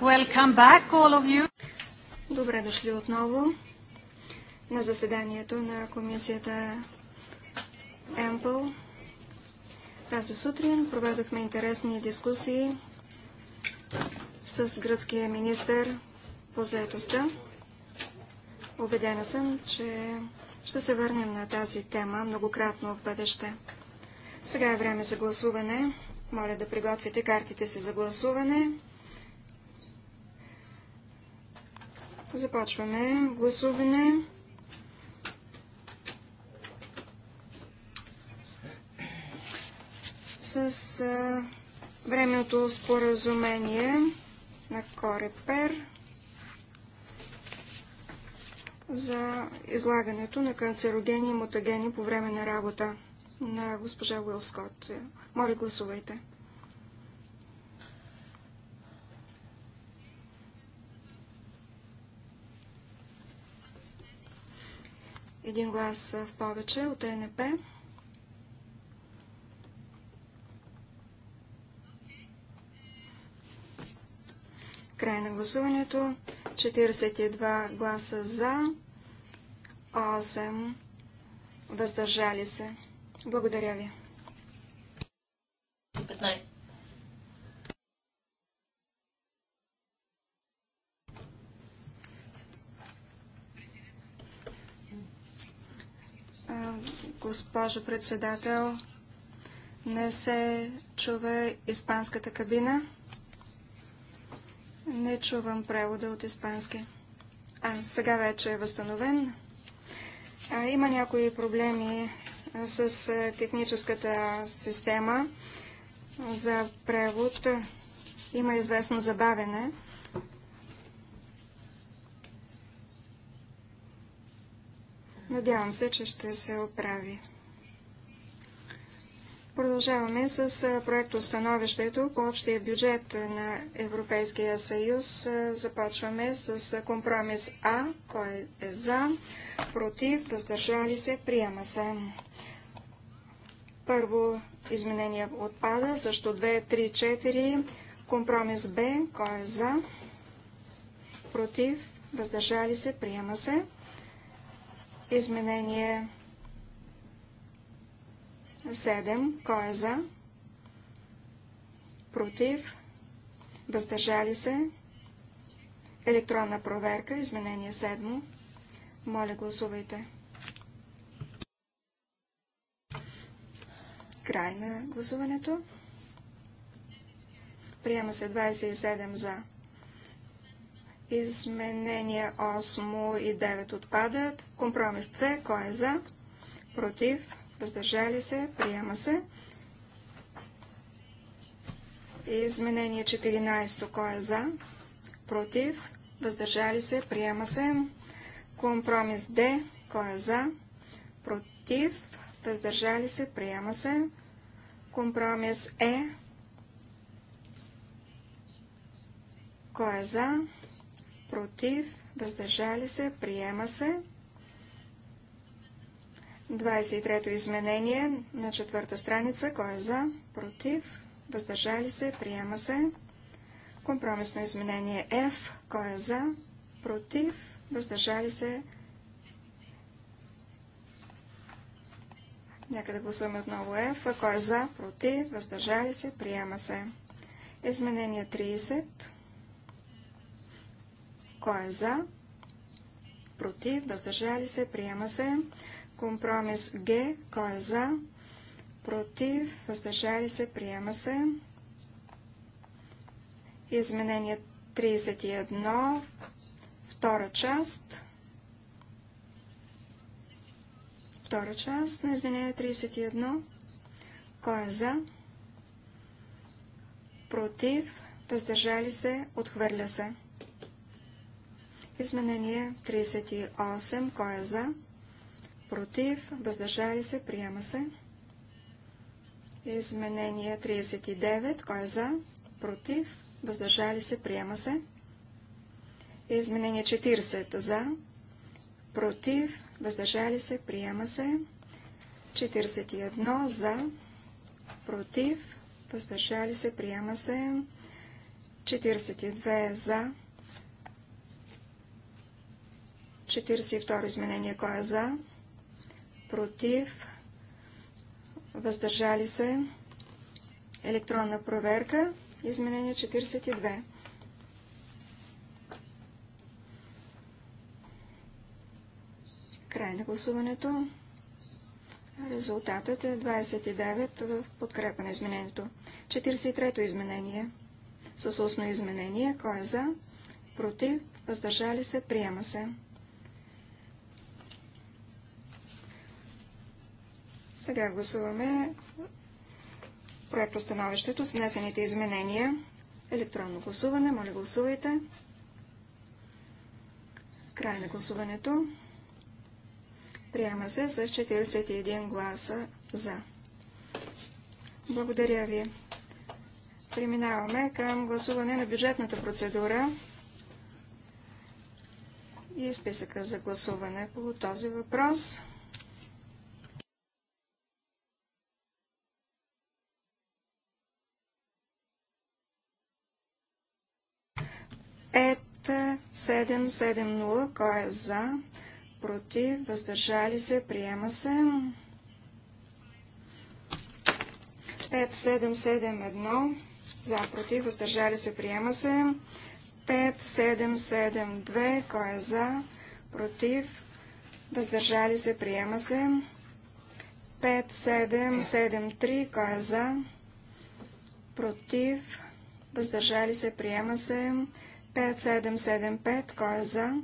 Welcome back, all of you. Добре дошли отново на заседанието на комисията Емпл. Тази сутрин проведохме интересни дискусии с гръцкия министр по заедостта. Обедена съм, че ще се върнем на тази тема многократно в бъдеще. Сега е време за гласуване. Моля да приготвите картите си за гласуване. Започваме гласуване. С а, времето споразумение на Корепер за излагането на канцерогени и мутагени по време на работа на госпожа Уилскот. Моля, гласувайте. един глас в повече от ЕНП. Край на гласуването. 42 гласа за, 8 въздържали се. Благодаря ви. 15. госпожо председател. Не се чува испанската кабина. Не чувам превода от испански. А, сега вече е възстановен. А, има някои проблеми с техническата система за превод. Има известно забавене. Надявам се, че ще се оправи. Продължаваме с проектостановището по общия бюджет на Европейския съюз. Започваме с компромис А. Кой е за? Против? Въздържали се? Приема се. Първо изменение отпада. Също 2, 3, 4. Компромис Б. Кой е за? Против? Въздържали се? Приема се. Изменение 7. Кой е за? Против? Въздържали се? Електронна проверка. Изменение 7. Моля, гласувайте. Край на гласуването. Приема се 27 за. Изменения 8 и 9 отпадат. Компромис С. Кой е за? Против. Въздържали се. Приема се. Изменение 14. Кой е за? Против. Въздържали се. Приема се. Компромис Д. Кой е за? Против. Въздържали се. Приема се. Компромис Е. Кой е за? против, въздържали се, приема се. 23-то изменение на четвърта страница, кой е за, против, въздържали се, приема се. Компромисно изменение F, кой е за, против, въздържали се. Нека да гласуваме отново F, кой е за, против, въздържали се, приема се. Изменение 30. Кой е за? Против. Въздържали се. Приема се. Компромис Г. Кой е за? Против. Въздържали се. Приема се. Изменение 31. Втора част. Втора част на изменение 31. Кой е за? Против. Въздържали се. Отхвърля се. Изменение 38. Кой е за? Против. Въздържали се. Приема се. Изменение 39. Кой е за? Против. Въздържали се. Приема се. Изменение 40. За. Против. Въздържали се. Приема се. 41. За. Против. Въздържали се. Приема се. 42. За 42 изменение. Кой е за? Против? Въздържали се? Електронна проверка. Изменение 42. Край на гласуването. Резултатът е 29 в подкрепа на изменението. 43-то изменение. С устно изменение. Кой е за? Против? Въздържали се? Приема се. Сега гласуваме становището с внесените изменения. Електронно гласуване. Моля, гласувайте. Край на гласуването. Приема се с 41 гласа за. Благодаря ви. Преминаваме към гласуване на бюджетната процедура и списъка за гласуване по този въпрос. 5770. кой е за, против, въздържали се, приема се. 5771, за, против, въздържали се, приема се. 5772, кой е за, против, въздържали се, приема се. 5773, кой е за, против, въздържали се, приема се. 5775. Кой е за?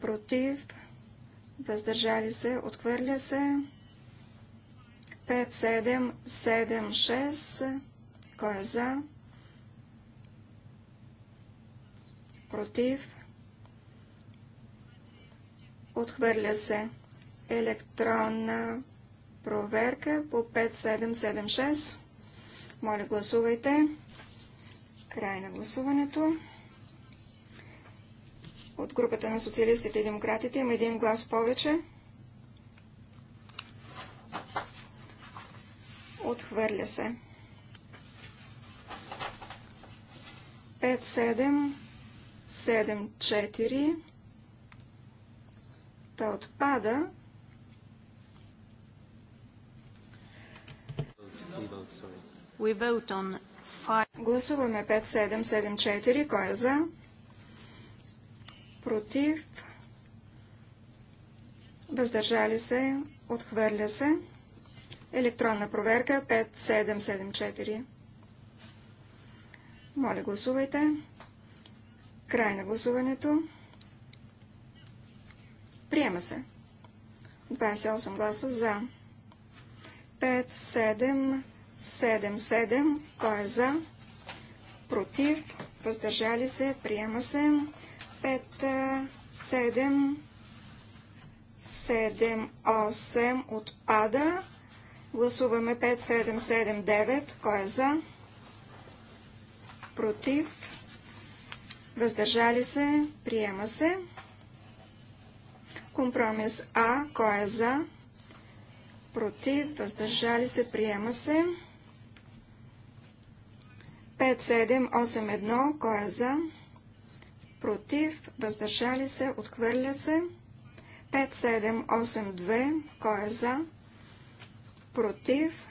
Против. Въздържали се. Отхвърля се. 5776. Кой е за? Против. Отхвърля се. Електронна проверка по 5776. Моля, гласувайте. Край на гласуването от групата на социалистите и демократите. Има един глас повече. Отхвърля се. 5-7, 7-4. Та отпада. Гласуваме 5-7-7-4. Кой е за? против, въздържали се, отхвърля се. Електронна проверка 5774. Моля, гласувайте. Край на гласуването. Приема се. 28 гласа за. 5777. Кой е за? Против. Въздържали се. Приема се пета, седем, седем, осем, отпада. Гласуваме 5, 7, 7, 9. Кой е за? Против? Въздържали се? Приема се. Компромис А. Кой е за? Против? Въздържали се? Приема се. 5, 7, 8, 1. Кой е за? Против? против, въздържали се, отхвърля се. 5782, кой е за, против,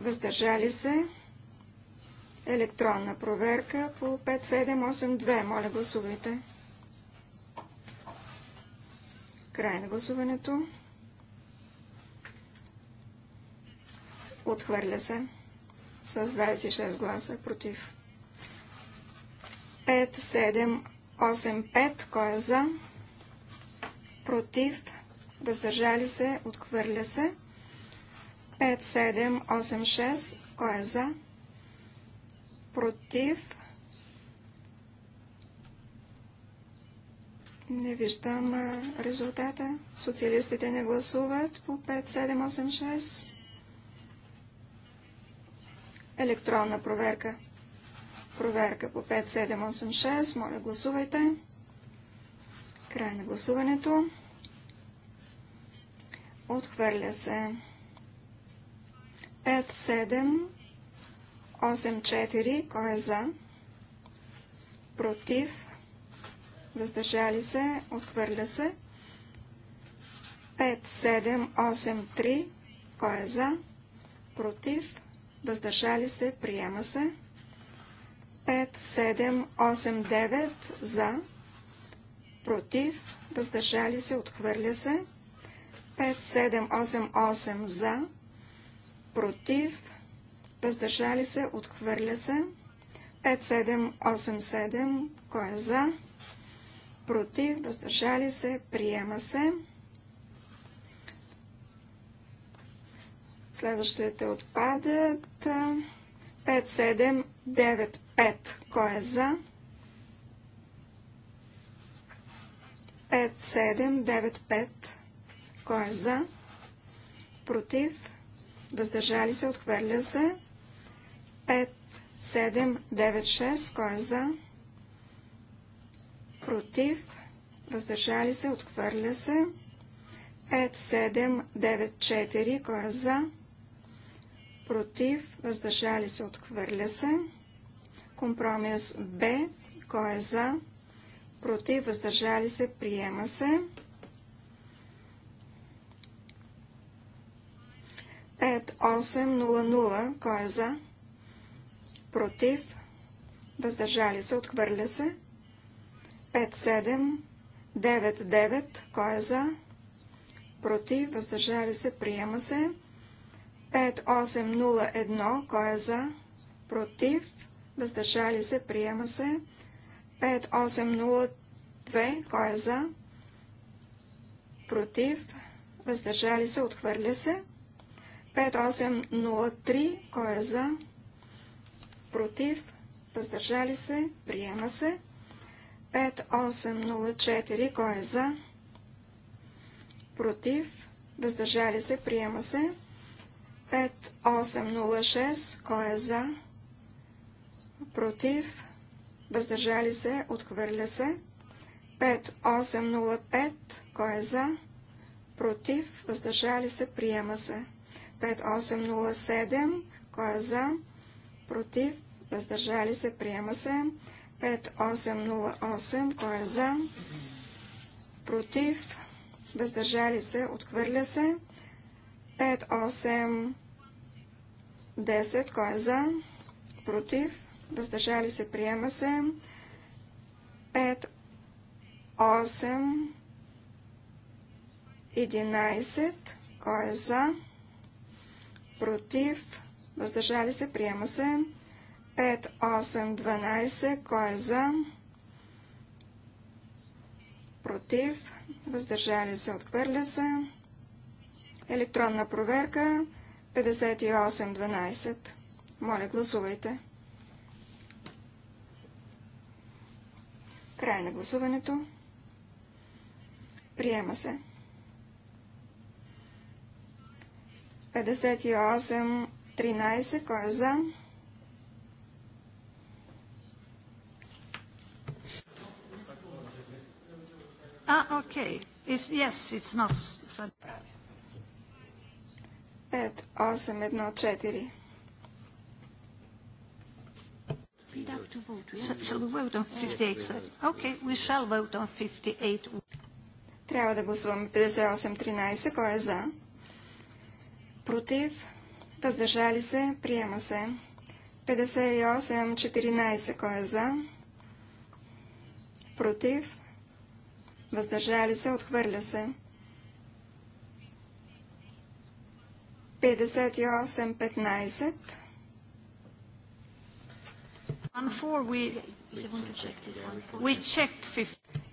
въздържали се. Електронна проверка по 5782. Моля, гласувайте. Край на гласуването. Отхвърля се с 26 гласа против. 5785, кой е за, против, въздържали се, отхвърля се. 5786, кой е за, против, не виждам резултата. Социалистите не гласуват по 5786. Електронна проверка. Проверка по 5786. Моля, гласувайте. Край на гласуването. Отхвърля се. 5784. Кой е за? Против. Въздържали се. Отхвърля се. 5783. Кой е за? Против. Въздържали се. Приема се. 5, 7, 8, 9 за, против, въздържали се, отхвърля се. 5, 7, 8, 8 за, против, въздържали се, отхвърля се. 5, 7, 8, 7, кой е за, против, въздържали се, приема се. Следващите отпадат. 5, 7, 9 5. Кой е за? 5, 7, 9, 5. Кой е за? Против? Въздържали се? Отхвърля се. 5, 7, 9, 6. Кой е за? Против? Въздържали се? Отхвърля се. 5, 7, 9, 4. Кой е за? Против? Въздържали се? Отхвърля се. Компромис Б. Кой е за? Против, въздържали се, приема се. 5-800, Кой е за? Против, въздържали се, отхвърля се. 5799. Кой е за? Против, въздържали се, приема се. 5801. Кой е за? Против, въздържали се, приема се. 5802, кой е за, против, въздържали се, отхвърля се. 5803, кой е за, против, въздържали се, приема се. 5804, кой е за, против, въздържали се, приема се. 5806, кой е за, против, въздържали се, отхвърля се. 5805, кой е за, против, въздържали се, приема се. 5807, кой е за, против, въздържали се, приема се. 5808, кой е за, против, въздържали се, отхвърля се. 5810, кой е за, против, въздържали се, приема се. 5, 8, 11, кой е за, против, въздържали се, приема се. 5, 8, 12, кой е за, против, въздържали се, отхвърля се. Електронна проверка 58-12. Моля, гласувайте. Край на гласуването. Приема се. 58-13. Кой е за? А, окей. yes, it's not. 5-8-1-4. We'd have to vote. shall we vote on 58? Okay, we shall vote on 58. Трябва да гласуваме 58-13. Кой е за? Против? Въздържали се? Приема се. 58-14. Кой е за? Против? Въздържали се? Отхвърля се. 58-15.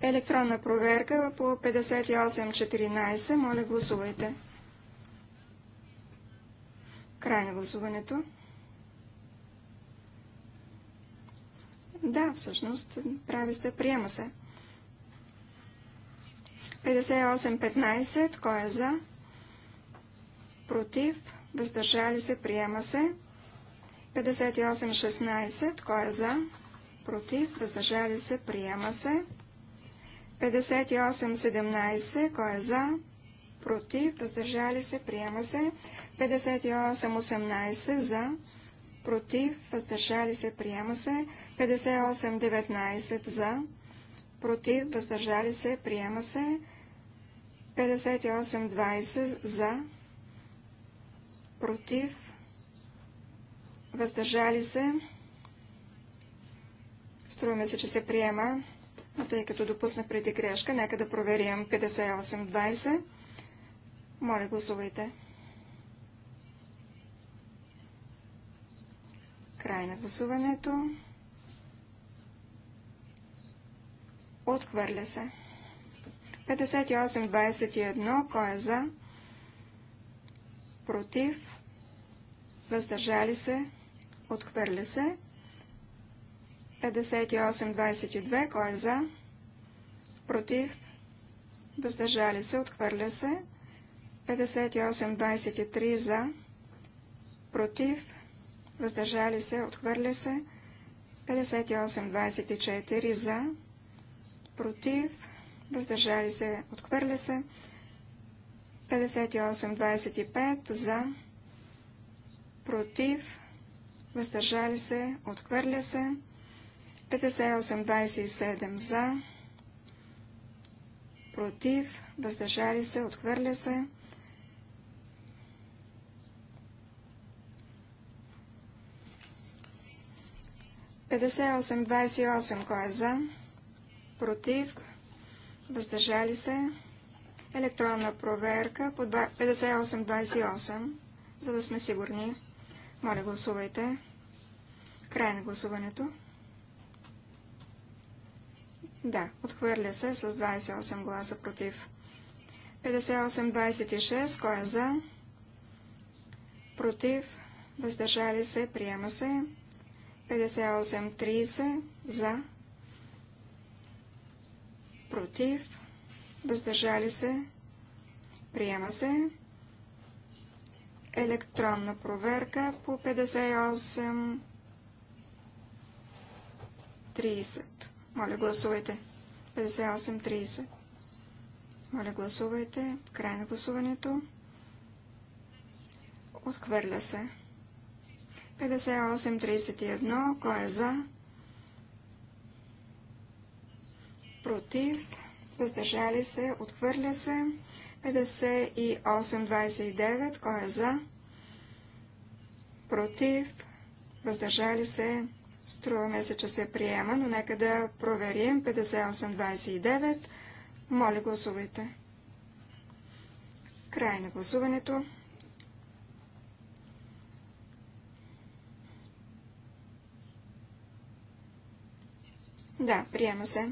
Електронна проверка по 5814. Моля, гласувайте. Край на гласуването. Да, всъщност, прави сте, приема се. 58-15, кой е за? Против, въздържали се, приема се. 58-16. Кой е за? Против. Въздържали се. Приема се. 58-17. Кой е за? Против. Въздържали се. Приема се. 58-18. За. Против. Въздържали се. Приема се. 58-19. За. Против. Въздържали се. Приема се. 58-20. За. Против въздържали се. Струваме се, че се приема, но тъй като допусна преди грешка, нека да проверим 58-20. Моля, гласувайте. Край на гласуването. Отхвърля се. 58-21. Кой е за? Против? Въздържали се? Отхвърля се. 58-22. Кой е за? Против. Въздържали се. Отхвърля се. 58-23 за. Против. Въздържали се. Отхвърля се. 58-24 за. Против. Въздържали се. Отхвърля се. 58-25 за. Против въздържали се, отхвърля се. 58-27 за, против, въздържали се, отхвърля се. 58-28, кой е за? Против, въздържали се. Електронна проверка по 58-28, за да сме сигурни. Моля, гласувайте. Край на гласуването. Да, отхвърля се с 28 гласа против. 58-26, кой е за? Против, въздържали се, приема се. 58-30, за? Против, въздържали се, приема се електронна проверка по 58 30. Моля, гласувайте. 58-30. Моля, гласувайте. Край на гласуването. Отхвърля се. 58-31. Кой е за? Против. Въздържали се. Отхвърля се. 58-29. Кой е за? Против? Въздържали се? Струваме се, че се приема, но нека да проверим. 58-29. Моля, гласувайте. Край на гласуването. Да, приема се.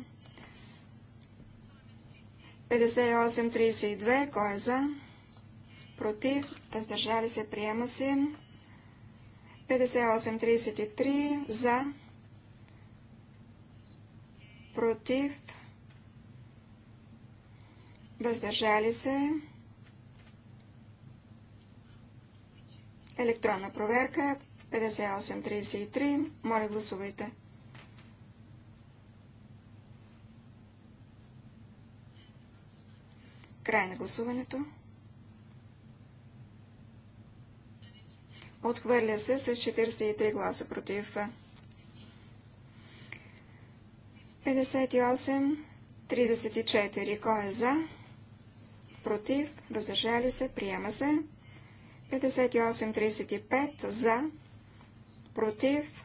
58-32, кой е за? Против, въздържали се, приема се. 58-33, за? Против, въздържали се. Електронна проверка 58-33. Моля, гласувайте. Край на гласуването. Отхвърля се с 43 гласа против. 58, 34. Кой е за? Против. Въздържали се. Приема се. 58, 35. За. Против.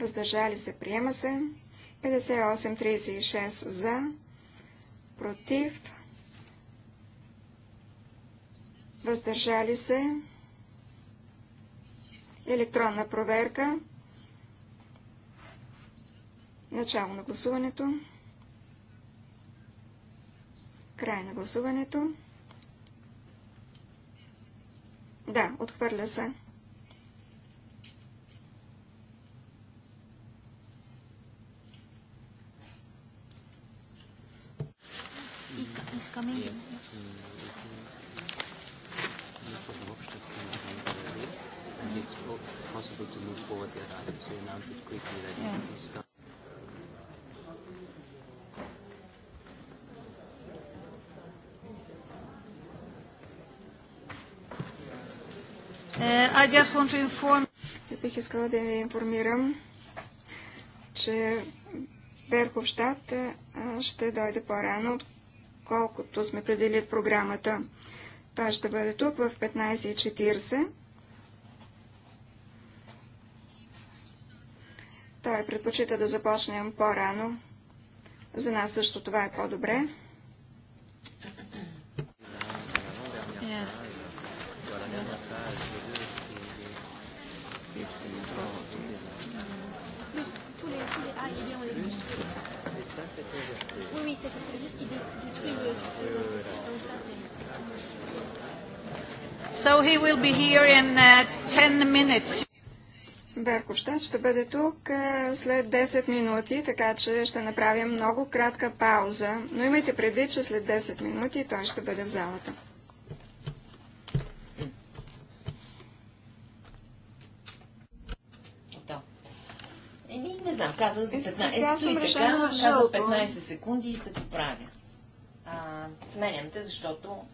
Въздържали се. Приема се. 58, 36. За. Против въздържали се, електронна проверка, начало на гласуването, край на гласуването. Да, отхвърля се. Yeah. able to move forward that item, so you announce it quickly that yeah. it is started. Uh, I just want to inform... Бих искала да ви информирам, че Берков щат ще дойде по-рано, колкото сме предели в програмата. Той ще бъде тук в 15.40. Той предпочита да започнем по-рано. За нас също това е по-добре. So he will be here in uh, 10 minutes. Беркоштад ще бъде тук е, след 10 минути, така че ще направим много кратка пауза. Но имайте предвид, че след 10 минути той ще бъде в залата. не знам, каза за 15, 15 е, секунди и се поправя а, сменям те, защото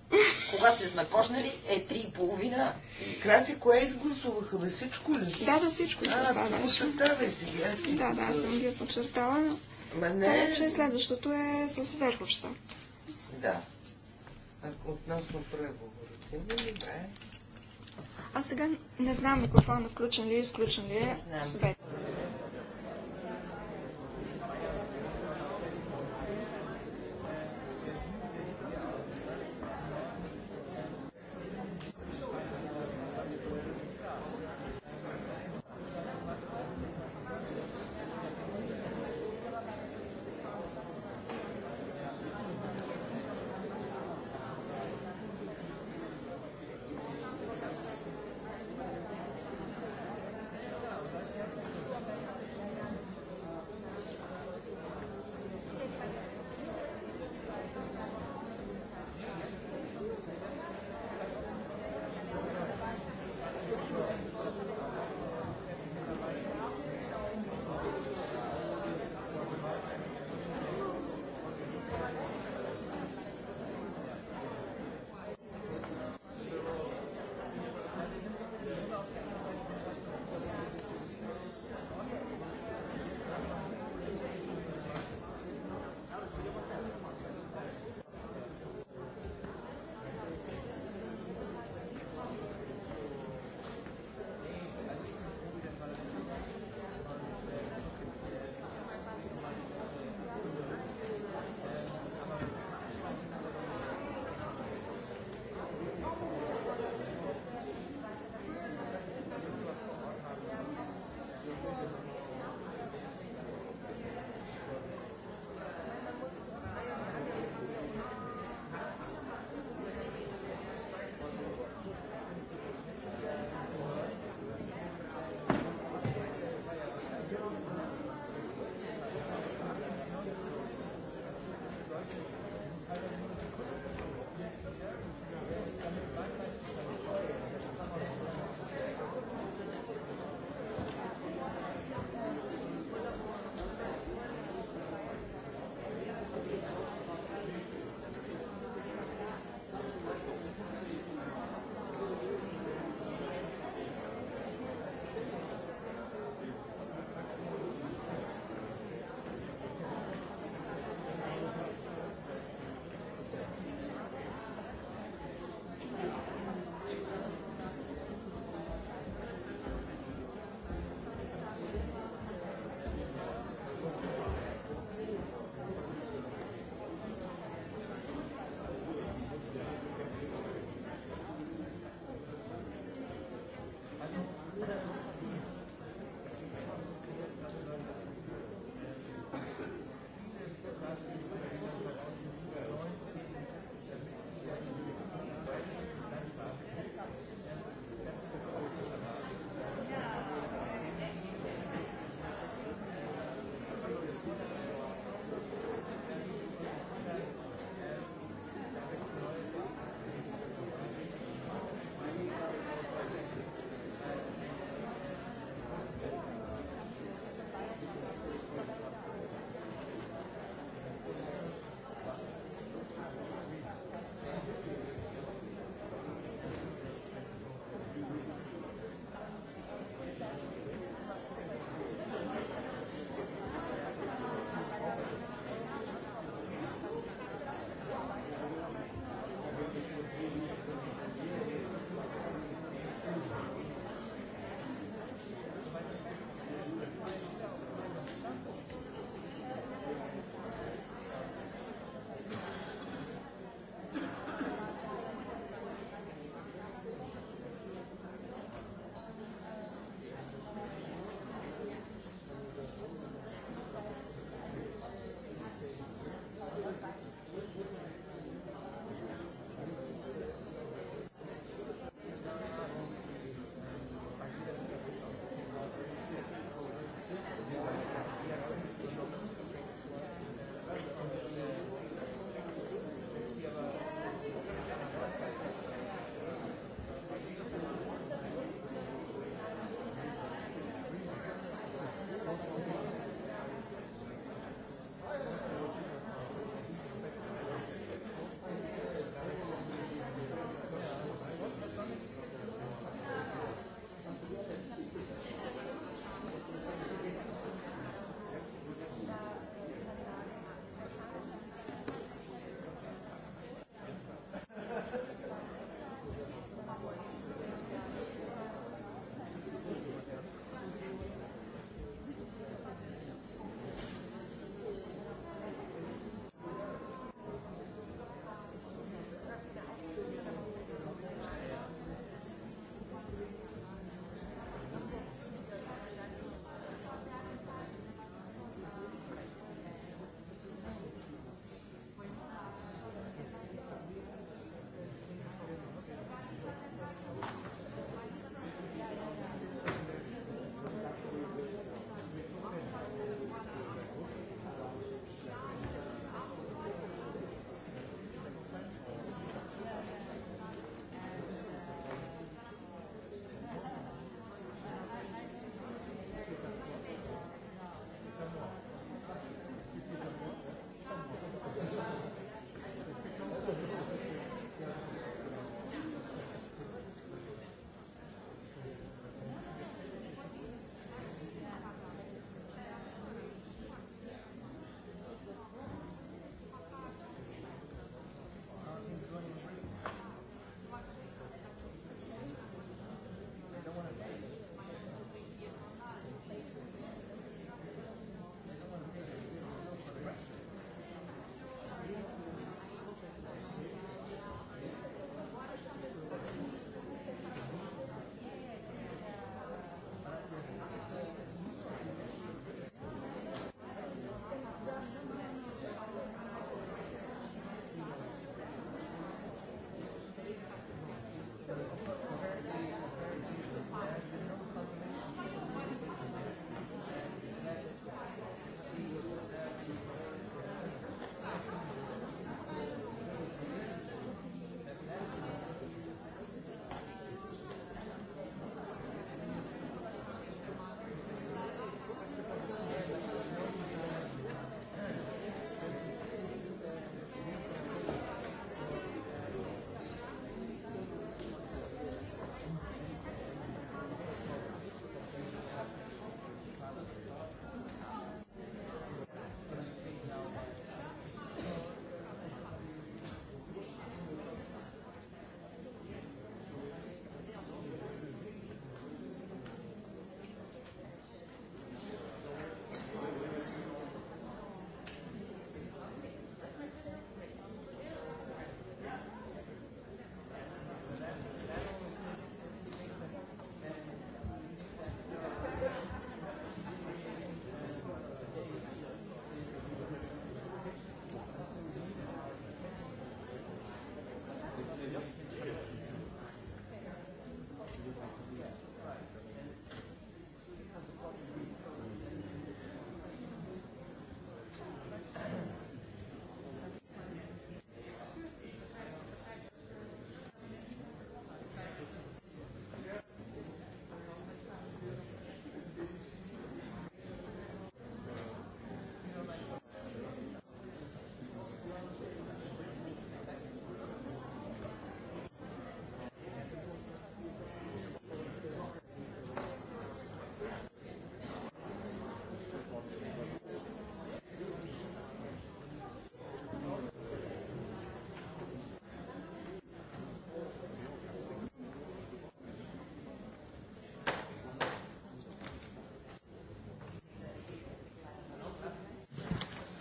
когато сме почнали е 3,5 и Краси, кое изгласуваха? Бе всичко ли? Да, да, всичко. А, да, да, да, сега. Да, да, да, съм ги подчертала. Ма не... Това, че следващото е с верховща. Да. Относно преговорите, ми нали, добре. Аз сега не знам е включен ли, е, изключен ли е. Не знам.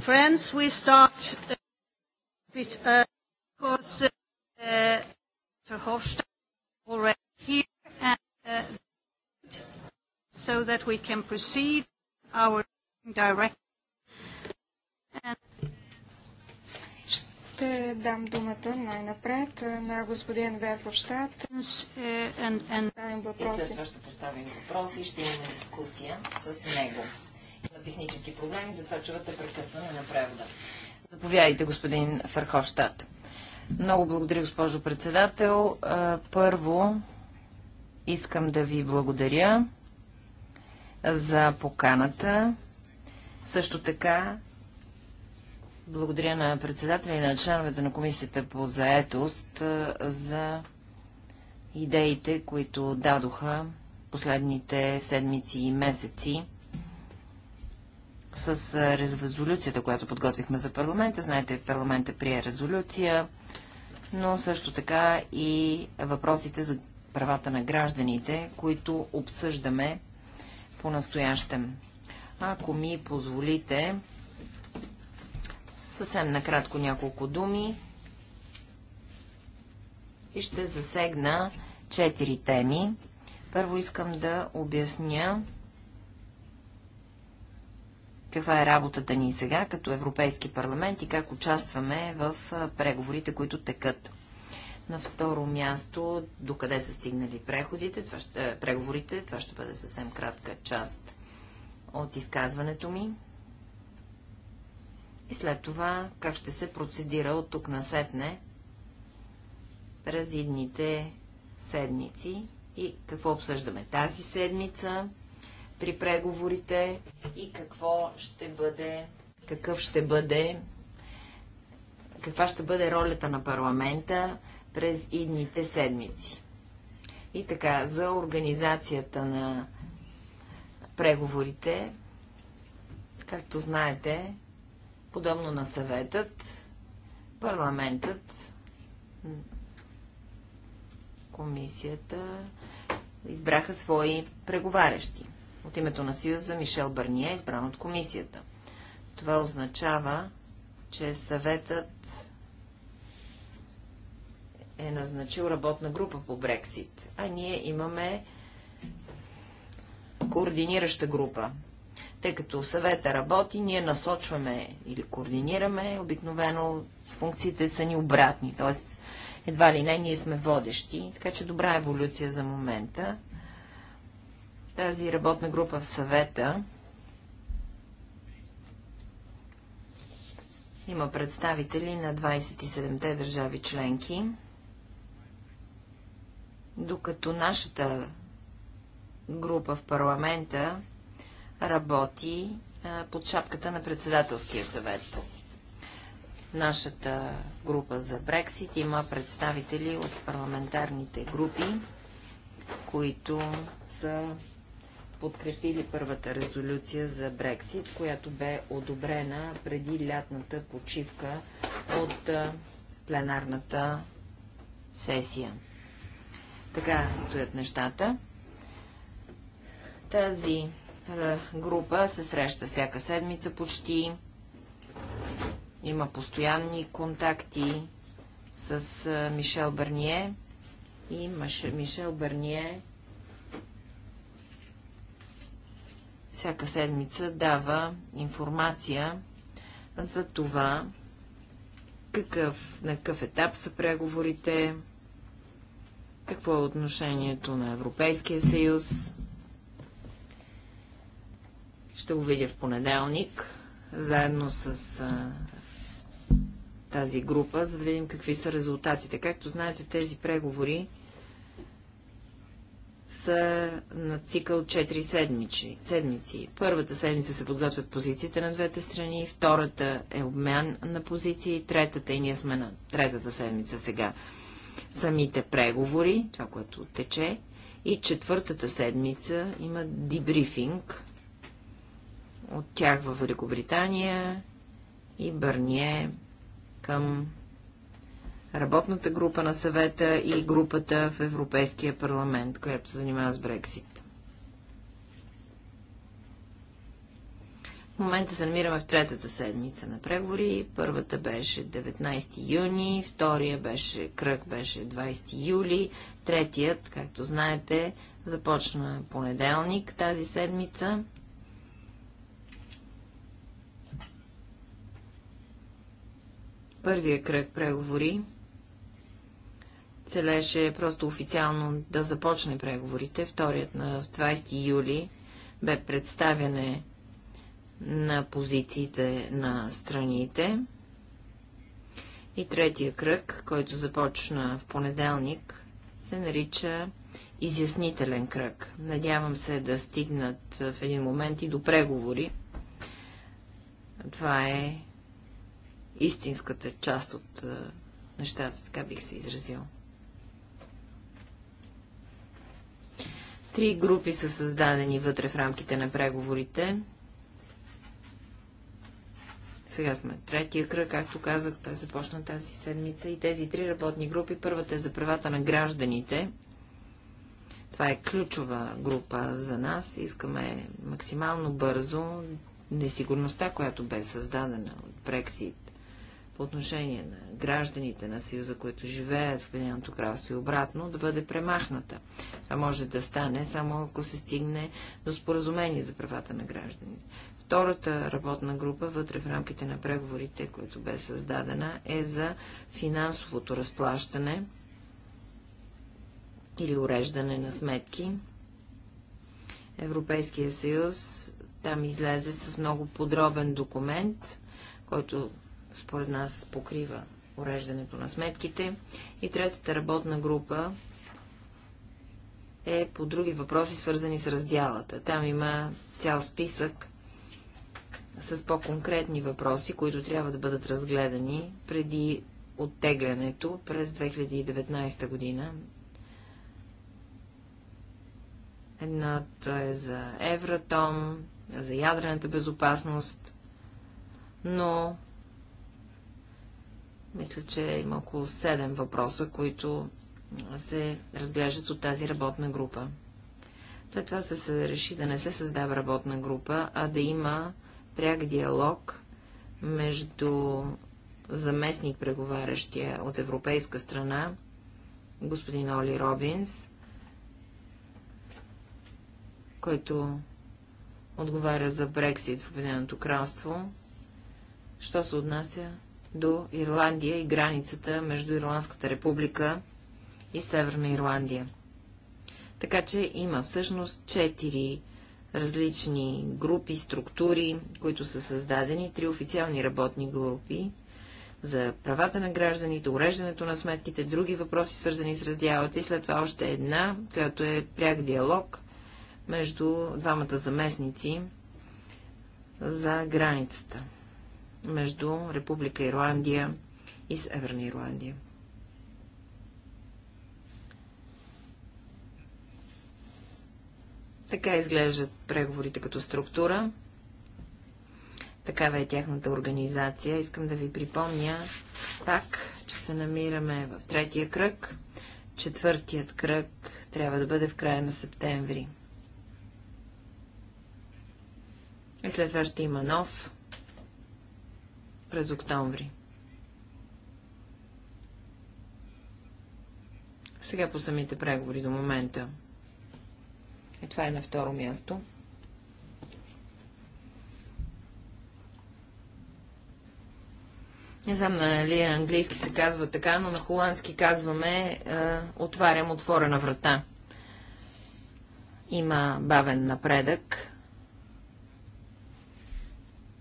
Friends, we start a uh, with, uh, course, uh, Verhofstadt already here, and, uh, so that we can proceed our direct. Ще дам думата най-напред е, на господин Верховштадт. след това ще поставим въпроси и ще имаме дискусия с него технически проблеми, затова чувате прекъсване на превода. Заповядайте, господин Ферховщад. Много благодаря, госпожо председател. Първо, искам да ви благодаря за поканата. Също така, благодаря на председателя и на членовете на комисията по заетост за идеите, които дадоха последните седмици и месеци с резолюцията, която подготвихме за парламента. Знаете, парламента прие резолюция, но също така и въпросите за правата на гражданите, които обсъждаме по-настоящем. Ако ми позволите, съвсем накратко няколко думи и ще засегна четири теми. Първо искам да обясня каква е работата ни сега като Европейски парламент и как участваме в преговорите, които текат. На второ място, докъде са стигнали преходите, това ще, преговорите, това ще бъде съвсем кратка част от изказването ми. И след това, как ще се процедира от тук насетне през идните седмици и какво обсъждаме тази седмица, при преговорите и какво ще бъде, какъв ще бъде, каква ще бъде ролята на парламента през идните седмици. И така, за организацията на преговорите, както знаете, подобно на съветът, парламентът, комисията избраха свои преговарящи от името на Съюза Мишел Бърния, избран от комисията. Това означава, че съветът е назначил работна група по Брексит, а ние имаме координираща група. Тъй като съвета работи, ние насочваме или координираме, обикновено функциите са ни обратни, т.е. едва ли не ние сме водещи, така че добра еволюция за момента. Тази работна група в съвета има представители на 27-те държави членки, докато нашата група в парламента работи под шапката на председателския съвет. Нашата група за Брексит има представители от парламентарните групи, които са подкрепили първата резолюция за Брексит, която бе одобрена преди лятната почивка от пленарната сесия. Така стоят нещата. Тази група се среща всяка седмица почти. Има постоянни контакти с Мишел Бърние и Мишел Бърние всяка седмица дава информация за това, какъв, на какъв етап са преговорите, какво е отношението на Европейския съюз. Ще го видя в понеделник, заедно с а, тази група, за да видим какви са резултатите. Както знаете, тези преговори са на цикъл 4 седмици. седмици. Първата седмица се подготвят позициите на двете страни, втората е обмен на позиции, третата и ние сме на третата седмица сега. Самите преговори, това, което тече, и четвъртата седмица има дебрифинг от тях в Великобритания и Бърние към работната група на съвета и групата в Европейския парламент, която се занимава с Брексит. В момента се намираме в третата седмица на преговори. Първата беше 19 юни, втория беше, кръг беше 20 юли, третият, както знаете, започна понеделник тази седмица. Първия кръг преговори целеше просто официално да започне преговорите. Вторият на 20 юли бе представяне на позициите на страните. И третия кръг, който започна в понеделник, се нарича изяснителен кръг. Надявам се да стигнат в един момент и до преговори. Това е истинската част от нещата, така бих се изразил. Три групи са създадени вътре в рамките на преговорите. Сега сме третия кръг, както казах, той започна тази седмица и тези три работни групи. Първата е за правата на гражданите. Това е ключова група за нас. Искаме максимално бързо несигурността, която бе създадена от Брексит по отношение на гражданите на Съюза, които живеят в Обединеното кралство и обратно, да бъде премахната. Това може да стане само ако се стигне до споразумение за правата на гражданите. Втората работна група, вътре в рамките на преговорите, които бе създадена, е за финансовото разплащане или уреждане на сметки. Европейския съюз там излезе с много подробен документ, който според нас покрива уреждането на сметките. И третата работна група е по други въпроси, свързани с раздялата. Там има цял списък с по-конкретни въпроси, които трябва да бъдат разгледани преди оттеглянето през 2019 година. Едната е за Евратом, за ядрената безопасност, но мисля, че има около 7 въпроса, които се разглеждат от тази работна група. След това се, реши да не се създава работна група, а да има пряк диалог между заместник преговарящия от европейска страна, господин Оли Робинс, който отговаря за Брексит в Обединеното кралство, що се отнася до Ирландия и границата между Ирландската република и Северна Ирландия. Така че има всъщност четири различни групи, структури, които са създадени, три официални работни групи за правата на гражданите, уреждането на сметките, други въпроси, свързани с раздялата и след това още една, която е пряк диалог между двамата заместници за границата между Република Ирландия и Северна Ирландия. Така изглеждат преговорите като структура. Такава е тяхната организация. Искам да ви припомня пак, че се намираме в третия кръг. Четвъртият кръг трябва да бъде в края на септември. И след това ще има нов през октомври. Сега по самите преговори до момента. И е, това е на второ място. Не знам нали на английски се казва така, но на холандски казваме е, отварям отворена врата. Има бавен напредък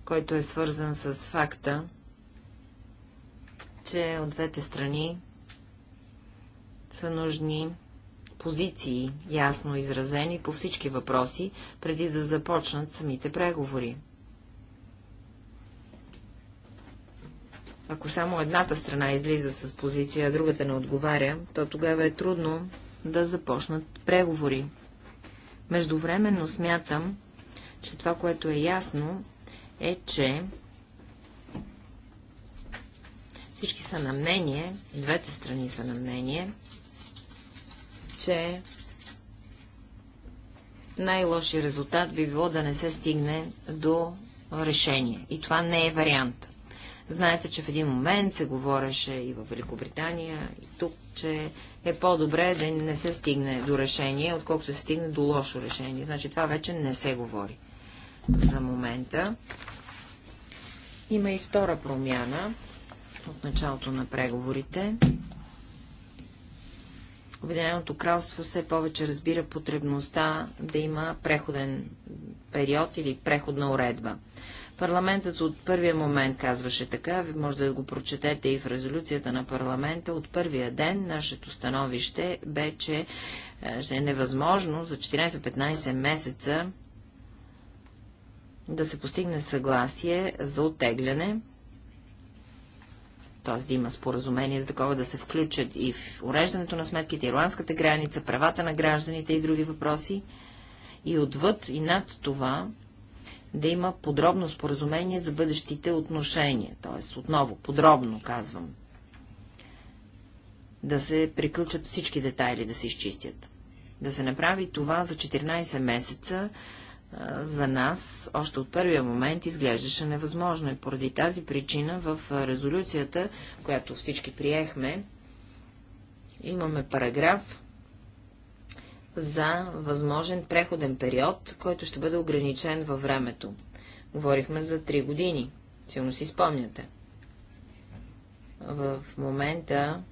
който е свързан с факта, че от двете страни са нужни позиции, ясно изразени по всички въпроси, преди да започнат самите преговори. Ако само едната страна излиза с позиция, а другата не отговаря, то тогава е трудно да започнат преговори. Междувременно смятам, че това, което е ясно, е, че всички са на мнение, двете страни са на мнение, че най-лоши резултат би било да не се стигне до решение. И това не е вариант. Знаете, че в един момент се говореше и в Великобритания, и тук, че е по-добре да не се стигне до решение, отколкото се стигне до лошо решение. Значи това вече не се говори за момента. Има и втора промяна от началото на преговорите. Обединеното кралство все повече разбира потребността да има преходен период или преходна уредба. Парламентът от първия момент казваше така, ви може да го прочетете и в резолюцията на парламента. От първия ден нашето становище бе, че е, е невъзможно за 14-15 месеца да се постигне съгласие за оттегляне, т.е. да има споразумение за такова да се включат и в уреждането на сметките, ирландската граница, правата на гражданите и други въпроси, и отвъд и над това да има подробно споразумение за бъдещите отношения, т.е. отново, подробно казвам, да се приключат всички детайли, да се изчистят. Да се направи това за 14 месеца, за нас още от първия момент изглеждаше невъзможно и поради тази причина в резолюцията, която всички приехме, имаме параграф за възможен преходен период, който ще бъде ограничен във времето. Говорихме за три години. Силно си спомняте. В момента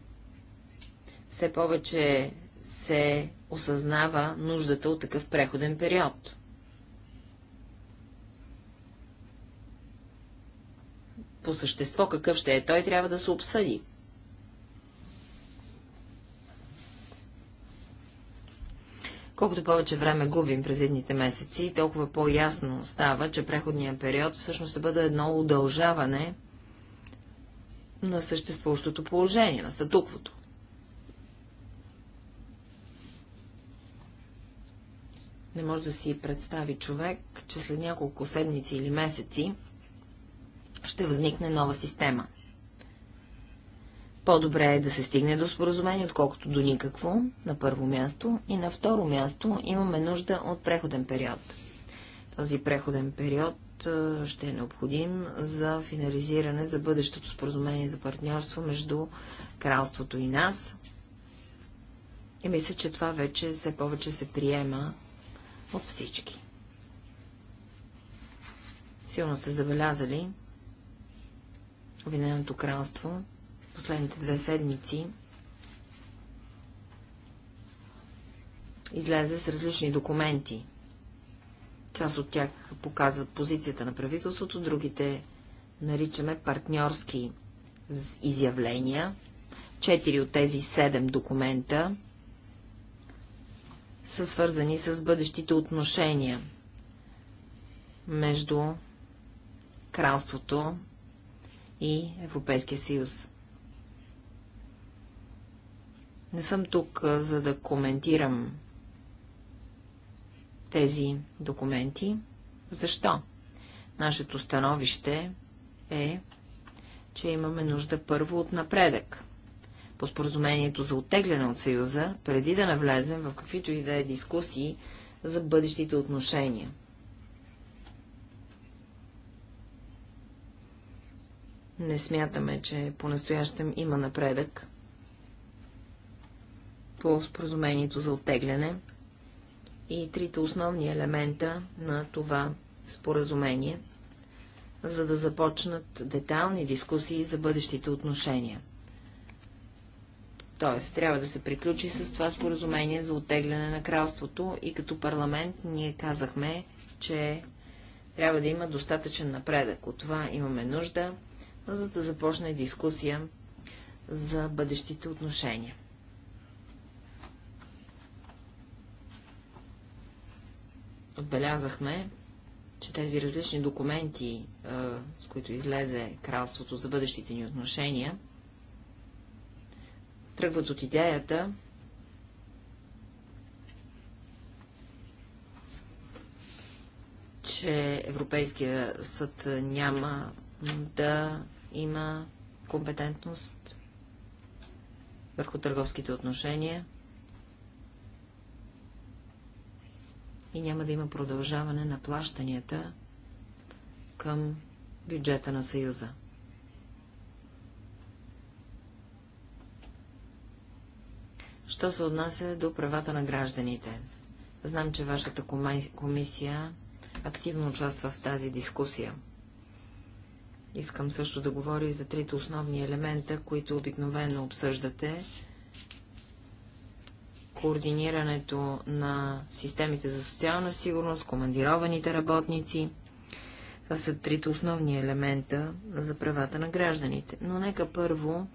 все повече се осъзнава нуждата от такъв преходен период. по същество какъв ще е той, трябва да се обсъди. Колкото повече време губим през едните месеци, толкова по-ясно става, че преходният период всъщност ще бъде едно удължаване на съществуващото положение, на статуквото. Не може да си представи човек, че след няколко седмици или месеци ще възникне нова система. По-добре е да се стигне до споразумение, отколкото до никакво, на първо място. И на второ място имаме нужда от преходен период. Този преходен период ще е необходим за финализиране за бъдещото споразумение за партньорство между кралството и нас. И мисля, че това вече все повече се приема от всички. Силно сте забелязали, Обединеното кралство последните две седмици излезе с различни документи. Част от тях показват позицията на правителството, другите наричаме партньорски изявления. Четири от тези седем документа са свързани с бъдещите отношения между кралството и Европейския съюз. Не съм тук, за да коментирам тези документи. Защо? Нашето становище е, че имаме нужда първо от напредък по споразумението за оттегляне от Съюза, преди да навлезем в каквито и да е дискусии за бъдещите отношения – Не смятаме, че по-настоящем има напредък по споразумението за оттегляне и трите основни елемента на това споразумение, за да започнат детални дискусии за бъдещите отношения. Тоест, трябва да се приключи с това споразумение за оттегляне на кралството и като парламент ние казахме, че трябва да има достатъчен напредък. От това имаме нужда за да започне дискусия за бъдещите отношения. Отбелязахме, че тези различни документи, е, с които излезе кралството за бъдещите ни отношения, тръгват от идеята че Европейския съд няма да има компетентност върху търговските отношения и няма да има продължаване на плащанията към бюджета на Съюза. Що се отнася до правата на гражданите? Знам, че вашата комисия активно участва в тази дискусия. Искам също да говоря и за трите основни елемента, които обикновено обсъждате. Координирането на системите за социална сигурност, командированите работници. Това са трите основни елемента за правата на гражданите. Но нека първо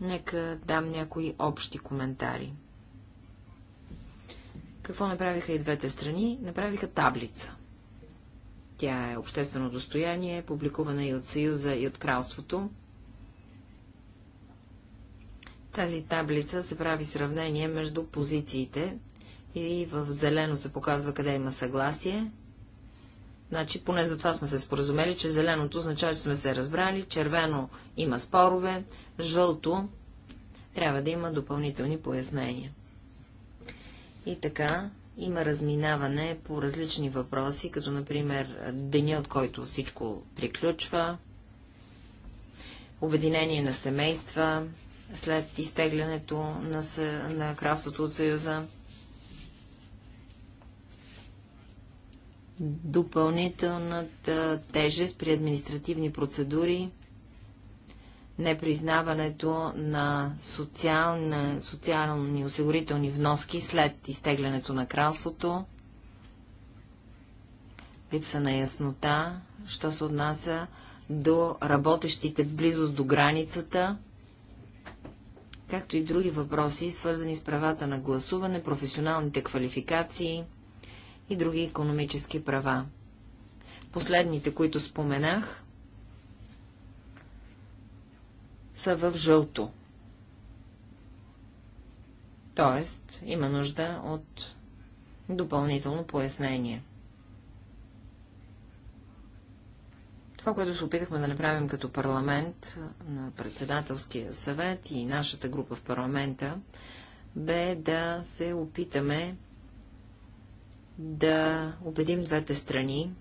нека дам някои общи коментари. Какво направиха и двете страни? Направиха таблица. Тя е обществено достояние, публикувана и от Съюза и от кралството. Тази таблица се прави сравнение между позициите и в зелено се показва къде има съгласие. Значи, поне за това сме се споразумели, че зеленото означава, че сме се разбрали, червено има спорове, жълто трябва да има допълнителни пояснения. И така, има разминаване по различни въпроси, като например деня, от който всичко приключва, обединение на семейства след изтеглянето на, съ... на кралството от Съюза. допълнителната тежест при административни процедури непризнаването на социални, социални осигурителни вноски след изтеглянето на кралството, липса на яснота, що се отнася до работещите в близост до границата, както и други въпроси, свързани с правата на гласуване, професионалните квалификации и други економически права. Последните, които споменах, са в жълто. Тоест, има нужда от допълнително пояснение. Това, което се опитахме да направим като парламент на председателския съвет и нашата група в парламента, бе да се опитаме да убедим двете страни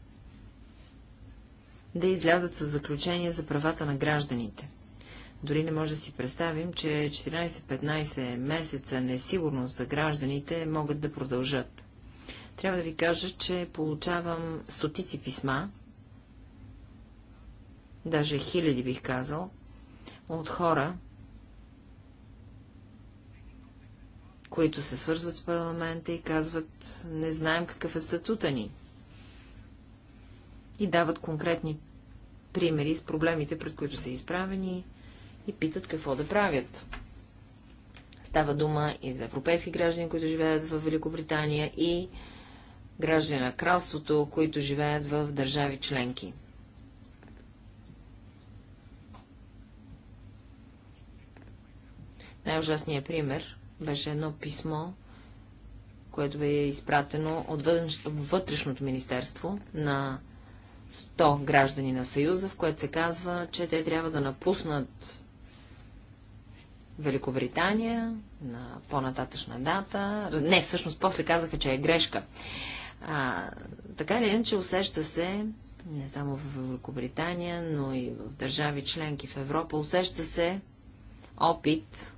да излязат с заключение за правата на гражданите. Дори не може да си представим, че 14-15 месеца несигурност за гражданите могат да продължат. Трябва да ви кажа, че получавам стотици писма, даже хиляди бих казал, от хора, които се свързват с парламента и казват, не знаем какъв е статута ни. И дават конкретни примери с проблемите, пред които са изправени, и питат какво да правят. Става дума и за европейски граждани, които живеят в Великобритания и граждани на кралството, които живеят в държави членки. Най-ужасният пример беше едно писмо, което бе изпратено от Вътрешното министерство на 100 граждани на Съюза, в което се казва, че те трябва да напуснат Великобритания на по-нататъчна дата. Не, всъщност после казаха, че е грешка. А, така или иначе усеща се, не само в Великобритания, но и в държави членки в Европа, усеща се опит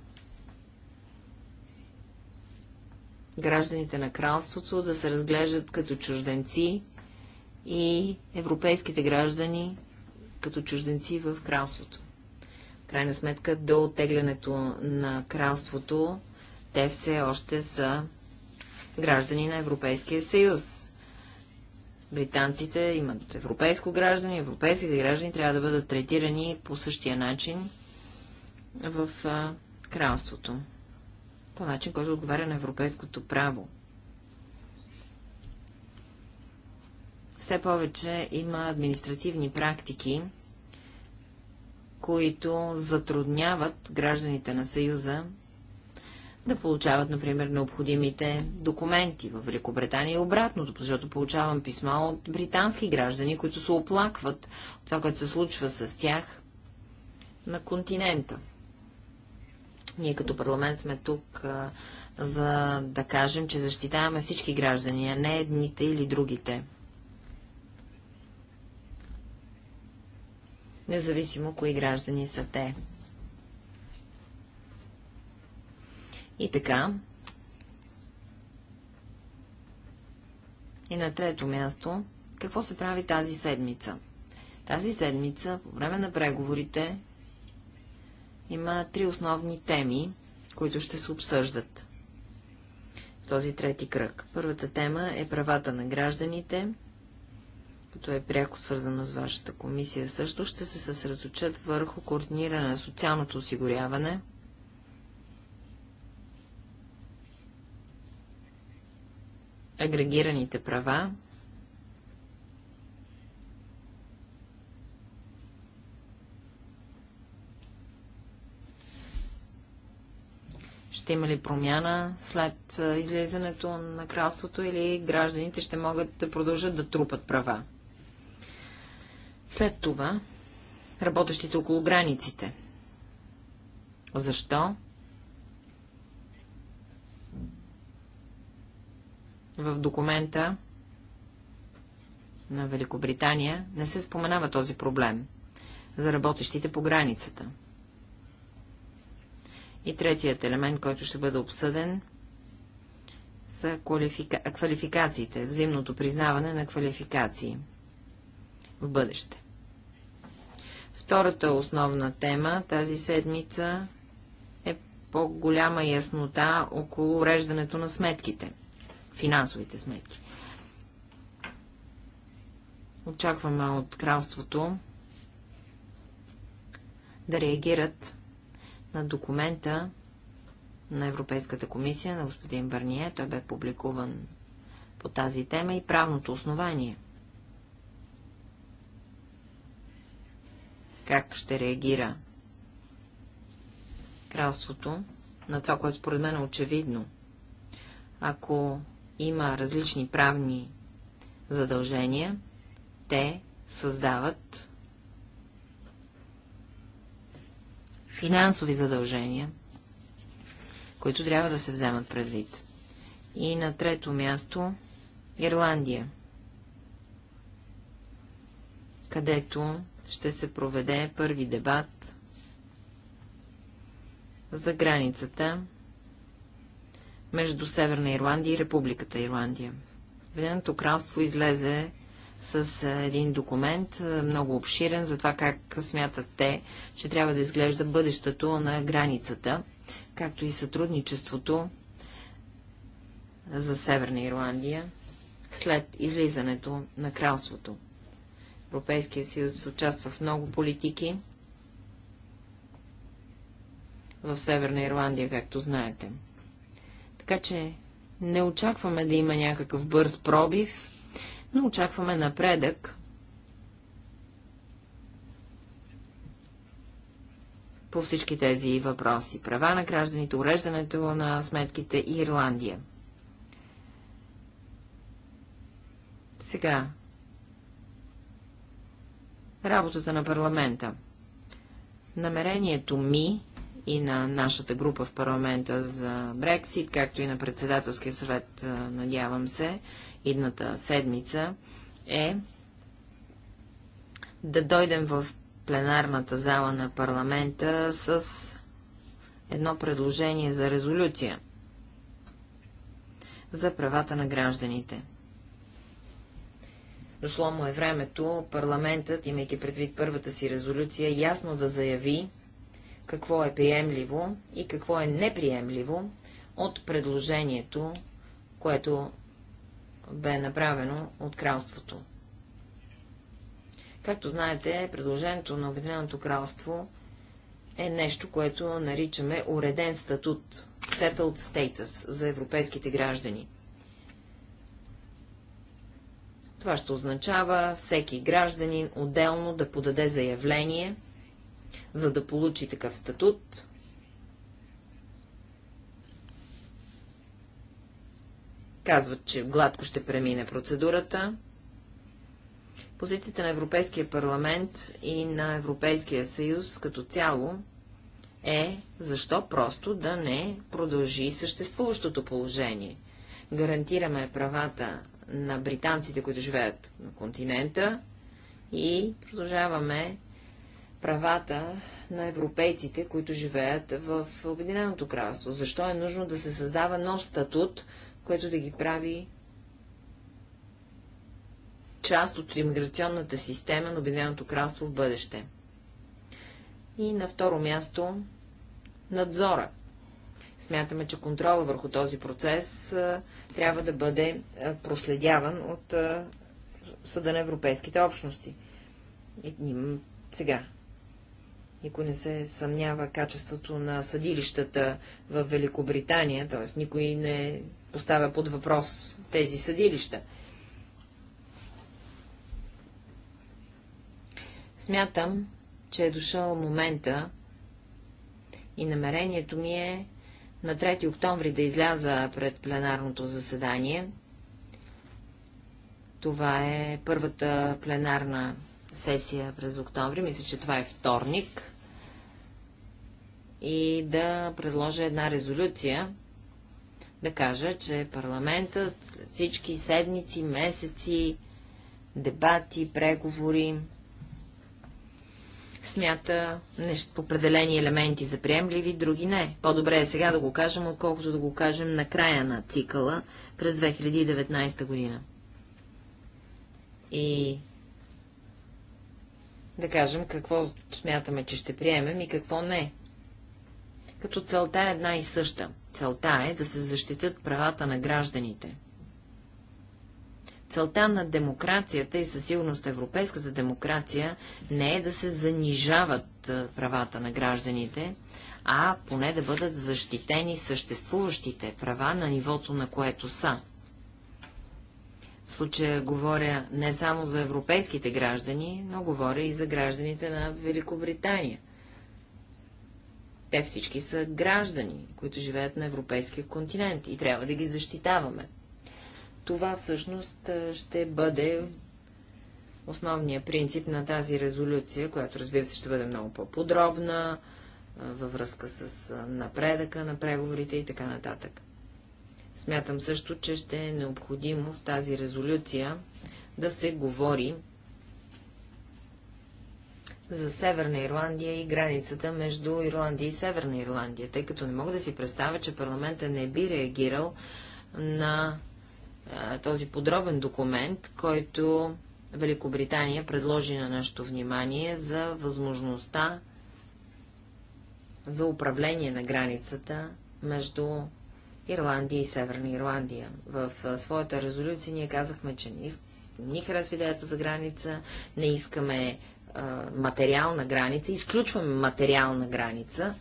гражданите на кралството да се разглеждат като чужденци и европейските граждани като чужденци в кралството крайна сметка до оттеглянето на кралството, те все още са граждани на Европейския съюз. Британците имат европейско граждане, европейските граждани трябва да бъдат третирани по същия начин в кралството. По начин, който отговаря на европейското право. Все повече има административни практики, които затрудняват гражданите на Съюза да получават, например, необходимите документи в Великобритания и обратното, защото получавам писма от британски граждани, които се оплакват от това, което се случва с тях на континента. Ние като парламент сме тук, за да кажем, че защитаваме всички граждани, а не едните или другите. независимо кои граждани са те. И така. И на трето място, какво се прави тази седмица? Тази седмица, по време на преговорите, има три основни теми, които ще се обсъждат в този трети кръг. Първата тема е правата на гражданите, то е пряко свързано с вашата комисия, също ще се съсредоточат върху координиране на социалното осигуряване, агрегираните права, ще има ли промяна след излизането на кралството или гражданите ще могат да продължат да трупат права? След това работещите около границите. Защо? В документа на Великобритания не се споменава този проблем за работещите по границата. И третият елемент, който ще бъде обсъден, са квалифика... квалификациите, взаимното признаване на квалификации в бъдеще. Втората основна тема тази седмица е по-голяма яснота около уреждането на сметките, финансовите сметки. Очакваме от кралството да реагират на документа на Европейската комисия на господин Барние. Той бе публикуван по тази тема и правното основание. как ще реагира кралството на това, което според мен е очевидно. Ако има различни правни задължения, те създават финансови задължения, които трябва да се вземат предвид. И на трето място Ирландия, където ще се проведе първи дебат за границата между Северна Ирландия и Републиката Ирландия. Веденото кралство излезе с един документ, много обширен, за това как смятат те, че трябва да изглежда бъдещето на границата, както и сътрудничеството за Северна Ирландия след излизането на кралството. Европейския съюз участва в много политики. В Северна Ирландия, както знаете. Така че не очакваме да има някакъв бърз пробив, но очакваме напредък. по всички тези въпроси. Права на гражданите, уреждането на сметките и Ирландия. Сега, работата на парламента. Намерението ми и на нашата група в парламента за Брексит, както и на председателския съвет, надявам се, идната седмица, е да дойдем в пленарната зала на парламента с едно предложение за резолюция за правата на гражданите. Дошло му е времето парламентът, имайки предвид първата си резолюция, ясно да заяви какво е приемливо и какво е неприемливо от предложението, което бе направено от кралството. Както знаете, предложението на Обединеното кралство е нещо, което наричаме уреден статут, settled status за европейските граждани – това ще означава всеки гражданин отделно да подаде заявление, за да получи такъв статут. Казват, че гладко ще премине процедурата. Позицията на Европейския парламент и на Европейския съюз като цяло е, защо просто да не продължи съществуващото положение. Гарантираме правата на британците, които живеят на континента и продължаваме правата на европейците, които живеят в Обединеното кралство. Защо е нужно да се създава нов статут, който да ги прави част от иммиграционната система на Обединеното кралство в бъдеще? И на второ място надзора Смятаме, че контрола върху този процес трябва да бъде проследяван от Съда на Европейските общности. И, сега, никой не се съмнява качеството на съдилищата в Великобритания, т.е. никой не поставя под въпрос тези съдилища. Смятам, че е дошъл момента и намерението ми е на 3 октомври да изляза пред пленарното заседание. Това е първата пленарна сесия през октомври. Мисля, че това е вторник. И да предложа една резолюция, да кажа, че парламентът всички седмици, месеци, дебати, преговори, смята нещо, определени елементи за приемливи, други не. По-добре е сега да го кажем, отколкото да го кажем на края на цикъла през 2019 година. И да кажем какво смятаме, че ще приемем и какво не. Като целта е една и съща. Целта е да се защитят правата на гражданите. Целта на демокрацията и със сигурност европейската демокрация не е да се занижават е, правата на гражданите, а поне да бъдат защитени съществуващите права на нивото, на което са. В случая говоря не само за европейските граждани, но говоря и за гражданите на Великобритания. Те всички са граждани, които живеят на европейския континент и трябва да ги защитаваме. Това всъщност ще бъде основният принцип на тази резолюция, която разбира се ще бъде много по-подробна във връзка с напредъка на преговорите и така нататък. Смятам също, че ще е необходимо в тази резолюция да се говори за Северна Ирландия и границата между Ирландия и Северна Ирландия, тъй като не мога да си представя, че парламента не би реагирал на този подробен документ, който Великобритания предложи на нашето внимание за възможността за управление на границата между Ирландия и Северна Ирландия. В своята резолюция ние казахме, че не ни харесва идеята за граница, не искаме а, материална граница, изключваме материална граница.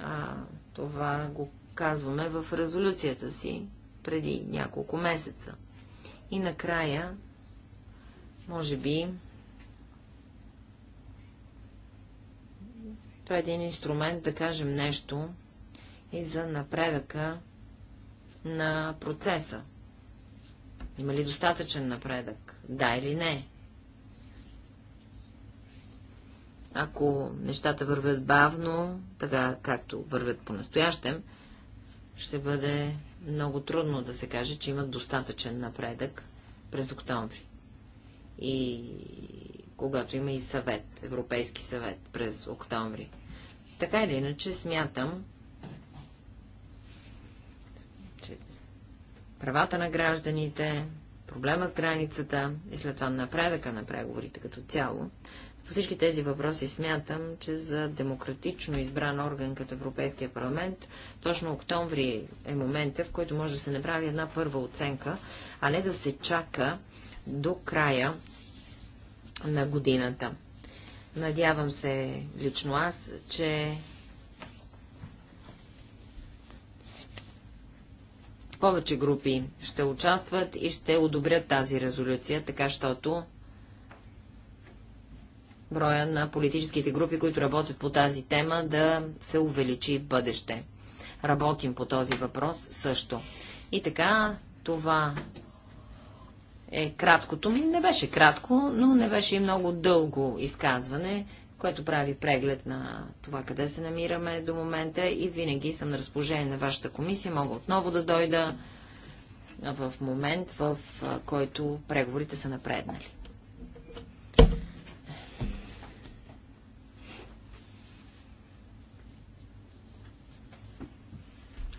А, това го казваме в резолюцията си преди няколко месеца. И накрая, може би, това е един инструмент да кажем нещо и за напредъка на процеса. Има ли достатъчен напредък? Да или не? Ако нещата вървят бавно, така както вървят по-настоящем, ще бъде много трудно да се каже, че имат достатъчен напредък през октомври. И когато има и съвет, Европейски съвет през октомври. Така или иначе, смятам, че правата на гражданите, проблема с границата и след това напредъка на преговорите като цяло по всички тези въпроси смятам, че за демократично избран орган като Европейския парламент, точно октомври е момента, в който може да се направи една първа оценка, а не да се чака до края на годината. Надявам се лично аз, че повече групи ще участват и ще одобрят тази резолюция, така щото броя на политическите групи, които работят по тази тема, да се увеличи бъдеще. Работим по този въпрос също. И така, това е краткото ми. Не беше кратко, но не беше и много дълго изказване, което прави преглед на това, къде се намираме до момента и винаги съм на разположение на вашата комисия. Мога отново да дойда в момент, в който преговорите са напреднали.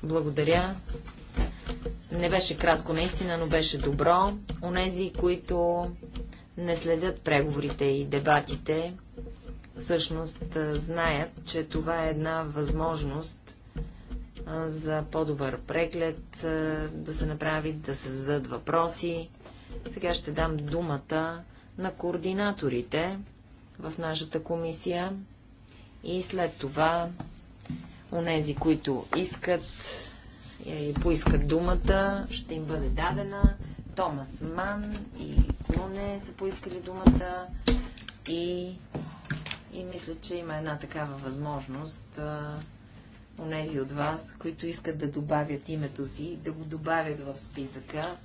Благодаря. Не беше кратко, наистина, но беше добро. Онези, които не следят преговорите и дебатите, всъщност знаят, че това е една възможност за по-добър преглед да се направи, да се зададат въпроси. Сега ще дам думата на координаторите в нашата комисия и след това Онези, които искат и е, поискат думата, ще им бъде дадена. Томас Ман и Луне са поискали думата и, и мисля, че има една такава възможност онези от вас, които искат да добавят името си, да го добавят в списъка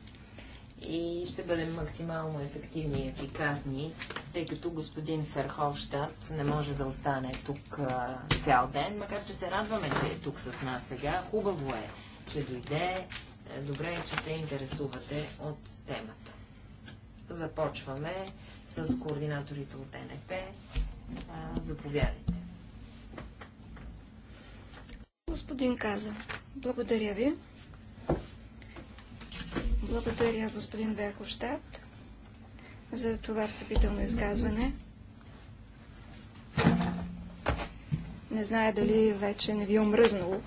и ще бъдем максимално ефективни и ефикасни, тъй като господин Ферховщад не може да остане тук а, цял ден, макар че се радваме, че е тук с нас сега. Хубаво е, че дойде. Е, добре е, че се интересувате от темата. Започваме с координаторите от НП. А, заповядайте. Господин Каза, благодаря ви. Благодаря, господин Верховщад, за това встъпително изказване. Не зная дали вече не ви е омръзнало.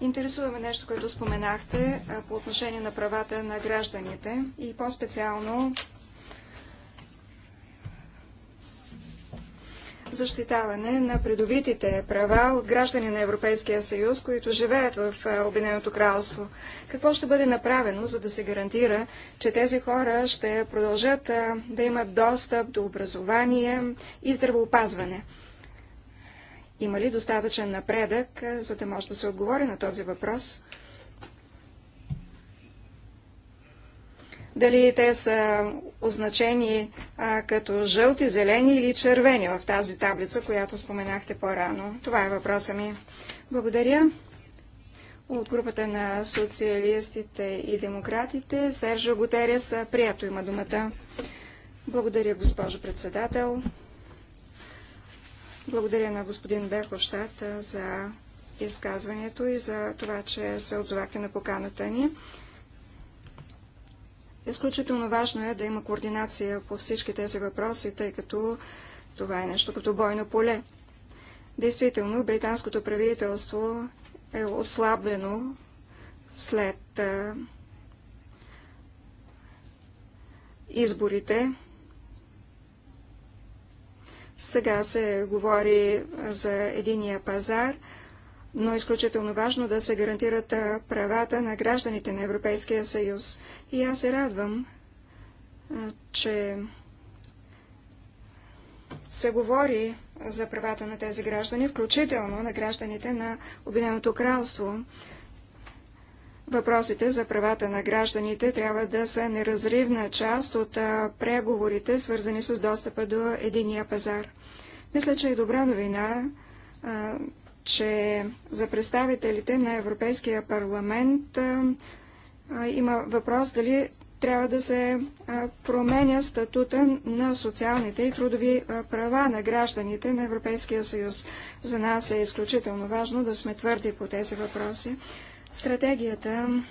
Интересуваме нещо, което споменахте по отношение на правата на гражданите и по-специално защитаване на придобитите права от граждани на Европейския съюз, които живеят в е, Обединеното кралство. Какво ще бъде направено, за да се гарантира, че тези хора ще продължат е, да имат достъп до образование и здравеопазване? Има ли достатъчен напредък, е, за да може да се отговори на този въпрос? дали те са означени а, като жълти, зелени или червени в тази таблица, която споменахте по-рано. Това е въпроса ми. Благодаря. От групата на социалистите и демократите Сержа Гутерес, прието има думата. Благодаря, госпожо председател. Благодаря на господин Беховщад за изказването и за това, че се отзовахте на поканата ни. Изключително важно е да има координация по всички тези въпроси, тъй като това е нещо като бойно поле. Действително, британското правителство е отслаблено след изборите. Сега се говори за единия пазар, но е изключително важно да се гарантират правата на гражданите на Европейския съюз. И аз се радвам, че се говори за правата на тези граждани, включително на гражданите на Обединеното кралство. Въпросите за правата на гражданите трябва да са неразривна част от преговорите, свързани с достъпа до единия пазар. Мисля, че е добра новина че за представителите на Европейския парламент има въпрос дали трябва да се променя статута на социалните и трудови права на гражданите на Европейския съюз. За нас е изключително важно да сме твърди по тези въпроси. Стратегията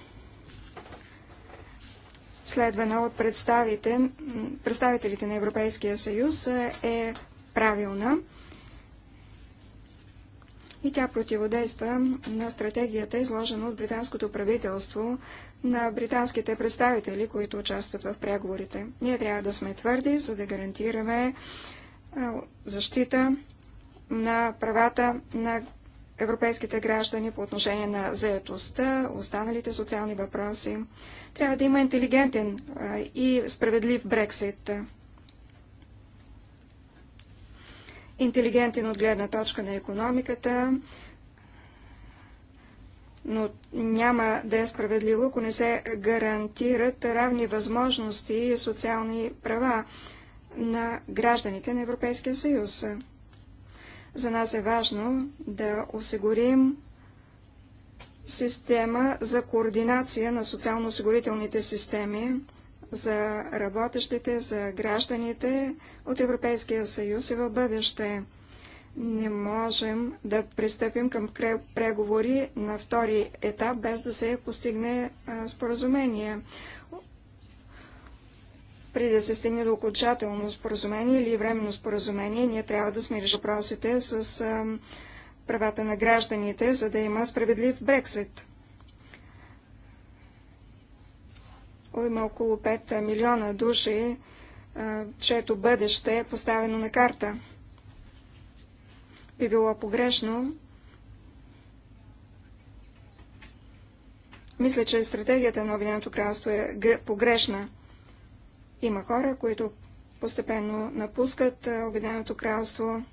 следвана от представителите на Европейския съюз е правилна и тя противодейства на стратегията, изложена от британското правителство на британските представители, които участват в преговорите. Ние трябва да сме твърди, за да гарантираме защита на правата на европейските граждани по отношение на заетостта, останалите социални въпроси. Трябва да има интелигентен и справедлив Брексит. интелигентен от гледна точка на економиката, но няма да е справедливо, ако не се гарантират равни възможности и социални права на гражданите на Европейския съюз. За нас е важно да осигурим система за координация на социално-осигурителните системи, за работещите, за гражданите от Европейския съюз и в бъдеще. Не можем да пристъпим към преговори на втори етап, без да се постигне споразумение. Преди да се стигне до окончателно споразумение или временно споразумение, ние трябва да сме въпросите с правата на гражданите, за да има справедлив Брексит. има около 5 милиона души, чието бъдеще е поставено на карта. Би било погрешно. Мисля, че стратегията на Обединеното кралство е погрешна. Има хора, които постепенно напускат Обединеното кралство.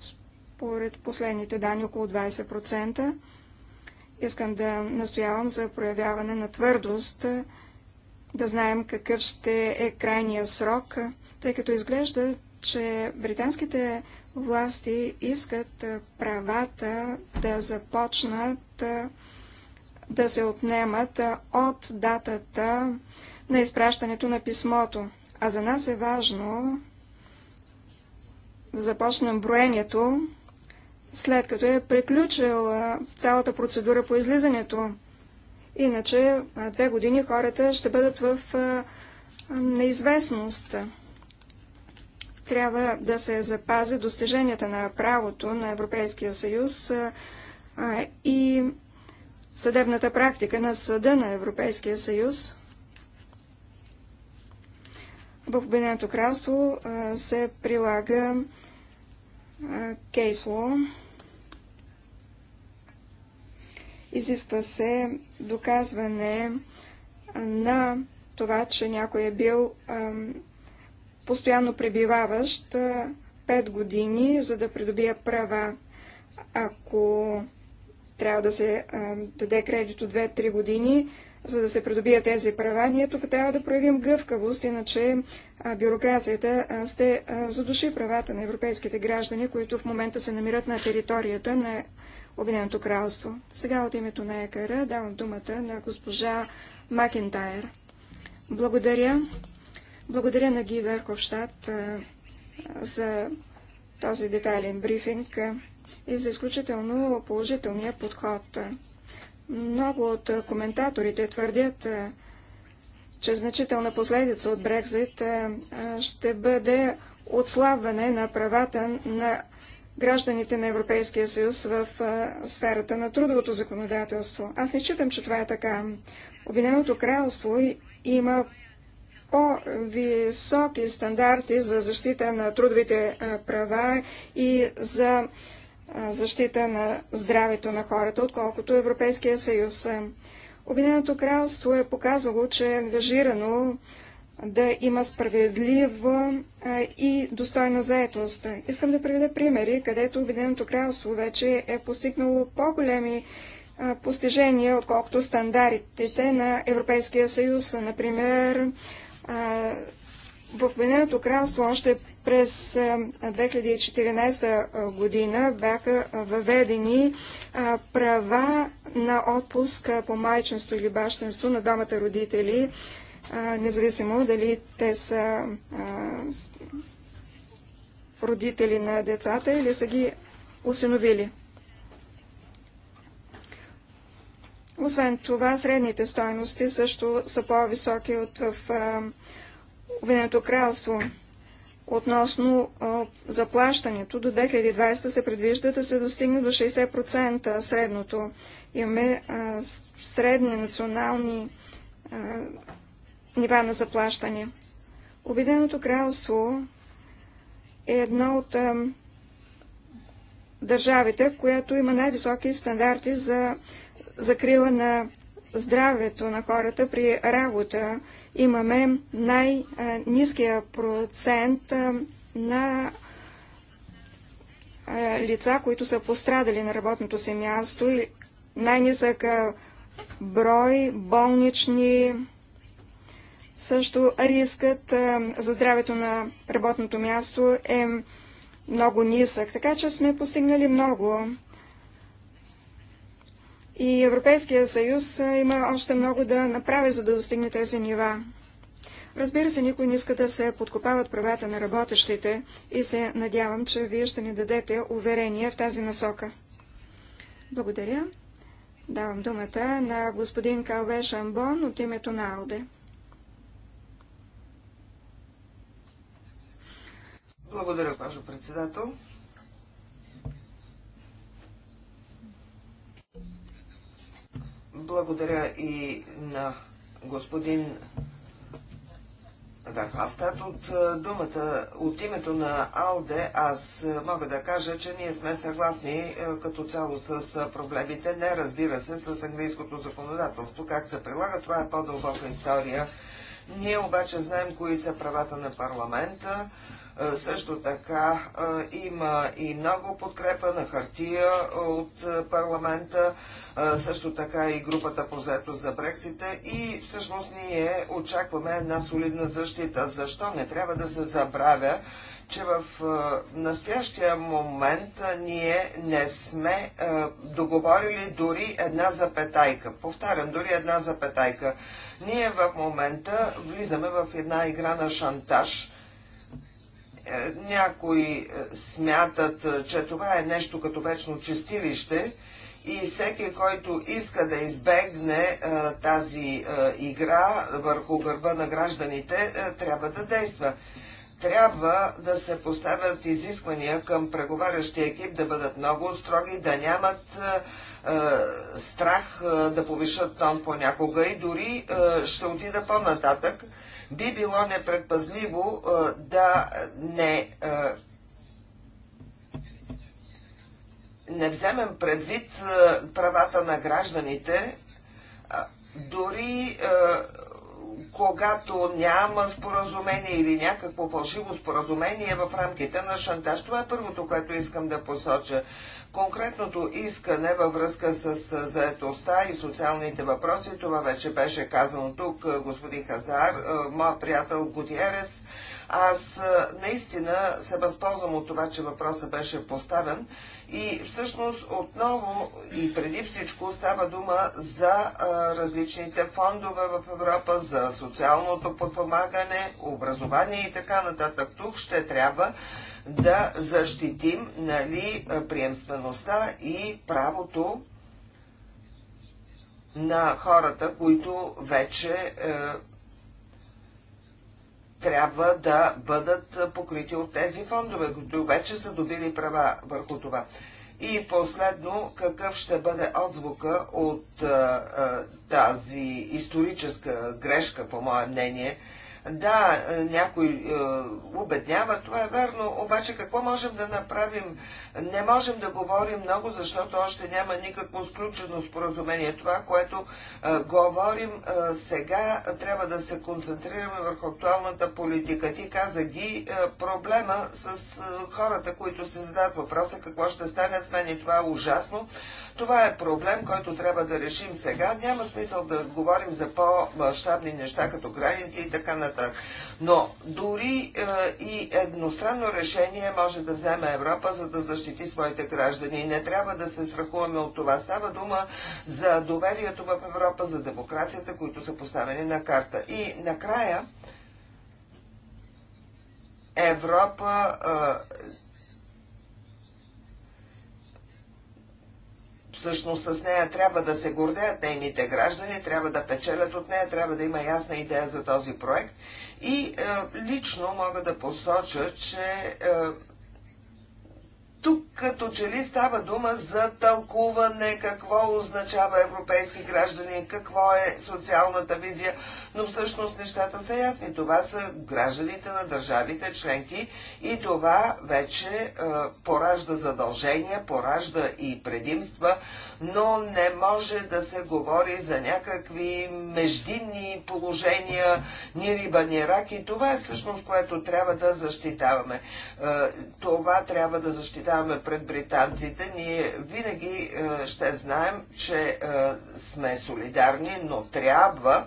Според последните данни около 20%. Искам да настоявам за проявяване на твърдост, да знаем какъв ще е крайния срок, тъй като изглежда, че британските власти искат правата да започнат да се отнемат от датата на изпращането на писмото. А за нас е важно да започнем броенето след като е приключил цялата процедура по излизането. Иначе две години хората ще бъдат в неизвестност. Трябва да се запази достиженията на правото на Европейския съюз и съдебната практика на Съда на Европейския съюз. В Обединеното кралство се прилага кейсло. Изисква се доказване на това, че някой е бил постоянно пребиваващ 5 години, за да придобие права. Ако трябва да се даде кредит от 2-3 години, за да се придобият тези права, ние тук трябва да проявим гъвкавост, иначе бюрокрацията ще сте задуши правата на европейските граждани, които в момента се намират на територията на Обединеното кралство. Сега от името на ЕКР давам думата на госпожа Макентайр. Благодаря. Благодаря на Ги Верховщад за този детайлен брифинг и за изключително положителния подход. Много от коментаторите твърдят, че значителна последица от Брекзит ще бъде отслабване на правата на гражданите на Европейския съюз в сферата на трудовото законодателство. Аз не читам, че това е така. Обединеното кралство има по-високи стандарти за защита на трудовите права и за защита на здравето на хората, отколкото Европейския съюз. Обединеното кралство е показало, че е ангажирано да има справедлива и достойна заетост. Искам да приведа примери, където Обединеното кралство вече е постигнало по-големи постижения, отколкото стандартите на Европейския съюз. Например, в Обединеното кралство още през 2014 година бяха въведени права на отпуск по майчинство или бащенство на двамата родители независимо дали те са родители на децата или са ги усиновили. Освен това, средните стоености също са по-високи от в Обединеното кралство. Относно а, заплащането, до 2020 се предвижда да се достигне до 60% средното. Имаме а, средни национални а, нива на заплащане. Обединеното кралство е едно от а, държавите, която има най-високи стандарти за закрила на здравето на хората при работа. Имаме най-низкия процент а, на а, лица, които са пострадали на работното си място и най-низък брой болнични също рискът за здравето на работното място е много нисък, така че сме постигнали много. И Европейския съюз има още много да направи, за да достигне тези нива. Разбира се, никой не иска да се подкопават правата на работещите и се надявам, че вие ще ни дадете уверение в тази насока. Благодаря. Давам думата на господин Калве Шамбон от името на Алде. Благодаря, госпожо председател. Благодаря и на господин Верхавстат. От е, думата, от името на АЛДЕ, аз мога да кажа, че ние сме съгласни е, като цяло с е, проблемите. Не разбира се с английското законодателство, как се прилага. Това е по-дълбока история. Ние обаче знаем кои са правата на парламента е, също така е, има и много подкрепа на хартия е, от парламента, също така и групата по заето за Брексита и всъщност ние очакваме една солидна защита. Защо не трябва да се забравя, че в настоящия момент ние не сме договорили дори една запетайка. Повтарям, дори една запетайка. Ние в момента влизаме в една игра на шантаж – е, някои е, смятат, е, че това е нещо като вечно чистилище и всеки, който иска да избегне тази игра върху гърба на гражданите, трябва да действа. Трябва да се поставят изисквания към преговарящия екип да бъдат много строги, да нямат страх да повишат тон понякога и дори ще отида по-нататък би било непредпазливо да не не вземем предвид правата на гражданите, дори когато няма споразумение или някакво фалшиво споразумение в рамките на шантаж. Това е първото, което искам да посоча. Конкретното искане във връзка с заетостта и социалните въпроси, това вече беше казано тук, е, господин Хазар, е, моя приятел Гутиерес. Аз е, наистина се възползвам от това, че въпросът беше поставен и всъщност отново и преди всичко става дума за различните фондове в Европа, за социалното подпомагане, образование и така нататък. Тук ще трябва да защитим нали, приемствеността и правото на хората, които вече е, трябва да бъдат покрити от тези фондове, които вече са добили права върху това. И последно, какъв ще бъде отзвука от е, е, тази историческа грешка, по мое мнение, да, е, някой обеднява, е, това е верно, обаче какво можем да направим не можем да говорим много, защото още няма никакво сключено споразумение. Това, което а, е, говорим а, е, сега, трябва да се концентрираме върху актуалната политика. Ти каза ги а, е, проблема с хората, които се зададат въпроса какво ще стане с мен и това е ужасно. Това е проблем, който трябва да решим сега. Няма смисъл да говорим за по-масштабни неща, като граници и така нататък. Но дори е, и едностранно решение може да вземе Европа, за да защити защити своите граждани. И не трябва да се страхуваме от това. Става дума за доверието в Европа, за демокрацията, които са поставени на карта. И накрая Европа всъщност с нея трябва да се гордеят нейните граждани, трябва да печелят от нея, трябва да има ясна идея за този проект. И е, лично мога да посоча, че е, тук като че ли става дума за тълкуване, какво означава европейски граждани, какво е социалната визия, но всъщност нещата са ясни. Това са гражданите на държавите членки и това вече е, поражда задължения, поражда и предимства, но не може да се говори за някакви междинни положения, ни риба, ни рак и това е всъщност, което трябва да защитаваме. Е, това трябва да защитаваме пред британците. Ние винаги е, ще знаем, че е, сме солидарни, но трябва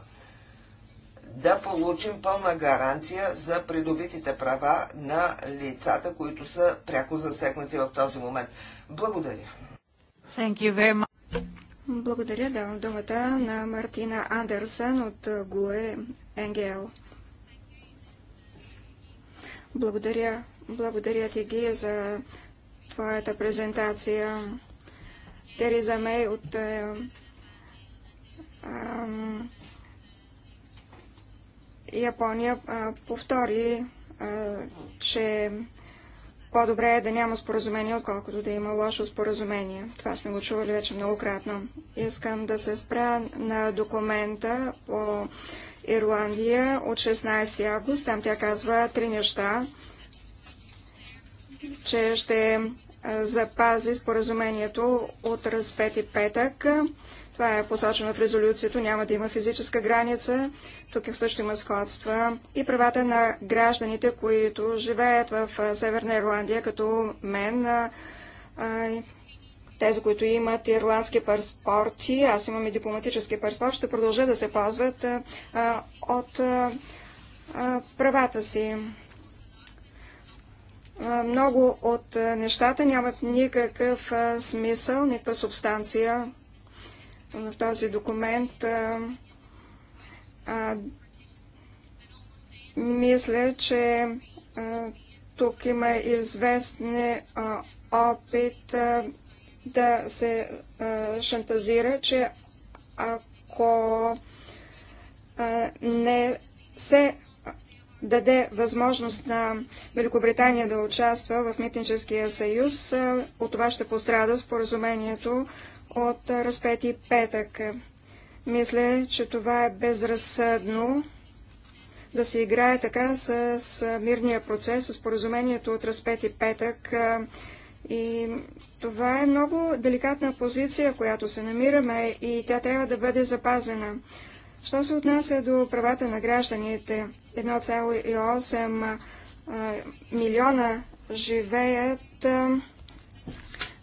да получим пълна гаранция за придобитите права на лицата, които са пряко засегнати в този момент. Благодаря. Благодаря. Давам думата на Мартина Андерсен от ГУЕ НГЛ. Благодаря. Благодаря ти, ги за твоята презентация. Тереза Мей от е, Япония повтори, че по-добре е да няма споразумение, отколкото да има лошо споразумение. Това сме го чували вече многократно. Искам да се спра на документа по Ирландия от 16 август. Там тя казва три неща, че ще запази споразумението от разпети петък това е посочено в резолюцията. Няма да има физическа граница. Тук е също има сходства. И правата на гражданите, които живеят в Северна Ирландия, като мен, тези, които имат ирландски паспорти, аз имам и дипломатически паспорт, ще продължа да се ползват от правата си. Много от нещата нямат никакъв смисъл, никаква субстанция в този документ а, а, мисля, че а, тук има известни опит а, да се а, шантазира, че ако а, не се даде възможност на Великобритания да участва в Митническия съюз, от това ще пострада споразумението от разпети петък. Мисля, че това е безразсъдно да се играе така с, мирния процес, с поразумението от разпети петък. И това е много деликатна позиция, която се намираме и тя трябва да бъде запазена. Що се отнася до правата на гражданите, 1,8 милиона живеят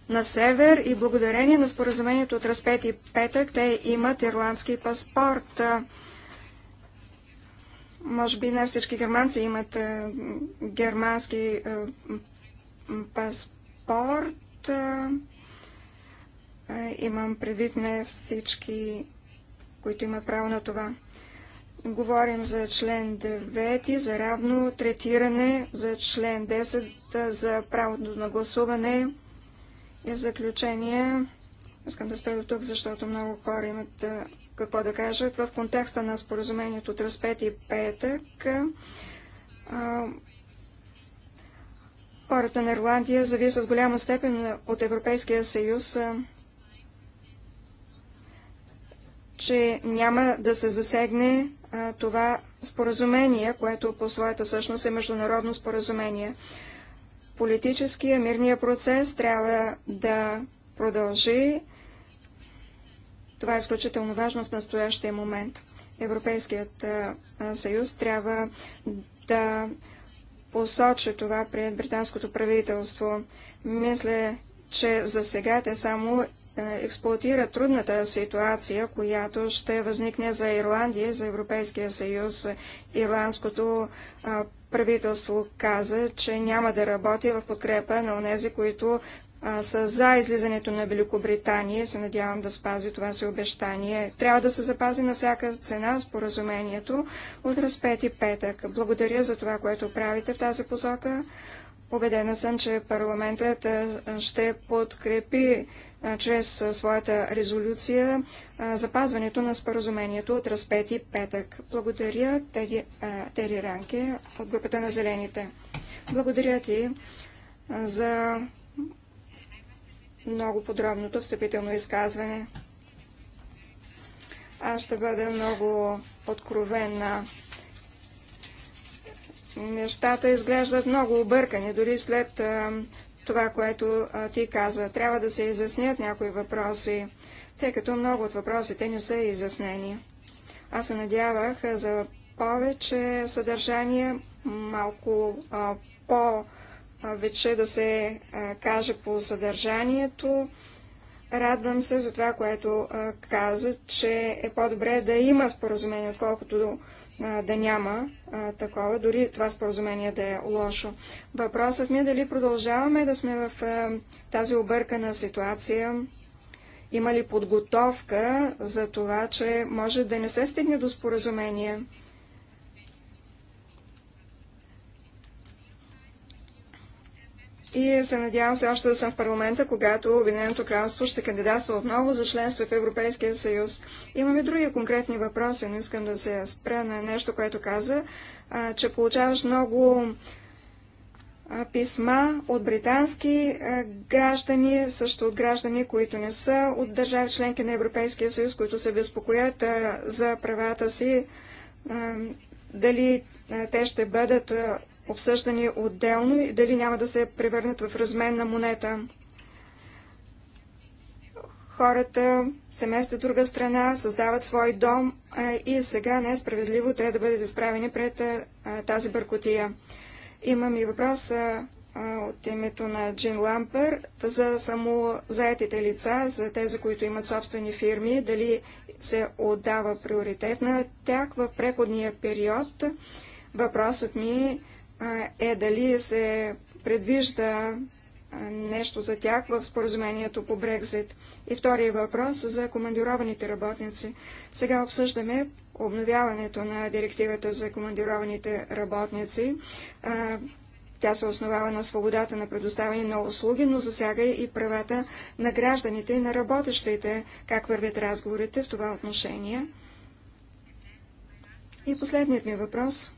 на север и благодарение на споразумението от разпети петък те имат ирландски паспорт. Може би не всички германци имат е, германски е, паспорт. Е, имам предвид не всички, които имат право на това. Говорим за член 9, за равно третиране, за член 10, за правото на гласуване, и в заключение, искам да спра до тук, защото много хора имат какво да кажат. В контекста на споразумението от разпет и петък, хората на Ирландия зависят в голяма степен от Европейския съюз, че няма да се засегне това споразумение, което по своята същност е международно споразумение политическия мирния процес трябва да продължи. Това е изключително важно в настоящия момент. Европейският съюз трябва да посочи това пред британското правителство. Мисля, че за сега те само експлуатира трудната ситуация, която ще възникне за Ирландия, за Европейския съюз. Ирландското а, правителство каза, че няма да работи в подкрепа на онези, които а, са за излизането на Великобритания. Се надявам да спази това си обещание. Трябва да се запази на всяка цена споразумението от и петък. Благодаря за това, което правите в тази посока. Обедена съм, че парламентът ще подкрепи чрез своята резолюция запазването на споразумението от разпети петък. Благодаря Тери, Тери Ранке от групата на Зелените. Благодаря ти за много подробното встъпително изказване. Аз ще бъда много откровенна. Нещата изглеждат много объркани, дори след това, което ти каза. Трябва да се изяснят някои въпроси, тъй като много от въпросите не са изяснени. Аз се надявах за повече съдържание, малко по-вече да се а, каже по съдържанието. Радвам се за това, което а, каза, че е по-добре да има споразумение, отколкото да няма а, такова, дори това споразумение да е лошо. Въпросът ми е дали продължаваме да сме в а, тази объркана ситуация. Има ли подготовка за това, че може да не се стигне до споразумение? и се надявам се още да съм в парламента, когато Обединеното кралство ще кандидатства отново за членство в Европейския съюз. Имаме други конкретни въпроси, но искам да се спра на нещо, което каза, а, че получаваш много а, писма от британски а, граждани, също от граждани, които не са от държави членки на Европейския съюз, които се безпокоят за правата си, дали те ще бъдат обсъждани отделно и дали няма да се превърнат в разменна монета. Хората се местят друга страна, създават свой дом и сега не е справедливо те да бъдат изправени пред тази бъркотия. Имам и въпрос от името на Джин Лампер за само заетите лица, за тези, които имат собствени фирми, дали се отдава приоритет на тях в преходния период. Въпросът ми е е дали се предвижда нещо за тях в споразумението по Брекзит. И втория въпрос за командированите работници. Сега обсъждаме обновяването на директивата за командированите работници. Тя се основава на свободата на предоставяне на услуги, но засяга и правата на гражданите и на работещите. Как вървят разговорите в това отношение? И последният ми въпрос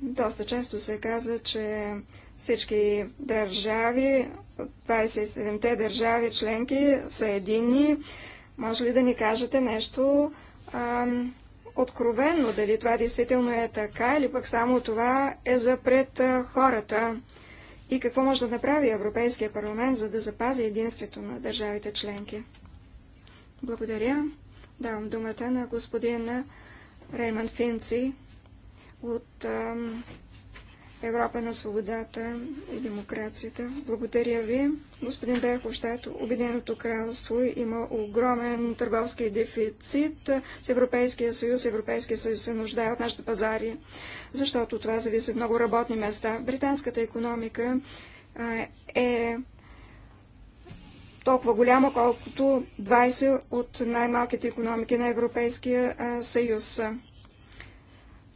доста често се казва, че всички държави, 27-те държави членки са единни. Може ли да ни кажете нещо а, откровенно, дали това действително е така или пък само това е за пред хората? И какво може да направи Европейския парламент, за да запази единството на държавите членки? Благодаря. Давам думата на господина Рейман Финци от Европа на свободата и демокрацията. Благодаря ви. Господин щето, Обединеното кралство има огромен търговски дефицит с Европейския съюз. Европейския съюз се нуждае от нашите пазари, защото това зависи много работни места. Британската економика а, е толкова голяма, колкото 20 от най-малките економики на Европейския съюз.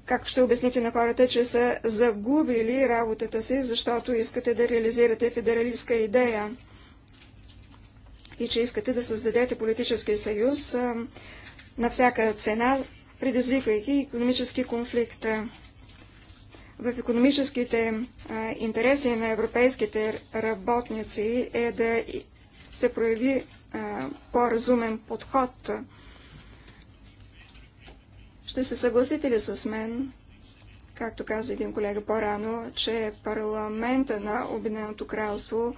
Как ще обясните на хората, че са загубили работата си, защото искате да реализирате федералистка идея и че искате да създадете политически съюз на всяка цена, предизвиквайки економически конфликт? в економическите интереси на европейските работници е да се прояви по-разумен подход. Ще се съгласите ли с мен, както каза един колега по-рано, че парламента на Обединеното кралство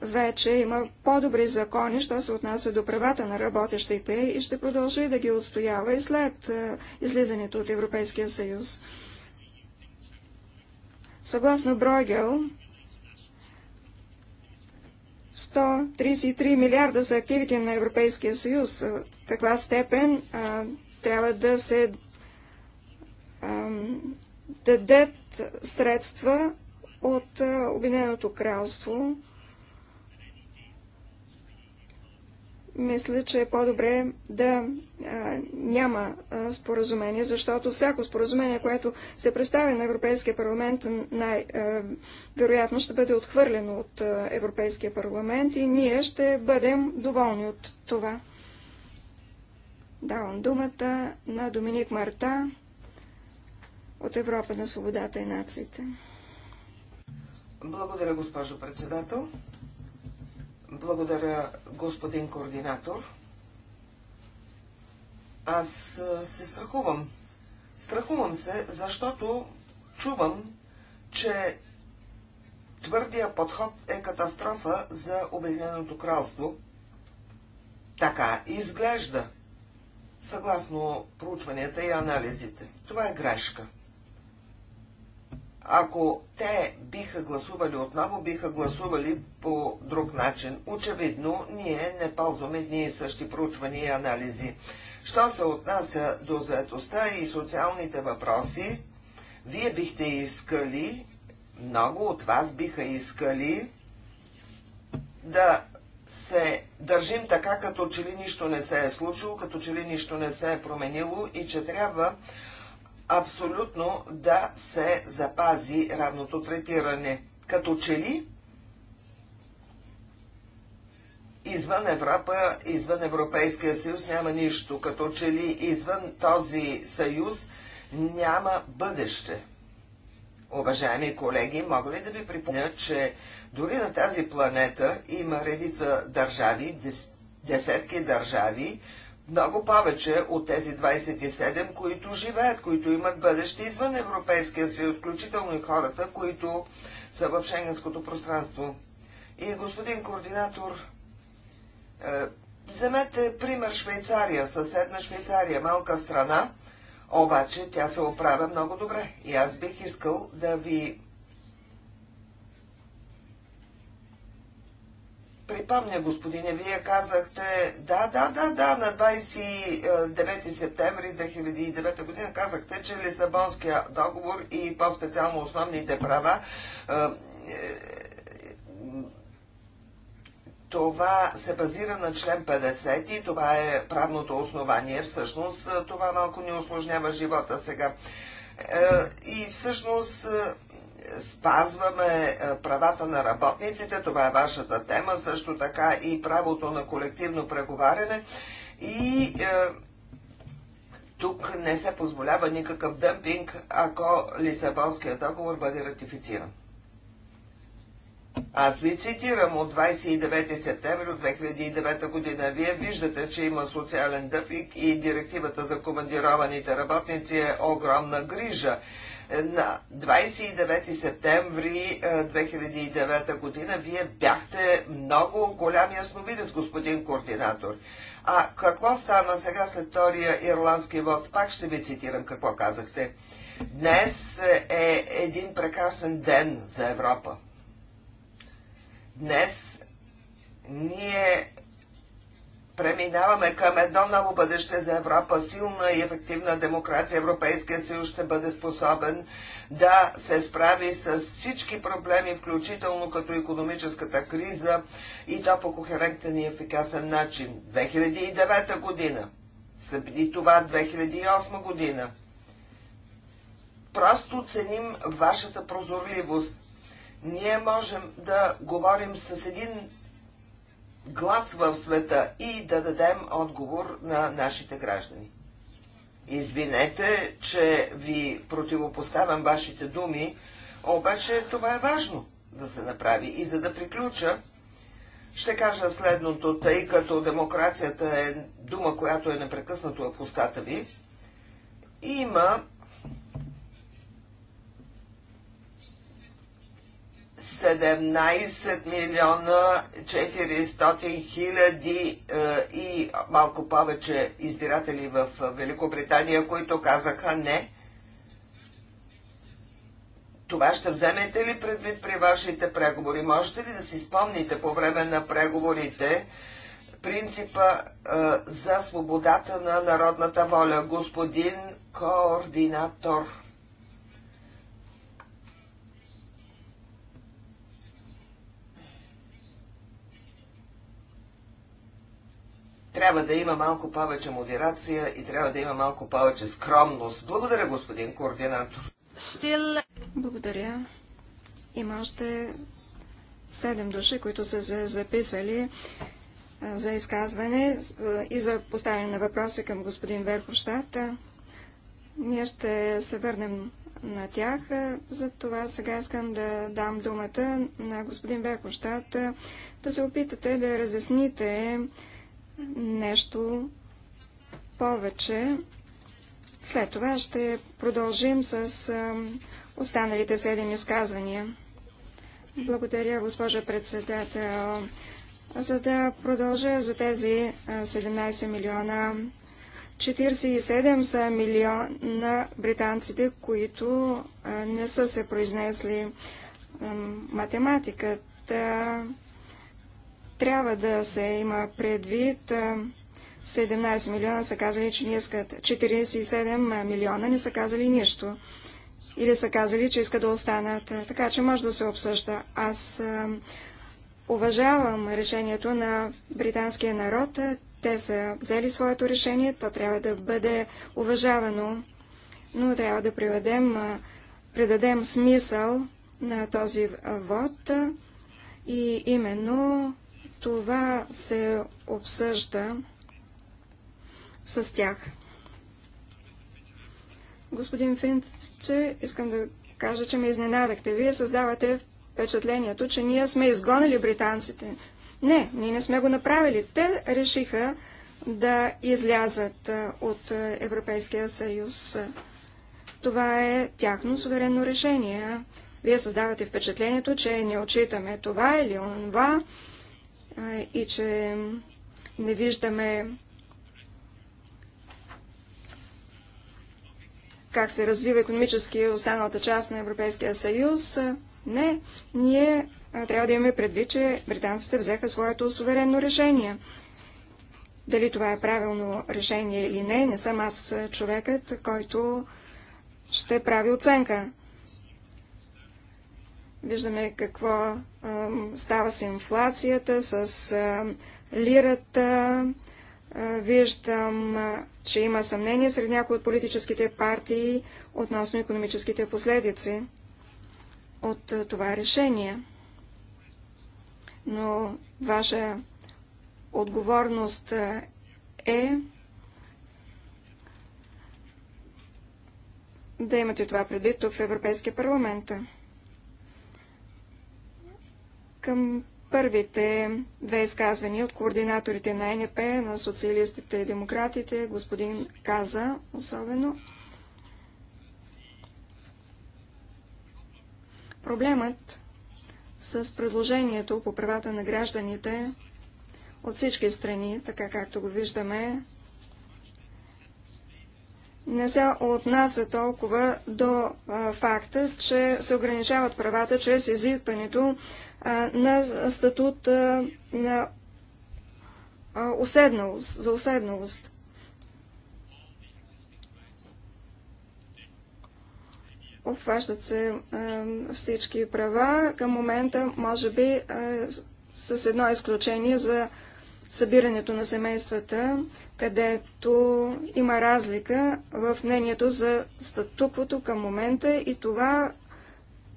вече има по-добри закони, що се отнася до правата на работещите и ще продължи да ги отстоява и след е, излизането от Европейския съюз. Съгласно Бройгел, 133 милиарда за активите на Европейския съюз. В е, каква степен а, е, трябва да се дадат средства от Обединеното кралство. Мисля, че е по-добре да а, няма а, споразумение, защото всяко споразумение, което се представи на Европейския парламент, най-вероятно ще бъде отхвърлено от а, Европейския парламент и ние ще бъдем доволни от това. Давам думата на Доминик Марта от Европа на свободата и нациите. Благодаря, госпожо председател. Благодаря, господин координатор. Аз се страхувам. Страхувам се, защото чувам, че твърдия подход е катастрофа за Обединеното кралство. Така изглежда, съгласно проучванията и анализите. Това е грешка. Ако те биха гласували отново, биха гласували по друг начин. Очевидно, ние не ползваме едни и същи проучвания и анализи. Що се отнася до заедостта и социалните въпроси, вие бихте искали, много от вас биха искали да се държим така, като че ли нищо не се е случило, като че ли нищо не се е променило и че трябва абсолютно да се запази равното третиране. Като че ли извън Европа, извън Европейския съюз няма нищо, като че ли извън този съюз няма бъдеще. Уважаеми колеги, мога ли да ви припомня, че дори на тази планета има редица държави, десетки държави, много повече от тези 27, които живеят, които имат бъдеще извън Европейския съюз, включително и хората, които са в шенгенското пространство. И господин координатор, е, вземете пример Швейцария, съседна Швейцария, малка страна, обаче тя се оправя много добре. И аз бих искал да ви припомня, господине, вие казахте, да, да, да, да, на 29 септември 2009 година казахте, че Лисабонския договор и по-специално основните права е, е, това се базира на член 50 и това е правното основание. Всъщност е, това малко ни осложнява живота сега. И всъщност спазваме е, правата на работниците, това е вашата тема, също така и правото на колективно преговаряне и е, тук не се позволява никакъв дъмпинг, ако Лисабонският договор бъде ратифициран. Аз ви цитирам от 29 септември от 2009 година. Вие виждате, че има социален дъфик и директивата за командированите работници е огромна грижа. На 29 септември 2009 е, година вие бяхте много голям ясновидец, господин координатор. А какво стана сега след втория ирландски вод? Пак ще ви цитирам какво казахте. Днес е един прекрасен ден за Европа. Днес ние преминаваме към едно ново бъдеще за Европа, силна и ефективна демокрация, Европейския съюз ще бъде способен да се справи с всички проблеми, включително като економическата криза и то по кохерентен и ефикасен начин. 2009 година, след това 2008 година. Просто ценим вашата прозорливост. Ние можем да говорим с един глас в света и да дадем отговор на нашите граждани. Извинете, че ви противопоставям вашите думи, обаче това е важно да се направи. И за да приключа, ще кажа следното, тъй като демокрацията е дума, която е непрекъснато в устата ви. Има 17 милиона 400 хиляди е, и малко повече избиратели в Великобритания, които казаха не. Това ще вземете ли предвид при вашите преговори? Можете ли да си спомните по време на преговорите принципа е, за свободата на народната воля? Господин координатор. Трябва да има малко повече модерация и трябва да има малко повече скромност. Благодаря, господин координатор. Благодаря. Има още седем души, които са се записали за изказване и за поставяне на въпроси към господин Верховщад. Ние ще се върнем на тях. За това сега искам да дам думата на господин Верховщад да се опитате да разясните нещо повече. След това ще продължим с останалите седем изказвания. Благодаря, госпожа председател. За да продължа за тези 17 милиона 47 са милиона британците, които не са се произнесли математиката трябва да се има предвид. 17 милиона са казали, че не искат. 47 милиона не са казали нищо. Или са казали, че искат да останат. Така че може да се обсъжда. Аз уважавам решението на британския народ. Те са взели своето решение. То трябва да бъде уважавано. Но трябва да приведем, предадем смисъл на този вод и именно това се обсъжда с тях. Господин Финче, искам да кажа, че ме изненадахте. Вие създавате впечатлението, че ние сме изгонили британците. Не, ние не сме го направили. Те решиха да излязат от Европейския съюз. Това е тяхно суверенно решение. Вие създавате впечатлението, че не отчитаме това или онова и че не виждаме как се развива економически останалата част на Европейския съюз. Не, ние трябва да имаме предвид, че британците взеха своето суверенно решение. Дали това е правилно решение или не, не съм аз човекът, който ще прави оценка Виждаме какво става с инфлацията, с лирата. Виждам, че има съмнение сред някои от политическите партии относно економическите последици от това решение. Но ваша отговорност е да имате това предвид тук в Европейския парламент към първите две изказвания от координаторите на НП, на социалистите и демократите, господин Каза особено. Проблемът с предложението по правата на гражданите от всички страни, така както го виждаме, не се отнася толкова до а, факта, че се ограничават правата чрез изискването на статут на уседналост, за уседналост. Обхващат се всички права. Към момента, може би, с едно изключение за събирането на семействата, където има разлика в мнението за статуквото към момента и това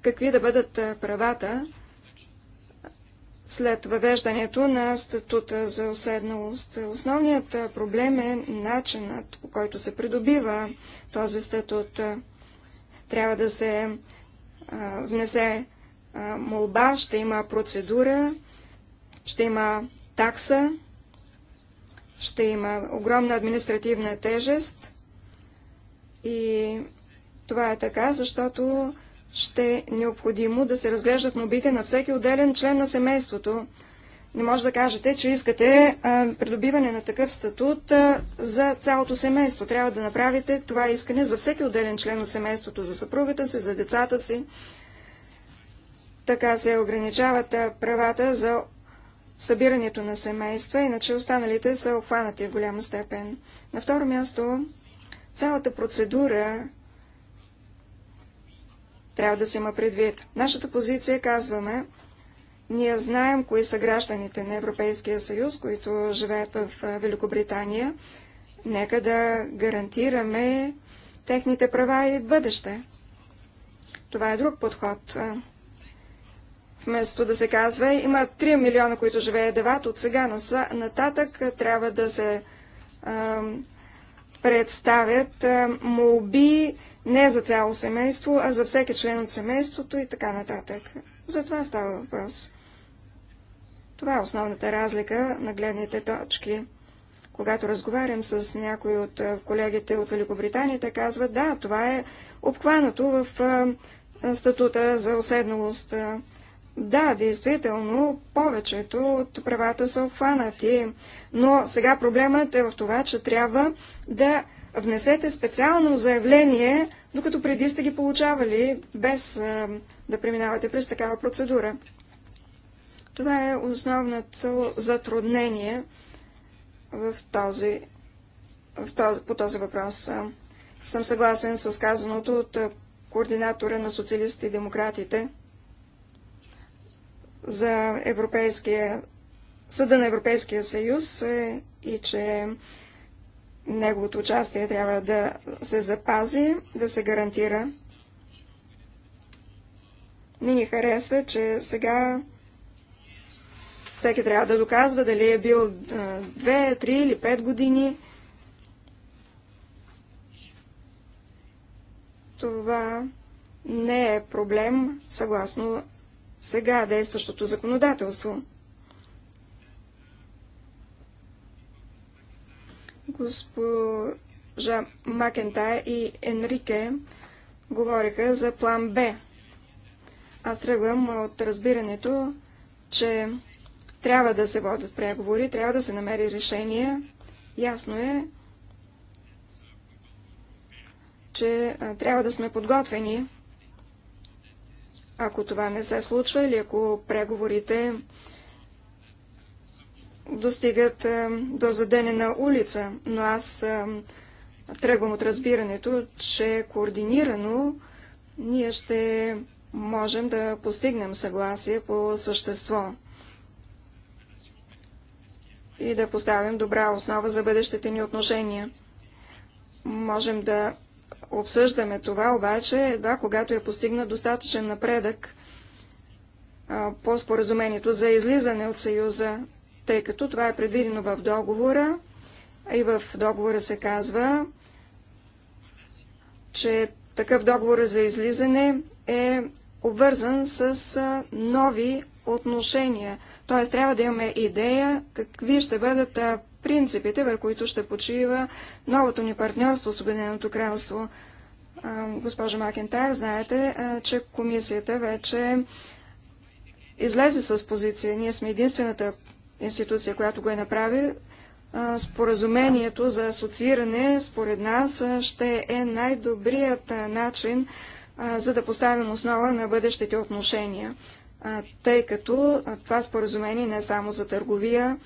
какви да бъдат правата след въвеждането на статута за уседналост. Основният проблем е начинът, по който се придобива този статут. Трябва да се а, внесе а, молба, ще има процедура, ще има такса, ще има огромна административна тежест и това е така, защото ще е необходимо да се разглеждат мобите на всеки отделен член на семейството. Не може да кажете, че искате а, придобиване на такъв статут а, за цялото семейство. Трябва да направите това искане за всеки отделен член на семейството, за съпругата си, за децата си. Така се ограничават правата за събирането на семейства, иначе останалите са обхванати в голяма степен. На второ място, цялата процедура трябва да се има предвид. Нашата позиция казваме, ние знаем кои са гражданите на Европейския съюз, които живеят в Великобритания. Нека да гарантираме техните права и бъдеще. Това е друг подход. Вместо да се казва, има 3 милиона, които живеят деват, от сега нататък трябва да се представят молби не за цяло семейство, а за всеки член от семейството и така нататък. За това става въпрос. Това е основната разлика на гледните точки. Когато разговарям с някои от колегите от Великобритания, те казват, да, това е обхванато в статута за уседналост. Да, действително, повечето от правата са обхванати, но сега проблемът е в това, че трябва да внесете специално заявление, докато преди сте ги получавали, без да преминавате през такава процедура. Това е основното затруднение в този, в този, по този въпрос. Съм съгласен с казаното от координатора на социалистите и демократите за Европейския, Съда на Европейския съюз е, и че неговото участие трябва да се запази, да се гарантира. Не ни харесва, че сега всеки трябва да доказва дали е бил 2, 3 или 5 години. Това не е проблем съгласно сега действащото законодателство. госпожа Макентай и Енрике говориха за план Б. Аз тръгвам от разбирането, че трябва да се водят преговори, трябва да се намери решение. Ясно е, че трябва да сме подготвени, ако това не се случва или ако преговорите достигат е, до заденена улица, но аз е, тръгвам от разбирането, че координирано ние ще можем да постигнем съгласие по същество и да поставим добра основа за бъдещите ни отношения. Можем да обсъждаме това, обаче едва когато е постигнат достатъчен напредък по споразумението за излизане от Съюза тъй като това е предвидено в договора. И в договора се казва, че такъв договор за излизане е обвързан с нови отношения. Т.е. трябва да имаме идея какви ще бъдат принципите, върху които ще почива новото ни партньорство с Обединеното кралство. Госпожа Макентайр, знаете, че комисията вече излезе с позиция. Ние сме единствената институция, която го е направи, споразумението за асоцииране, според нас, ще е най-добрият начин, за да поставим основа на бъдещите отношения, тъй като това споразумение не е само за търговия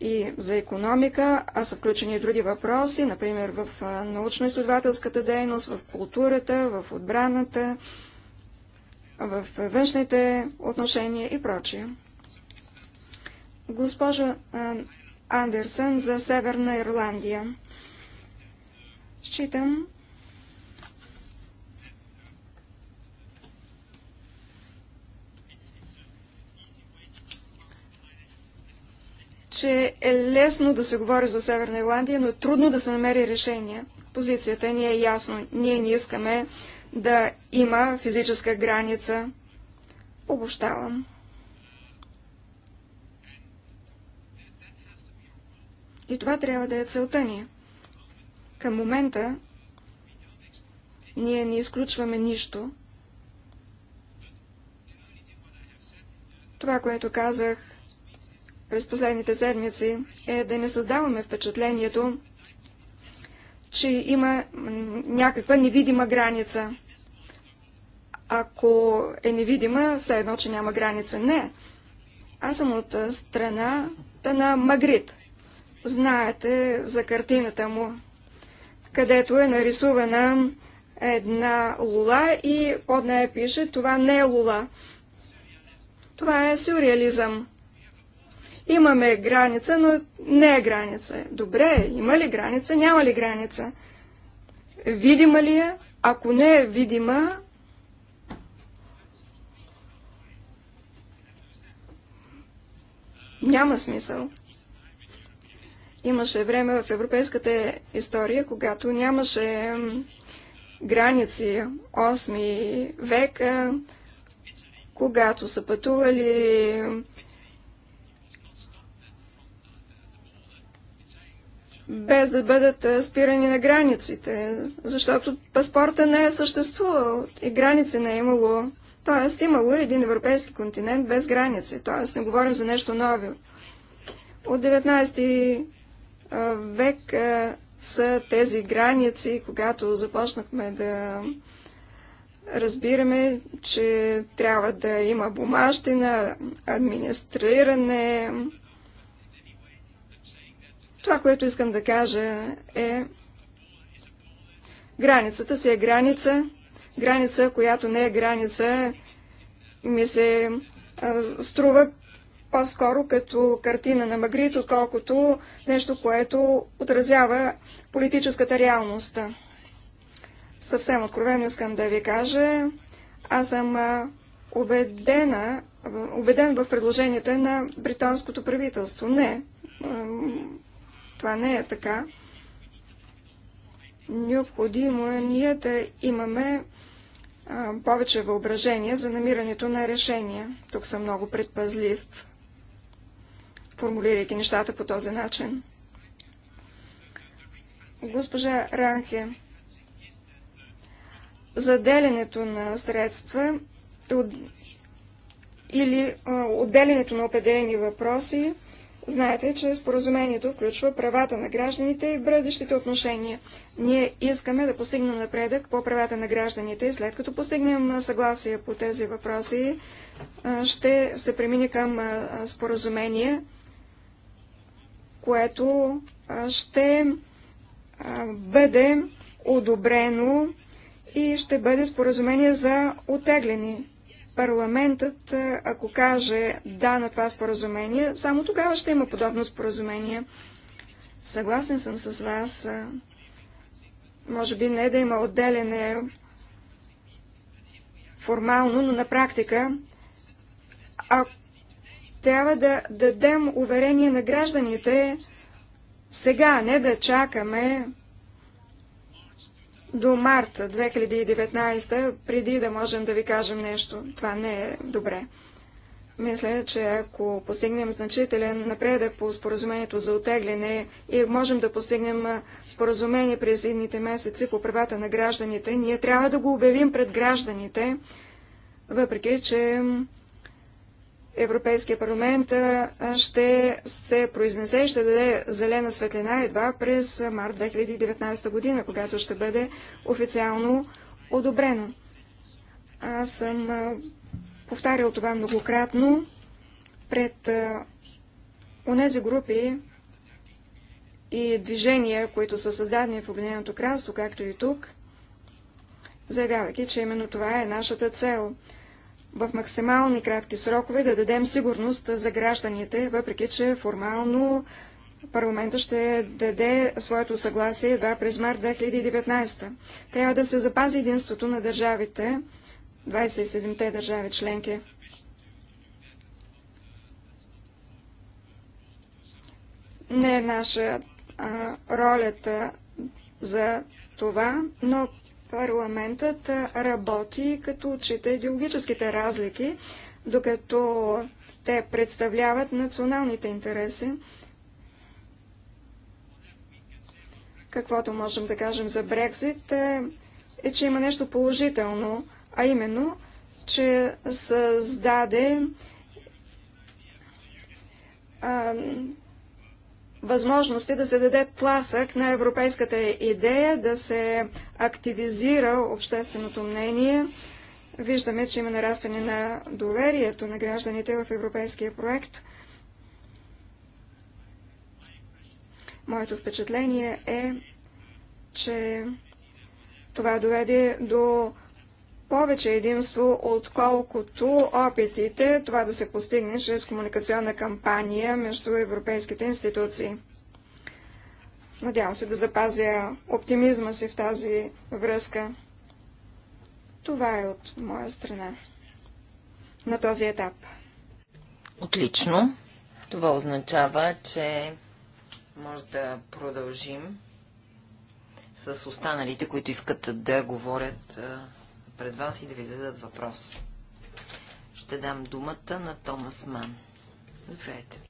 и за економика, а са включени и други въпроси, например в научно-изследователската дейност, в културата, в отбраната, в външните отношения и прочие. Госпожо Андерсън за Северна Ирландия. Считам, че е лесно да се говори за Северна Ирландия, но е трудно да се намери решение. Позицията ни е ясно. Ние не искаме да има физическа граница. Обощавам. И това трябва да е целта ни. Към момента ние не изключваме нищо. Това, което казах през последните седмици, е да не създаваме впечатлението, че има някаква невидима граница. Ако е невидима, все едно, че няма граница. Не. Аз съм от страната на Магрид. Знаете за картината му, където е нарисувана една лула и под нея пише «Това не е лула». Това е сюрреализъм. Имаме граница, но не е граница. Добре, има ли граница, няма ли граница? Видима ли е? Ако не е видима, няма смисъл. Имаше време в европейската история, когато нямаше граници 8 века, когато са пътували без да бъдат спирани на границите, защото паспорта не е съществувал и граници не е имало. Тоест имало е един европейски континент без граници, т.е. не говорим за нещо ново. От 19 век са тези граници, когато започнахме да разбираме, че трябва да има бумащина, администриране. Това, което искам да кажа е границата си е граница, граница, която не е граница, ми се струва по-скоро като картина на Магрит, отколкото нещо, което отразява политическата реалност. Съвсем откровено искам да ви кажа, аз съм убедена, убеден в предложенията на британското правителство. Не, това не е така. Необходимо е ние да имаме повече въображение за намирането на решения. Тук съм много предпазлив формулирайки нещата по този начин. Госпожа Ранхе, заделянето на средства е или отделянето на определени въпроси, знаете, че споразумението включва правата на гражданите и бъдещите отношения. Ние искаме да постигнем напредък по правата на гражданите и след като постигнем съгласие по тези въпроси, ще се премине към споразумение което ще бъде одобрено и ще бъде споразумение за отегляне. Парламентът, ако каже да на това споразумение, само тогава ще има подобно споразумение. Съгласен съм с вас. Може би не да има отделяне формално, но на практика, ако трябва да дадем уверение на гражданите сега, не да чакаме до март 2019, преди да можем да ви кажем нещо. Това не е добре. Мисля, че ако постигнем значителен напредък по споразумението за отегляне и можем да постигнем споразумение през едните месеци по правата на гражданите, ние трябва да го обявим пред гражданите, въпреки че Европейския парламент ще се произнесе и ще даде зелена светлина едва през март 2019 година, когато ще бъде официално одобрено. Аз съм повтарял това многократно пред онези групи и движения, които са създадени в Обединеното кралство, както и тук, заявявайки, че именно това е нашата цел – в максимални кратки срокове да дадем сигурност за гражданите, въпреки че формално парламента ще даде своето съгласие едва през март 2019. Трябва да се запази единството на държавите, 27-те държави членки. Не е наша а, ролята за това, но парламентът работи като отчита идеологическите разлики, докато те представляват националните интереси. Каквото можем да кажем за Брекзит е, е че има нещо положително, а именно, че създаде а, възможности да се даде тласък на европейската идея, да се активизира общественото мнение. Виждаме, че има нарастване на доверието на гражданите в европейския проект. Моето впечатление е, че това доведе до повече единство, отколкото опитите това да се постигне чрез комуникационна кампания между европейските институции. Надявам се да запазя оптимизма си в тази връзка. Това е от моя страна на този етап. Отлично. Това означава, че може да продължим с останалите, които искат да говорят пред вас и да ви зададат въпрос. Ще дам думата на Томас Ман. Заповядайте.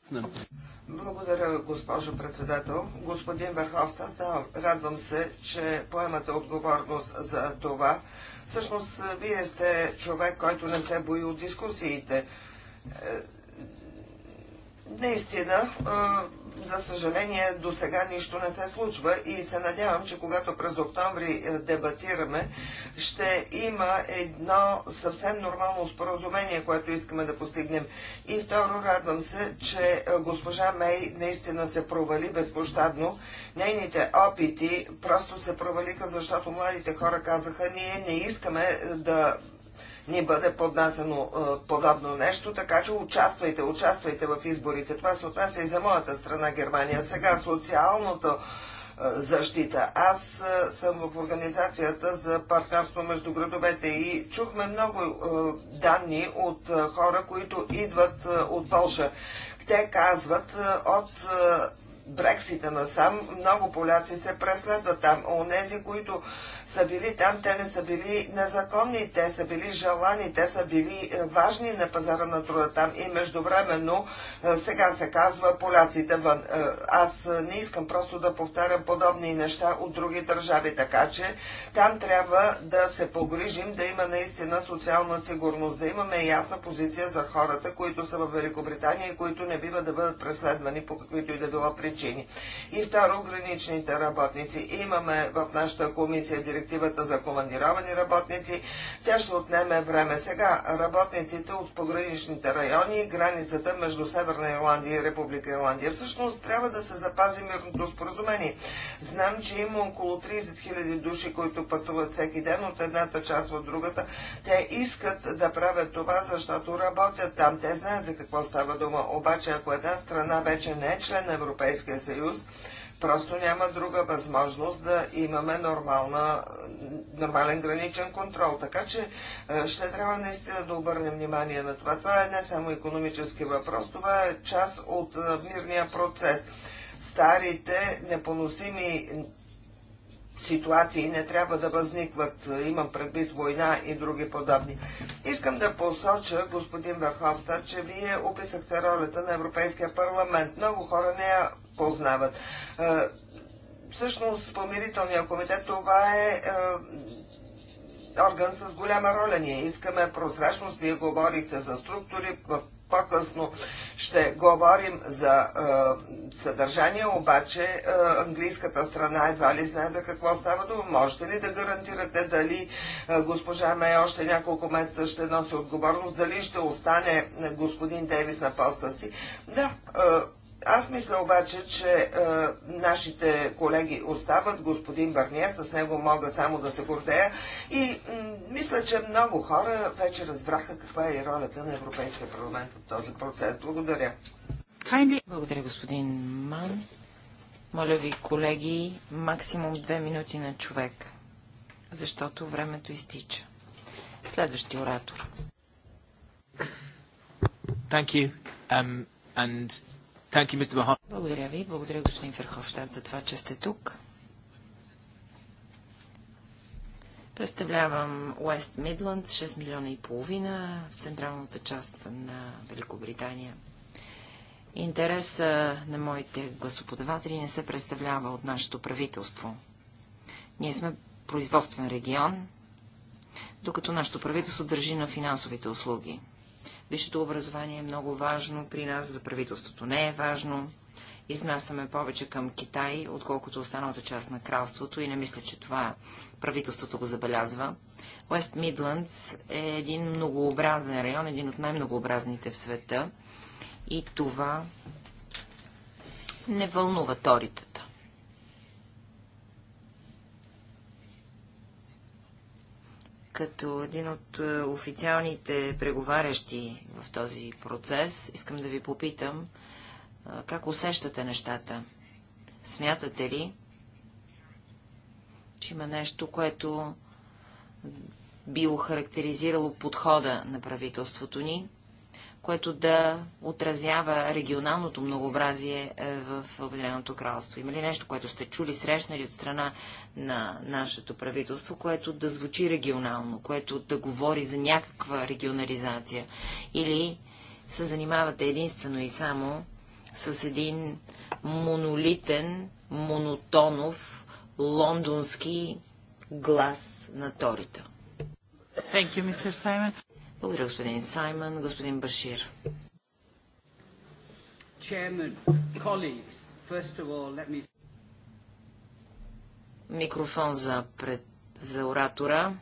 Благодаря, госпожо председател. Господин Верховта, радвам се, че поемате отговорност за това. Всъщност, вие сте човек, който не се бои от дискусиите. Е, наистина, е, за съжаление, до сега нищо не се случва и се надявам, че когато през октомври е, дебатираме, ще има едно съвсем нормално споразумение, което искаме да постигнем. И второ, радвам се, че е, госпожа Мей наистина се провали безпощадно. Нейните опити просто се провалиха, защото младите хора казаха, ние не искаме е, да ни бъде поднасено е, подобно нещо, така че участвайте, участвайте в изборите. Това се отнася и за моята страна Германия. Сега социалното е, защита. Аз е, съм в организацията за партньорство между градовете и чухме много данни от хора, които идват от Польша. Те казват от Брексита насам много поляци се преследват там. Онези, които са били там, те не са били незаконни, те са били желани, те са били е, важни на пазара на труда там и междувременно е, сега се казва поляците вън. Е, аз не искам просто да повтарям подобни неща от други държави, така че там трябва да се погрижим да има наистина социална сигурност, да имаме ясна позиция за хората, които са в Великобритания и които не бива да бъдат преследвани по каквито и да било причини. И второ, граничните работници. Имаме в нашата комисия директор директивата за командировани работници. Тя ще отнеме време. Сега работниците от пограничните райони и границата между Северна Ирландия и Република Ирландия. Всъщност трябва да се запази мирното споразумение. Знам, че има около 30 000 души, които пътуват всеки ден от едната част в другата. Те искат да правят това, защото работят там. Те знаят за какво става дума. Обаче, ако една страна вече не е член на Европейския съюз, Просто няма друга възможност да имаме нормална, нормален граничен контрол. Така че е, ще трябва наистина да обърнем внимание на това. Това е не само економически въпрос, това е част от е, мирния процес. Старите непоносими ситуации не трябва да възникват, имам предвид война и други подобни. Искам да посоча, господин Верховстат, че вие описахте ролята на Европейския парламент. Много хора не я познават. Всъщност, помирителният комитет това е орган с голяма роля. Ние искаме прозрачност, вие говорите за структури, по-късно ще говорим за е, съдържание, обаче е, английската страна едва ли знае за какво става дума. Можете ли да гарантирате дали е, госпожа Мей още няколко месеца ще носи отговорност, дали ще остане господин Дейвис на поста си? Да, е, аз мисля обаче, че е, нашите колеги остават, господин Барния, с него мога само да се гордея и мисля, че много хора вече разбраха каква е ролята на Европейския парламент от този процес. Благодаря. Благодаря, господин Ман. Моля ви, колеги, максимум две минути на човек, защото времето изтича. Следващия оратор. Thank you. Um, and You, Благодаря ви. Благодаря, господин Ферховщад, за това, че сте тук. Представлявам Уест Мидланд, 6 милиона и половина в централната част на Великобритания. Интереса на моите гласоподаватели не се представлява от нашето правителство. Ние сме производствен регион, докато нашето правителство държи на финансовите услуги. Висшето образование е много важно при нас, за правителството не е важно. Изнасяме повече към Китай, отколкото останалата част на кралството и не мисля, че това правителството го забелязва. Уест Мидландс е един многообразен район, един от най-многообразните в света и това не вълнува торитата. Като един от е, официалните преговарящи в този процес, искам да ви попитам, е, как усещате нещата? Смятате ли, че има нещо, което би охарактеризирало подхода на правителството ни което да отразява регионалното многообразие е, в Обединеното кралство? Има ли нещо, което сте чули, срещнали от страна на нашето правителство, което да звучи регионално, което да говори за някаква регионализация? Или се занимавате единствено и само с един монолитен, монотонов, лондонски глас на Торита? Thank you, Mr. Simon. Благодаря, господин Саймън. Господин Башир. Микрофон за, пред... за оратора.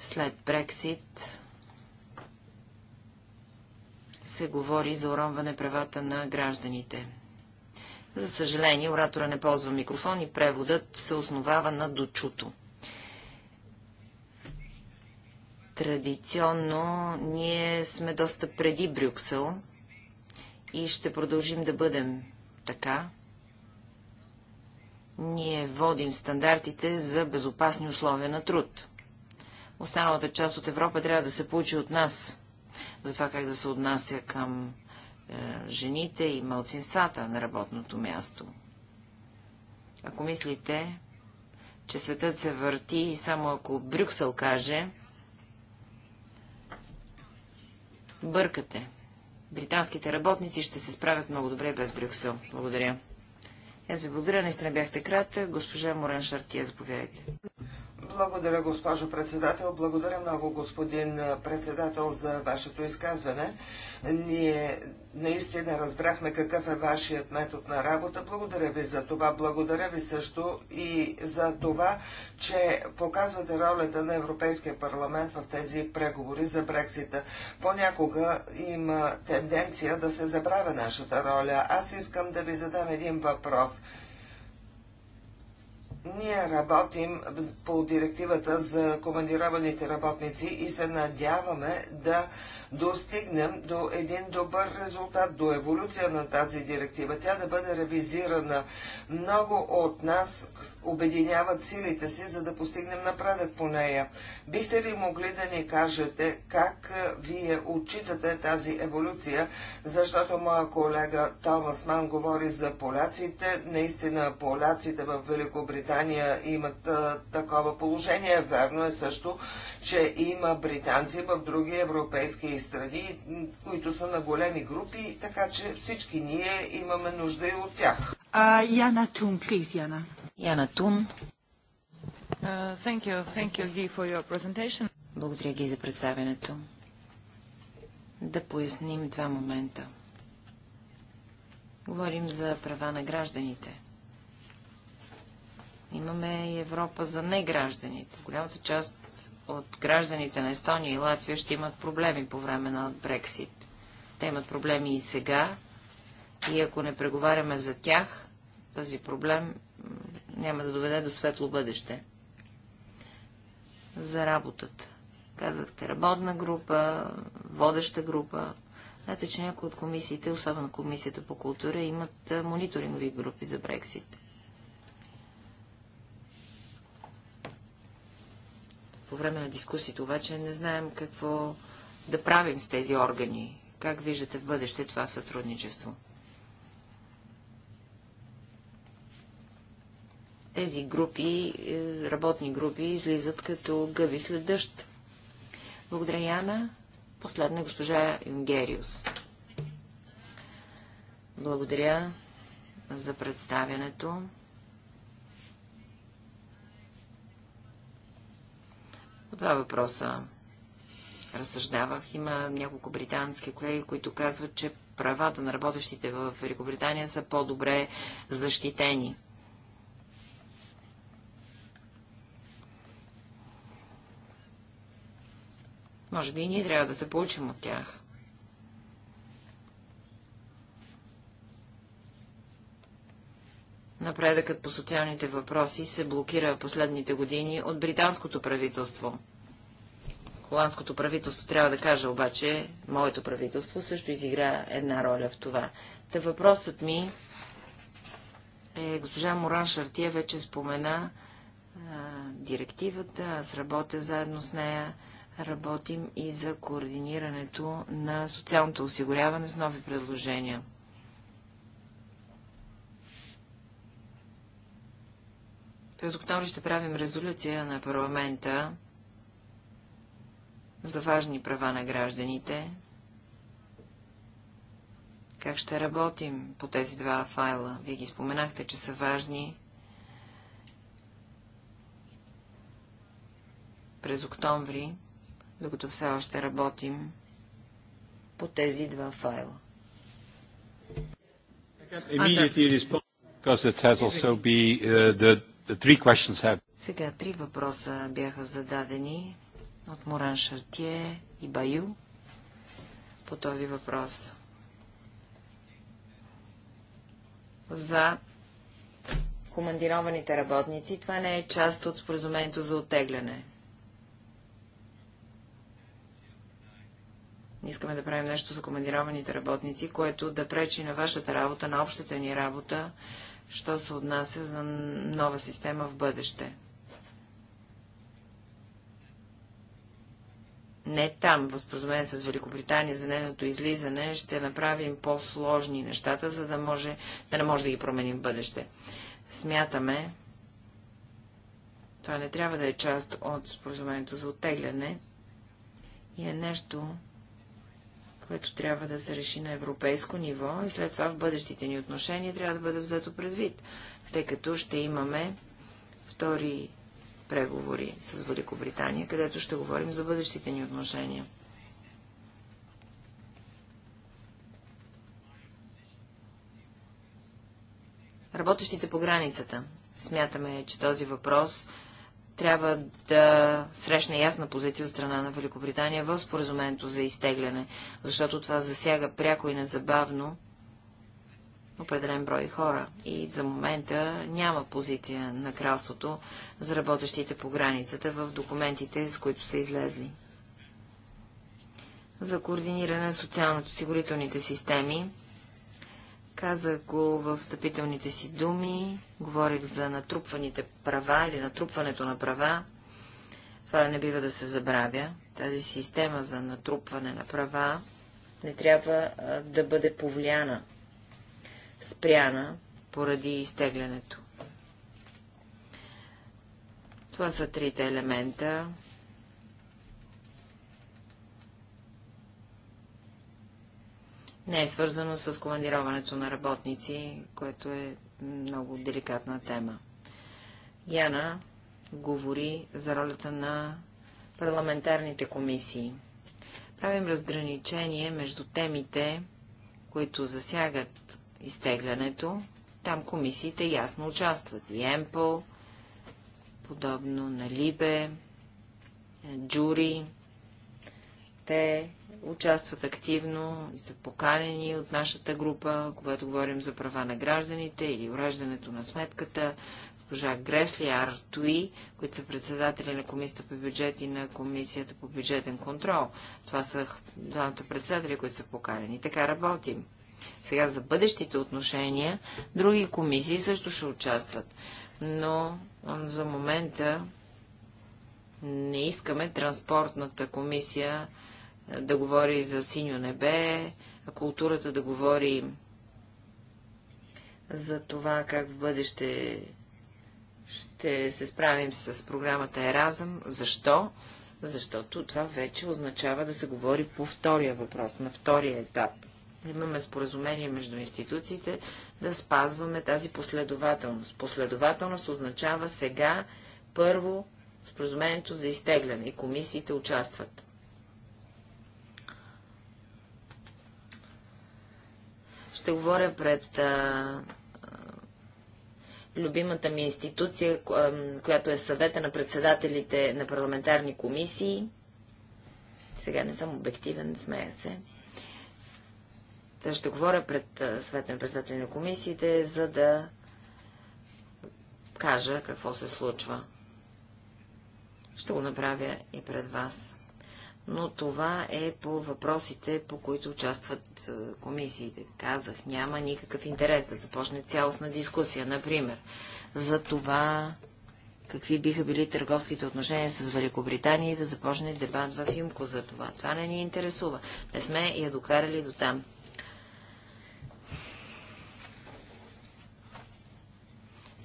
След Брексит се говори за уронване правата на гражданите. За съжаление, оратора не ползва микрофон и преводът се основава на дочуто. Традиционно ние сме доста преди Брюксел и ще продължим да бъдем така. Ние водим стандартите за безопасни условия на труд. Останалата част от Европа трябва да се получи от нас за това как да се отнася към е, жените и мълцинствата на работното място. Ако мислите, че светът се върти и само ако Брюксел каже, бъркате. Британските работници ще се справят много добре без Брюксел. Благодаря. Аз ви благодаря, наистина бяхте кратък. Госпожа Морен Шартия, заповядайте. Благодаря, госпожо председател. Благодаря много, господин председател, за вашето изказване. Ние наистина разбрахме какъв е вашият метод на работа. Благодаря ви за това. Благодаря ви също и за това, че показвате ролята на Европейския парламент в тези преговори за Брексита. Понякога има тенденция да се забравя нашата роля. Аз искам да ви задам един въпрос – ние работим по директивата за командированите работници и се надяваме да достигнем до един добър резултат, до еволюция на тази директива, тя да бъде ревизирана. Много от нас обединяват силите си, за да постигнем напредък по нея. Бихте ли могли да ни кажете как вие отчитате тази еволюция, защото моя колега Томас Ман говори за поляците. Наистина поляците в Великобритания имат а, такова положение. Верно е също, че има британци в други европейски различни страни, които са на големи групи, така че всички ние имаме нужда и от тях. Яна Тун, плиз, Яна. Яна Тун. Благодаря ги за представянето. Да поясним два момента. Говорим за права на гражданите. Имаме и Европа за неграждани. Голямата част от гражданите на Естония и Латвия ще имат проблеми по време на Брексит. Те имат проблеми и сега, и ако не преговаряме за тях, този проблем няма да доведе до светло бъдеще. За работата. Казахте работна група, водеща група. Знаете, че някои от комисиите, особено комисията по култура, имат мониторингови групи за Брексит. По време на дискусията обаче не знаем какво да правим с тези органи. Как виждате в бъдеще това сътрудничество? Тези групи, е, работни групи, излизат като гъби след дъжд. Благодаря, Яна. Последна госпожа Юнгериус. Благодаря за представянето. два въпроса разсъждавах. Има няколко британски колеги, които казват, че правата на работещите в Великобритания са по-добре защитени. Може би и ние трябва да се получим от тях. Напредъкът по социалните въпроси се блокира последните години от британското правителство. Холандското правителство, трябва да кажа обаче, моето правителство също изигра една роля в това. Та въпросът ми е, госпожа Моран Шартия вече спомена а, директивата, аз работя заедно с нея, работим и за координирането на социалното осигуряване с нови предложения. През октомври ще правим резолюция на парламента за важни права на гражданите. Как ще работим по тези два файла? Вие ги споменахте, че са важни. През октомври, докато все още работим по тези два файла. Because it has also be uh, the сега три въпроса бяха зададени от Моран Шартие и Баю по този въпрос. За командированите работници, това не е част от споразумението за оттегляне. Искаме да правим нещо за командированите работници, което да пречи на вашата работа, на общата ни работа, що се отнася за нова система в бъдеще. не там, възпозумен с Великобритания за нейното излизане, ще направим по-сложни нещата, за да, може, да не може да ги променим в бъдеще. Смятаме, това не трябва да е част от споразумението за оттегляне и е нещо, което трябва да се реши на европейско ниво и след това в бъдещите ни отношения трябва да бъде взето предвид, тъй като ще имаме втори преговори с Великобритания, където ще говорим за бъдещите ни отношения. Работещите по границата. Смятаме, че този въпрос трябва да срещне ясна позиция от страна на Великобритания в споразумението за изтегляне, защото това засяга пряко и незабавно определен брой хора. И за момента няма позиция на кралството за работещите по границата в документите, с които са излезли. За координиране на социално-осигурителните системи, казах го в встъпителните си думи, Говорих за натрупваните права или натрупването на права. Това не бива да се забравя. Тази система за натрупване на права не трябва да бъде повлияна, спряна поради изтеглянето. Това са трите елемента. Не е свързано с командироването на работници, което е много деликатна тема. Яна говори за ролята на парламентарните комисии. Правим разграничение между темите, които засягат изтеглянето. Там комисиите ясно участват. И Емпл, подобно на Либе, Джури. Те участват активно и са поканени от нашата група, когато говорим за права на гражданите или уреждането на сметката. Госпожа Гресли, Артуи, които са председатели на Комисията по бюджет и на Комисията по бюджетен контрол. Това са двамата председатели, които са поканени. Така работим. Сега за бъдещите отношения други комисии също ще участват. Но за момента не искаме транспортната комисия да говори за синьо небе, културата да говори за това как в бъдеще ще се справим с програмата Еразъм. Защо? Защото това вече означава да се говори по втория въпрос, на втория етап. Имаме споразумение между институциите да спазваме тази последователност. Последователност означава сега първо споразумението за изтегляне и комисиите участват. ще говоря пред а, любимата ми институция, която е съвета на председателите на парламентарни комисии. Сега не съм обективен, смея се. Та ще говоря пред съвета на председатели на комисиите, за да кажа какво се случва. Ще го направя и пред вас но това е по въпросите, по които участват е, комисиите. Казах, няма никакъв интерес да започне цялостна дискусия, например, за това какви биха били търговските отношения с Великобритания и да започне дебат в Имко за това. Това не ни интересува. Не сме я докарали до там.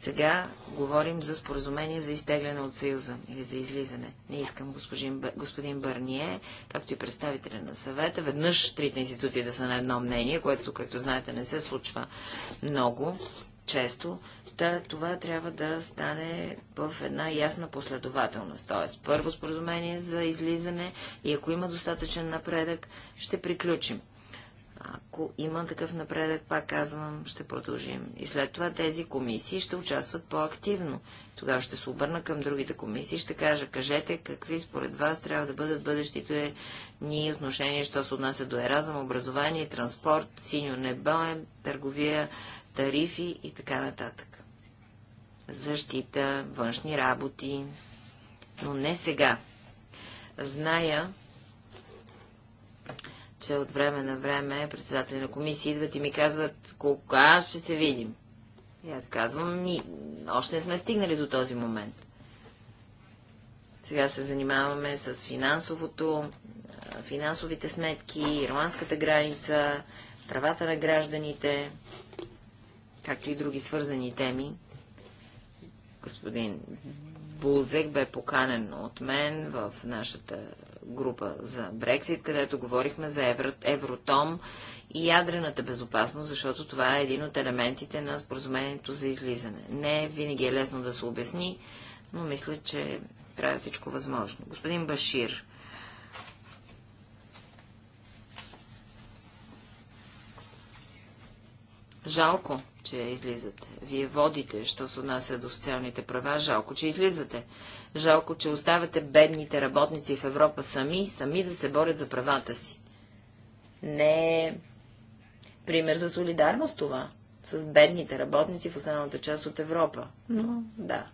Сега говорим за споразумение за изтегляне от Съюза или за излизане. Не искам господин, господин Бърние, както и представителя на съвета, веднъж трите институции да са на едно мнение, което, както знаете, не се случва много често. Та, това трябва да стане в една ясна последователност. Тоест, първо споразумение за излизане и ако има достатъчен напредък, ще приключим. Ако има такъв напредък, пак казвам, ще продължим. И след това тези комисии ще участват по-активно. Тогава ще се обърна към другите комисии, ще кажа, кажете какви според вас трябва да бъдат бъдещите ни отношения, що се отнася до еразъм, образование, транспорт, синьо небо, търговия, тарифи и така нататък. Защита, външни работи, но не сега. Зная, че от време на време председатели на комисии идват и ми казват, кога ще се видим. И аз казвам, и още не сме стигнали до този момент. Сега се занимаваме с финансовото, финансовите сметки, ирландската граница, правата на гражданите, както и други свързани теми. Господин Бузек бе поканен от мен в нашата група за Брексит, където говорихме за евро, Евротом и ядрената безопасност, защото това е един от елементите на споразумението за излизане. Не винаги е лесно да се обясни, но мисля, че трябва всичко възможно. Господин Башир. Жалко, че излизате. Вие водите, що се отнася до социалните права. Жалко, че излизате. Жалко, че оставяте бедните работници в Европа сами, сами да се борят за правата си. Не е пример за солидарност това с бедните работници в останалата част от Европа. Но, да.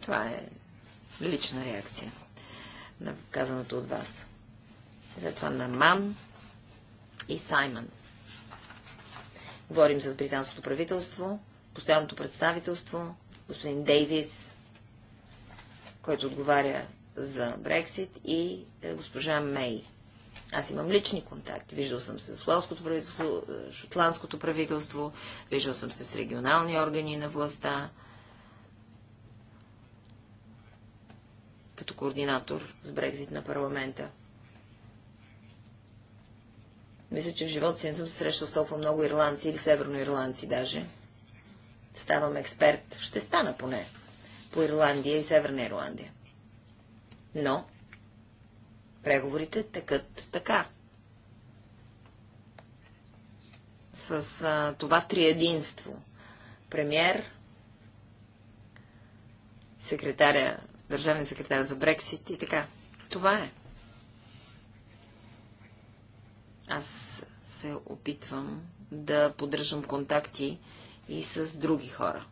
Това е лична реакция на казаното от вас. След това на Ман и Саймън. Говорим с британското правителство, постоянното представителство, господин Дейвис, който отговаря за Брексит и е, госпожа Мей. Аз имам лични контакти. Виждал съм се с Уелското правителство, е, шотландското правителство, виждал съм се с регионални органи на властта, като координатор с Брекзит на парламента. Мисля, че в живота си не съм се срещал с толкова много ирландци или северноирландци даже. Ставам експерт. Ще стана поне по Ирландия и Северна Ирландия. Но преговорите текат така. С а, това триединство. Премьер, секретаря, държавен секретар за Брексит и така. Това е. Аз се опитвам да поддържам контакти и с други хора.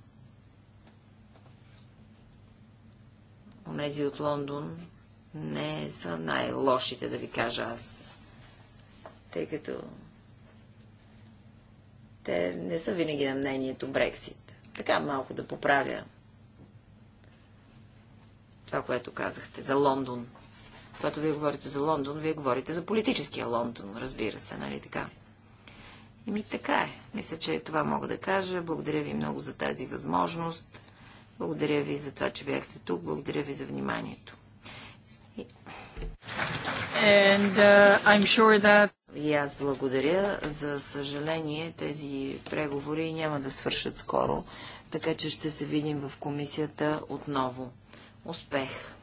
Онези от Лондон не са най-лошите, да ви кажа аз. Тъй като те не са винаги на мнението Брексит. Така малко да поправя това, което казахте за Лондон. Когато вие говорите за Лондон, вие говорите за политическия Лондон, разбира се, нали така? Еми така е. Мисля, че това мога да кажа. Благодаря ви много за тази възможност. Благодаря ви за това, че бяхте тук. Благодаря ви за вниманието. And, uh, I'm sure that... И аз благодаря. За съжаление, тези преговори няма да свършат скоро, така че ще се видим в комисията отново. Успех!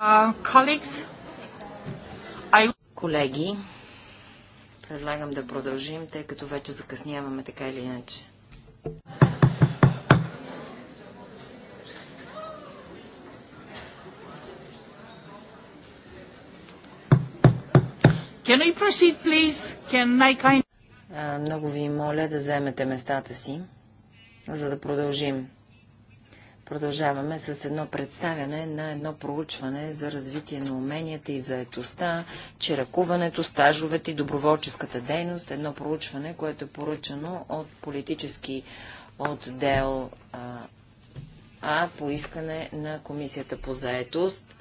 Uh, Колеги, предлагам да продължим, тъй като вече закъсняваме така или иначе. Can we proceed, please? Can I kind... Uh, много ви моля да вземете местата си, за да продължим. Продължаваме с едно представяне на едно проучване за развитие на уменията и заетостта, чиракуването, стажовете и доброволческата дейност. Едно проучване, което е поръчано от политически отдел а, а по искане на Комисията по заетост.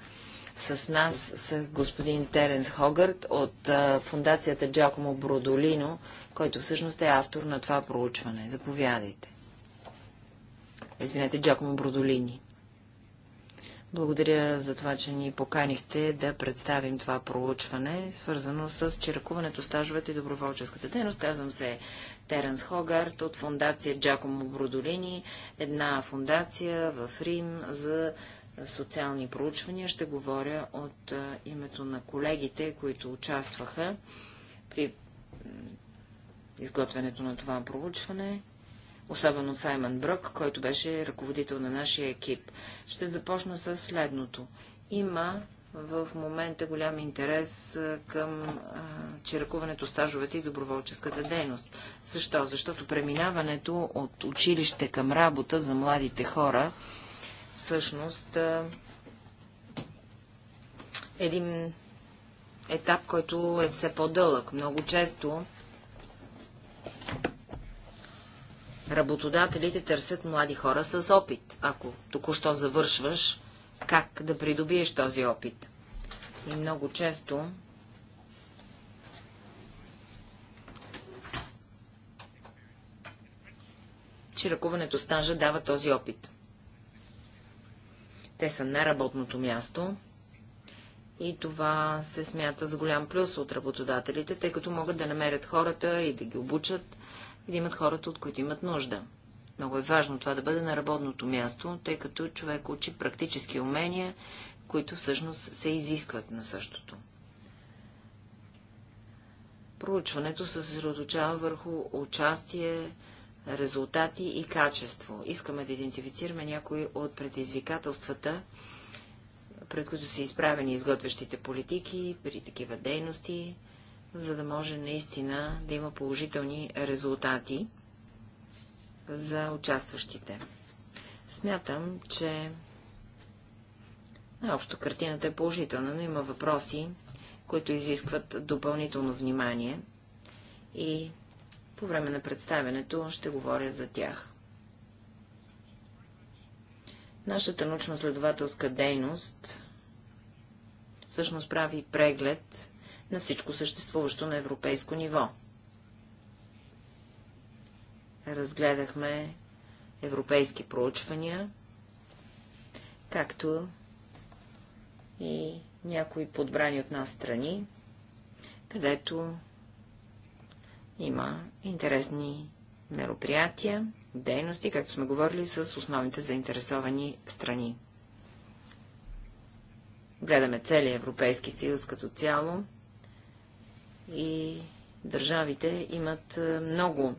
С нас са господин Теренс Хогърт от а, фундацията Джакомо Бродолино, който всъщност е автор на това проучване. Заповядайте извинете, Джакомо Бродолини. Благодаря за това, че ни поканихте да представим това проучване, свързано с черкуването стажовете и доброволческата дейност. Казвам се Теренс Хогарт от фундация Джакомо Бродолини, една фундация в Рим за социални проучвания. Ще говоря от името на колегите, които участваха при изготвянето на това проучване особено Саймън Брък, който беше ръководител на нашия екип. Ще започна с следното. Има в момента голям интерес към а, чиракуването, стажовете и доброволческата дейност. Защо? Защото преминаването от училище към работа за младите хора всъщност а, един етап, който е все по-дълъг. Много често Работодателите търсят млади хора с опит. Ако току-що завършваш, как да придобиеш този опит? И много често че ръкуването стажа дава този опит. Те са на работното място и това се смята за голям плюс от работодателите, тъй като могат да намерят хората и да ги обучат и да имат хората, от които имат нужда. Много е важно това да бъде на работното място, тъй като човек учи практически умения, които всъщност се изискват на същото. Проучването се съсредоточава върху участие, резултати и качество. Искаме да идентифицираме някои от предизвикателствата, пред които са изправени изготвящите политики, при такива дейности, за да може наистина да има положителни резултати за участващите. Смятам, че общо картината е положителна, но има въпроси, които изискват допълнително внимание и по време на представянето ще говоря за тях. Нашата научно-следователска дейност всъщност прави преглед на всичко съществуващо на европейско ниво. Разгледахме европейски проучвания, както и някои подбрани от нас страни, където има интересни мероприятия, дейности, както сме говорили с основните заинтересовани страни. Гледаме целия Европейски съюз като цяло и държавите имат е, много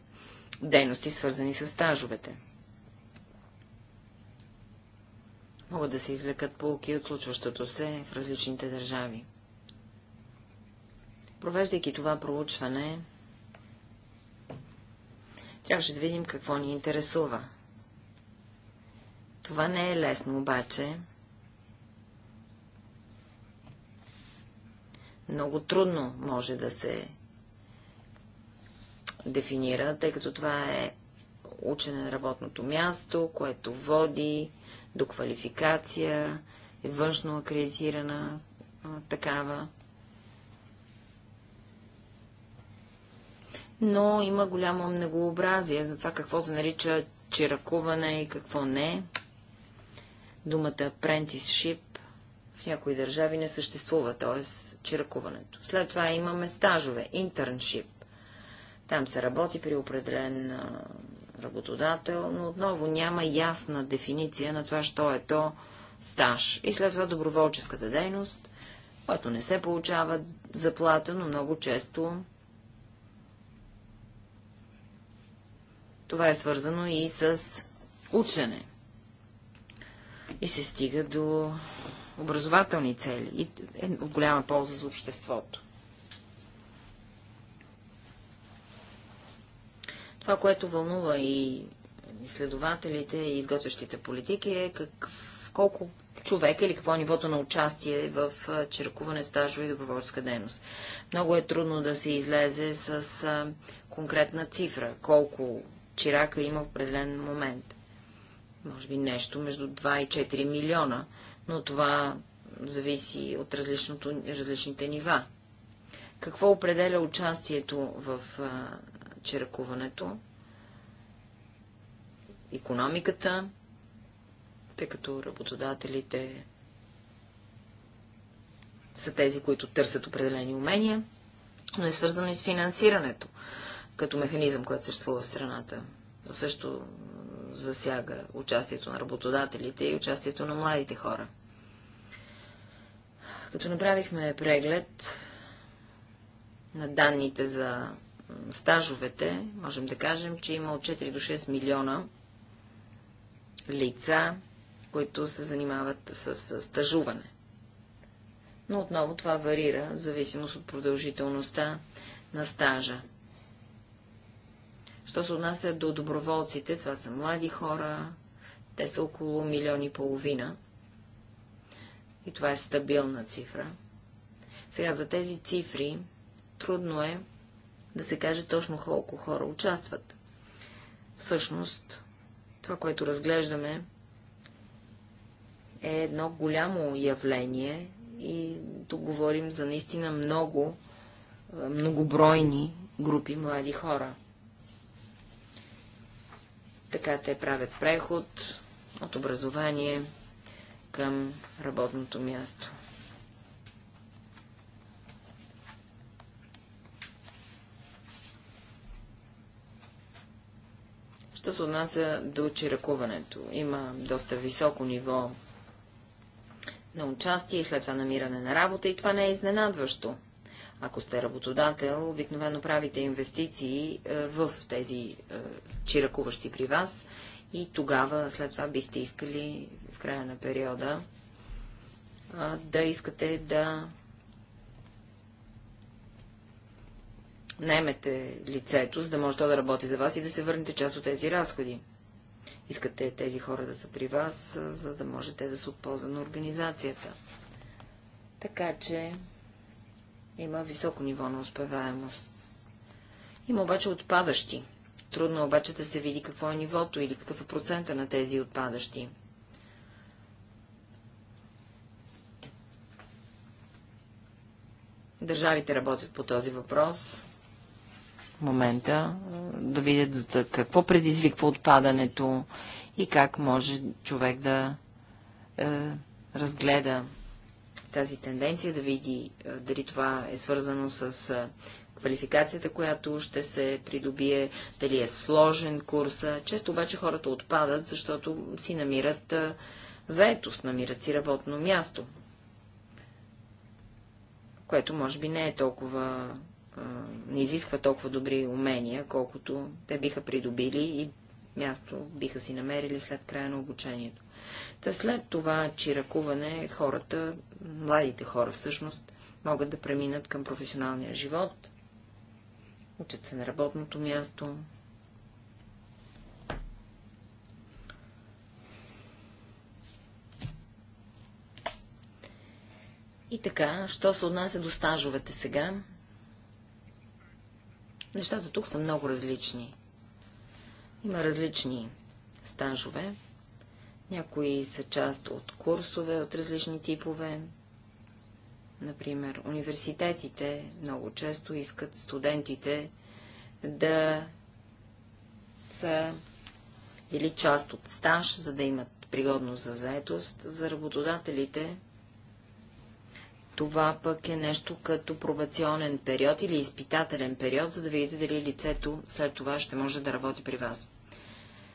дейности, свързани с стажовете. Могат да се извлекат полки от случващото се в различните държави. Провеждайки това проучване, трябваше да видим какво ни интересува. Това не е лесно обаче, много трудно може да се дефинира, тъй като това е учене на работното място, което води до квалификация, е външно акредитирана а, такава. Но има голямо многообразие за това какво се нарича чиракуване и какво не. Думата apprenticeship в някои държави не съществува, т.е чиракуването. След това имаме стажове, интерншип. Там се работи при определен работодател, но отново няма ясна дефиниция на това, що е то стаж. И след това доброволческата дейност, която не се получава заплата, но много често това е свързано и с учене. И се стига до образователни цели и е от голяма полза за обществото. Това, което вълнува и изследователите и изготвящите политики е как, колко човека или какво е нивото на участие в черкуване, стажове и доброволска дейност. Много е трудно да се излезе с а, конкретна цифра, колко чирака има в определен момент. Може би нещо между 2 и 4 милиона – но това зависи от различните нива. Какво определя участието в а, черкуването? Економиката, тъй като работодателите са тези, които търсят определени умения, но е свързано и с финансирането, като механизъм, който съществува в страната. То също засяга участието на работодателите и участието на младите хора. Като направихме преглед на данните за стажовете, можем да кажем, че има от 4 до 6 милиона лица, които се занимават с стажуване. Но отново това варира, в зависимост от продължителността на стажа. Що се отнася до доброволците, това са млади хора, те са около милиони и половина – и това е стабилна цифра. Сега за тези цифри трудно е да се каже точно колко хора участват. Всъщност, това, което разглеждаме, е едно голямо явление и тук говорим за наистина много, многобройни групи млади хора. Така те правят преход от образование към работното място. Що се отнася до чиракуването? Има доста високо ниво на участие и след това намиране на работа и това не е изненадващо. Ако сте работодател, обикновено правите инвестиции е, в тези е, чиракуващи при вас и тогава след това бихте искали в края на периода, да искате да наймете лицето, за да може то да работи за вас и да се върнете част от тези разходи. Искате тези хора да са при вас, за да можете да се отползва на организацията. Така че има високо ниво на успеваемост. Има обаче отпадащи. Трудно обаче да се види какво е нивото или какъв е процента на тези отпадащи. Държавите работят по този въпрос. В момента да видят какво предизвиква отпадането и как може човек да е, разгледа тази тенденция, да види е, дали това е свързано с е, квалификацията, която ще се придобие, дали е сложен курса. Често обаче хората отпадат, защото си намират е, заетост, намират си работно място което може би не е толкова, не изисква толкова добри умения, колкото те биха придобили и място биха си намерили след края на обучението. Та след това чиракуване хората, младите хора всъщност, могат да преминат към професионалния живот, учат се на работното място, И така, що се отнася до стажовете сега, нещата тук са много различни. Има различни стажове. Някои са част от курсове от различни типове. Например, университетите много често искат студентите да са или част от стаж, за да имат пригодност за заетост. За работодателите това пък е нещо като пробационен период или изпитателен период, за да видите дали лицето след това ще може да работи при вас.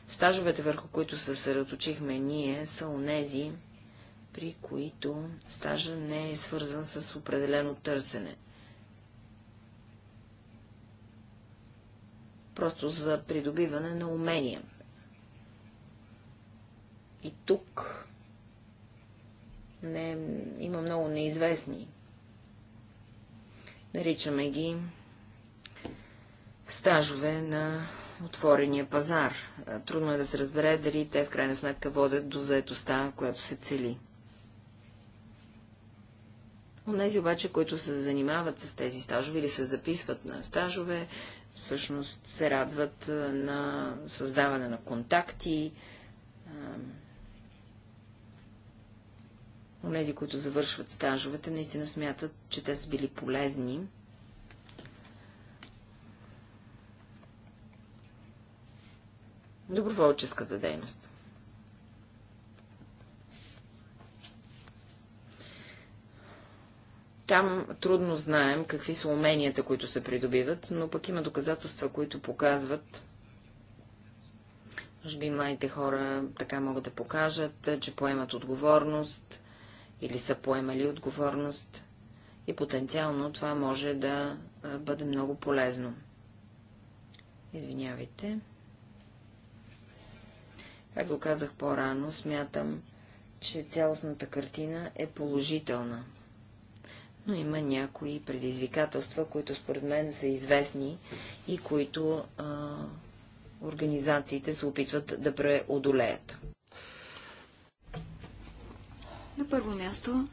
Стажовете, върху които се съсредоточихме ние, са онези, при които стажа не е свързан с определено търсене. Просто за придобиване на умения. И тук не, има много неизвестни. Наричаме ги стажове на отворения пазар. Е, трудно е да се разбере дали те в крайна сметка водят до заетостта, която се цели. Онези обаче, които се занимават с тези стажове или се записват на стажове, всъщност се радват е, на създаване на контакти, е, Онези, които завършват стажовете, наистина смятат, че те са били полезни. Доброволческата дейност. Там трудно знаем какви са уменията, които се придобиват, но пък има доказателства, които показват, може би младите хора така могат да покажат, че поемат отговорност, или са поемали отговорност и потенциално това може да бъде много полезно. Извинявайте. Както казах по-рано, смятам, че цялостната картина е положителна. Но има някои предизвикателства, които според мен са известни и които а, организациите се опитват да преодолеят. На първо място,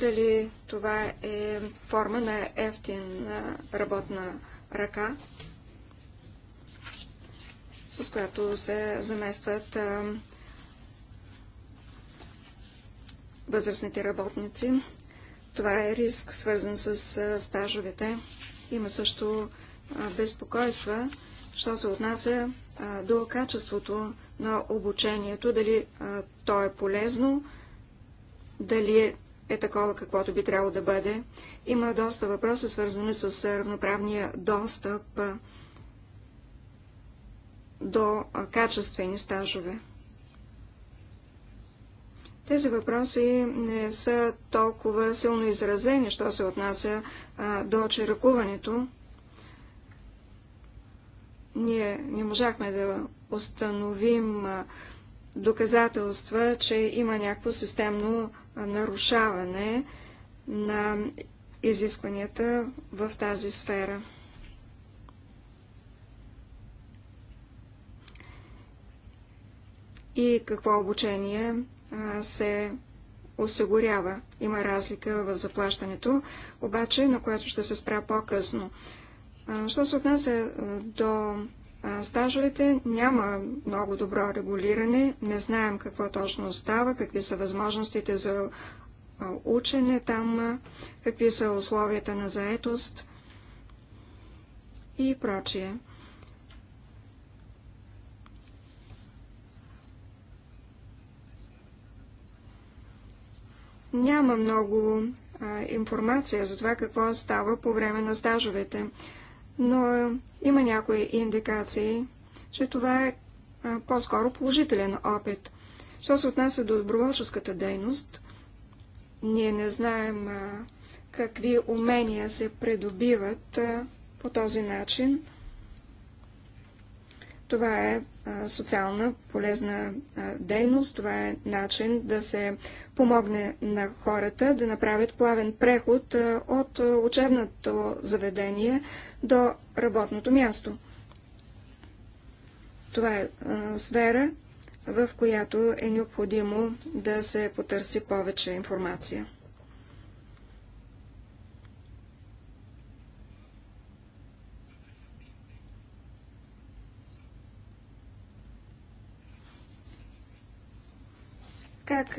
дали това е форма на ефтин работна ръка, с която се заместват възрастните работници. Това е риск, свързан с стажовете. Има също безпокойства, що се отнася до качеството на обучението, дали то е полезно, дали е такова, каквото би трябвало да бъде. Има доста въпроси, свързани с равноправния достъп до качествени стажове. Тези въпроси не са толкова силно изразени, що се отнася а, до черекуването. Ние не можахме да установим доказателства, че има някакво системно нарушаване на изискванията в тази сфера. И какво обучение се осигурява. Има разлика в заплащането, обаче на което ще се спра по-късно. Що се отнася е, до стажовете, няма много добро регулиране, не знаем какво точно става, какви са възможностите за учене там, какви са условията на заетост и прочие. Няма много а, информация за това какво става по време на стажовете но е, има някои индикации, че това е, е по-скоро положителен опит. Що се отнася до доброволческата дейност, ние не знаем а, е, какви умения се придобиват а, по този начин. Това е а, социална полезна дейност, това е начин да се помогне на хората да направят плавен преход от учебното заведение до работното място. Това е а, сфера, в която е необходимо да се потърси повече информация. Как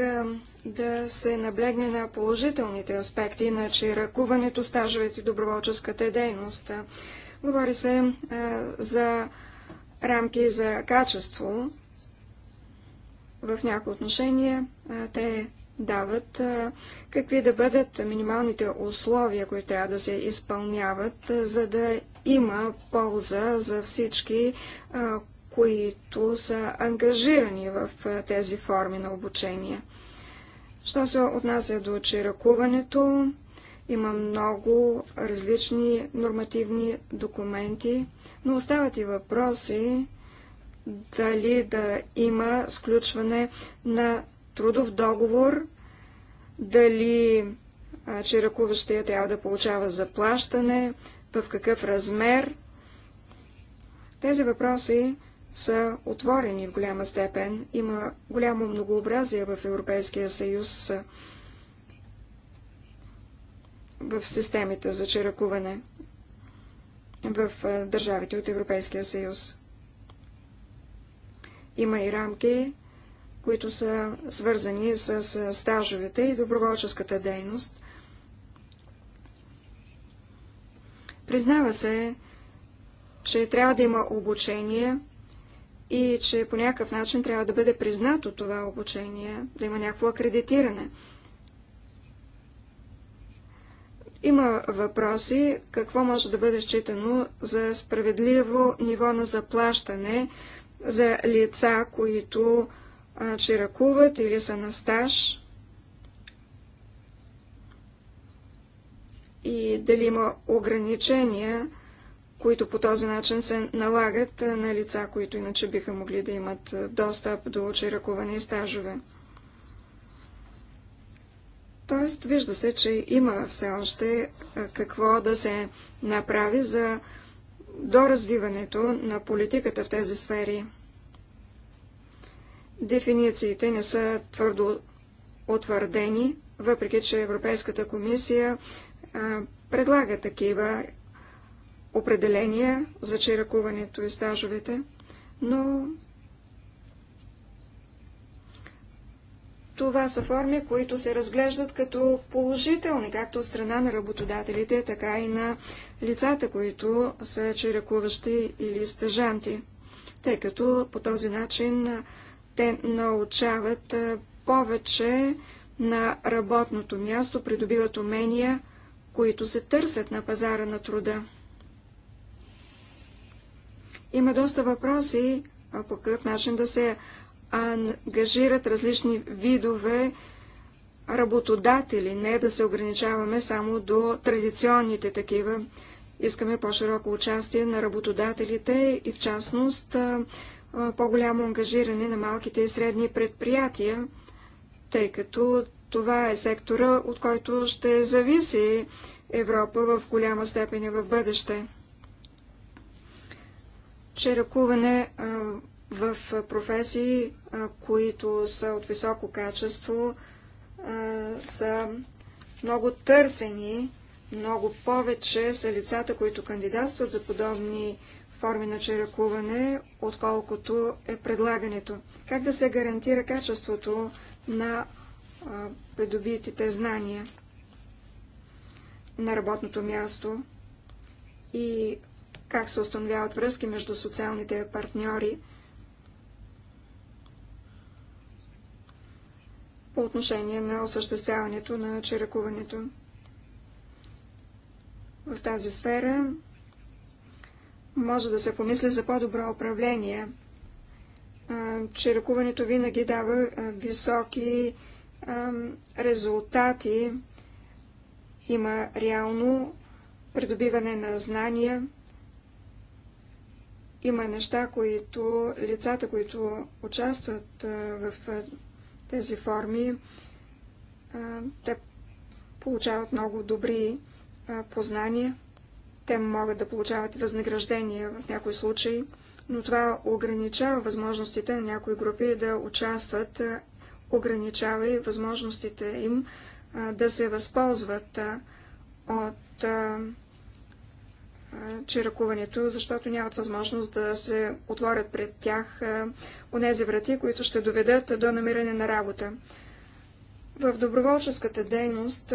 да се наблегне на положителните аспекти на чиракуването, стажовете и доброволческата дейност. Говори се а, за рамки за качество. В някои отношения а, те дават а, какви да бъдат минималните условия, които трябва да се изпълняват, а, за да има полза за всички, а, които са ангажирани в тези форми на обучение. Що се отнася до чиракуването, има много различни нормативни документи, но остават и въпроси дали да има сключване на трудов договор, дали чиракуващия трябва да получава заплащане, в какъв размер. Тези въпроси са отворени в голяма степен. Има голямо многообразие в Европейския съюз в системите за чиракуване в държавите от Европейския съюз. Има и рамки, които са свързани с стажовете и доброволческата дейност. Признава се, че трябва да има обучение и че по някакъв начин трябва да бъде признато това обучение, да има някакво акредитиране. Има въпроси какво може да бъде считано за справедливо ниво на заплащане за лица, които чиракуват или са на стаж. И дали има ограничения които по този начин се налагат на лица, които иначе биха могли да имат достъп до и стажове. Тоест, вижда се, че има все още какво да се направи за доразвиването на политиката в тези сфери. Дефинициите не са твърдо утвърдени, въпреки че Европейската комисия предлага такива Определения за чиракуването и стажовете, но това са форми, които се разглеждат като положителни, както от страна на работодателите, така и на лицата, които са чиракуващи или стажанти. тъй като по този начин те научават повече на работното място, придобиват умения, които се търсят на пазара на труда. Има доста въпроси по какъв начин да се ангажират различни видове работодатели, не да се ограничаваме само до традиционните такива. Искаме по-широко участие на работодателите и в частност по-голямо ангажиране на малките и средни предприятия, тъй като това е сектора, от който ще зависи Европа в голяма степен в бъдеще че в професии, които са от високо качество, са много търсени, много повече са лицата, които кандидатстват за подобни форми на чиракуване, отколкото е предлагането. Как да се гарантира качеството на придобитите знания на работното място и как се установяват връзки между социалните партньори. по отношение на осъществяването на черекуването. В тази сфера може да се помисли за по-добро управление. Чиракуването винаги дава високи резултати, има реално придобиване на знания, има неща, които лицата, които участват в тези форми, те получават много добри познания. Те могат да получават възнаграждения в някои случаи, но това ограничава възможностите на някои групи да участват, ограничава и възможностите им да се възползват от чиракуването, защото нямат възможност да се отворят пред тях онези врати, които ще доведат до намиране на работа. В доброволческата дейност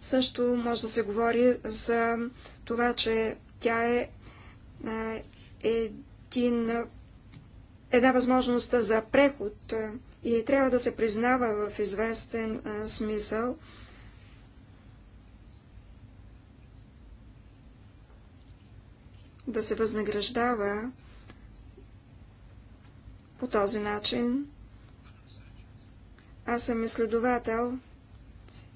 също може да се говори за това, че тя е един, една възможност за преход и трябва да се признава в известен смисъл – да се възнаграждава по този начин. Аз съм изследовател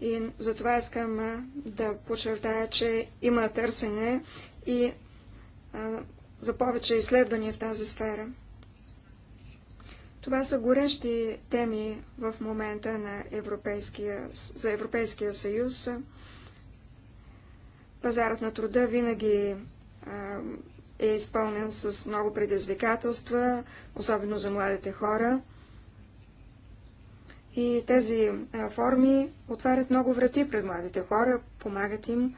и затова искам да подчертая, че има търсене и а, за повече изследвания в тази сфера. Това са горещи теми в момента на Европейския, за Европейския съюз. Пазарът на труда винаги е изпълнен с много предизвикателства, особено за младите хора. И тези форми отварят много врати пред младите хора, помагат им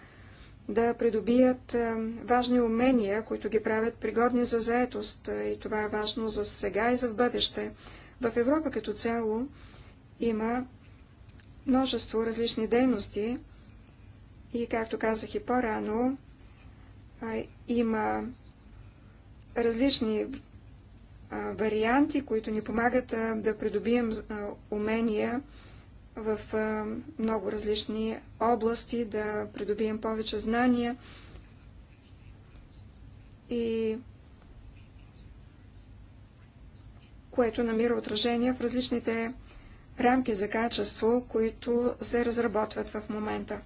да придобият важни умения, които ги правят пригодни за заетост. И това е важно за сега и за в бъдеще. В Европа като цяло има множество различни дейности и, както казах и по-рано, има различни варианти, които ни помагат да придобием умения в много различни области, да придобием повече знания и което намира отражение в различните рамки за качество, които се разработват в момента.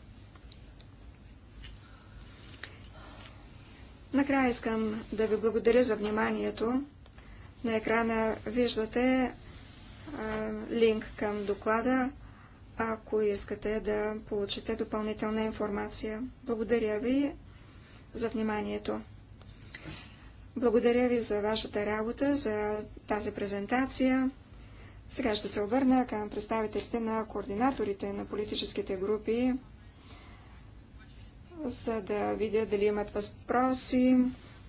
Накрая искам да ви благодаря за вниманието. На екрана виждате а, линк към доклада, ако искате да получите допълнителна информация. Благодаря ви за вниманието. Благодаря ви за вашата работа, за тази презентация. Сега ще се обърна към представителите на координаторите на политическите групи за да видя дали имат въпроси.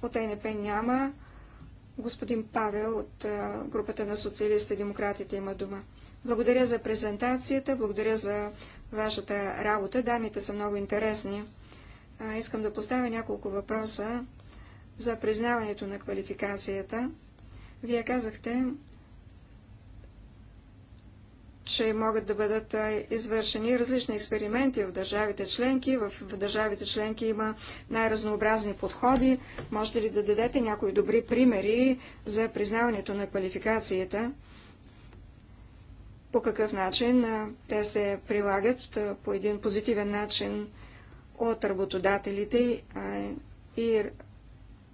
От ЕНП няма. Господин Павел от групата на социалистите и демократите има дума. Благодаря за презентацията, благодаря за вашата работа. Данните са много интересни. Искам да поставя няколко въпроса за признаването на квалификацията. Вие казахте, че могат да бъдат извършени различни експерименти в държавите членки. В държавите членки има най-разнообразни подходи. Можете ли да дадете някои добри примери за признаването на квалификацията? По какъв начин те се прилагат по един позитивен начин от работодателите и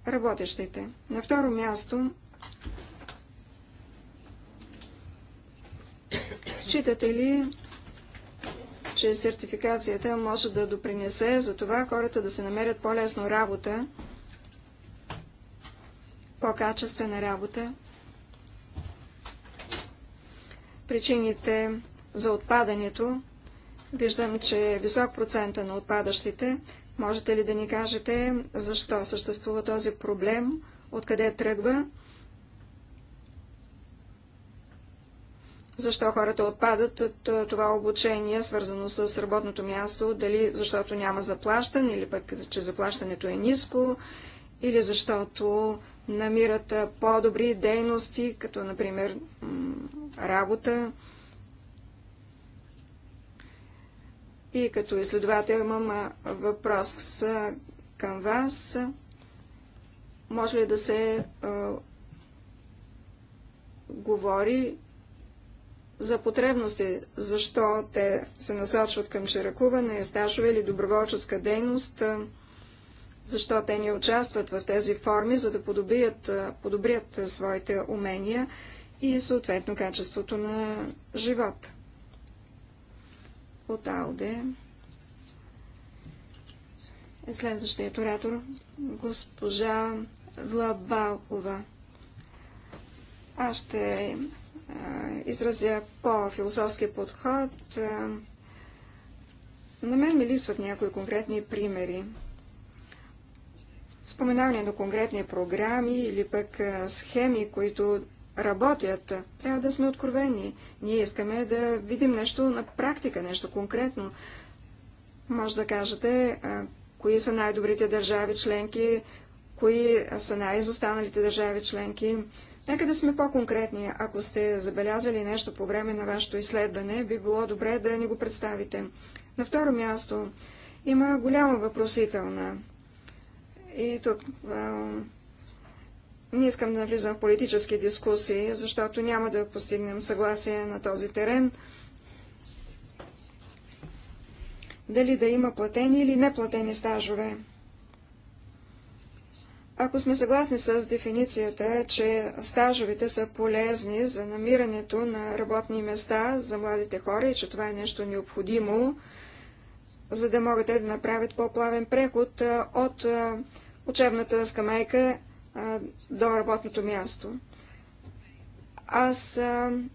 работещите? На второ място Считате ли, че сертификацията може да допринесе за това хората да се намерят по-лесно работа, по-качествена работа? Причините за отпадането. Виждам, че е висок процента на отпадащите. Можете ли да ни кажете защо съществува този проблем, откъде тръгва? защо хората отпадат от това обучение, свързано с работното място, дали защото няма заплащане или пък, че заплащането е ниско, или защото намират по-добри дейности, като, например, работа. И като изследовател имам въпрос към вас. Може ли да се говори за потребности, защо те се насочват към чиракуване, стажове или доброволческа дейност, защо те не участват в тези форми, за да подобрият, подобрят своите умения и съответно качеството на живота. От Алде е следващият оратор, госпожа Влабалкова. Аз ще изразя по-философски подход, на мен ми лисват някои конкретни примери. Споменаване на конкретни програми или пък схеми, които работят. Трябва да сме откровени. Ние искаме да видим нещо на практика, нещо конкретно. Може да кажете кои са най-добрите държави членки, кои са най-изостаналите държави членки, Нека да сме по-конкретни. Ако сте забелязали нещо по време на вашето изследване, би било добре да ни го представите. На второ място има голяма въпросителна. И тук а, не искам да навлизам в политически дискусии, защото няма да постигнем съгласие на този терен. Дали да има платени или неплатени стажове. Ако сме съгласни с дефиницията, че стажовете са полезни за намирането на работни места за младите хора и че това е нещо необходимо, за да могат те да направят по-плавен преход от учебната скамейка до работното място. Аз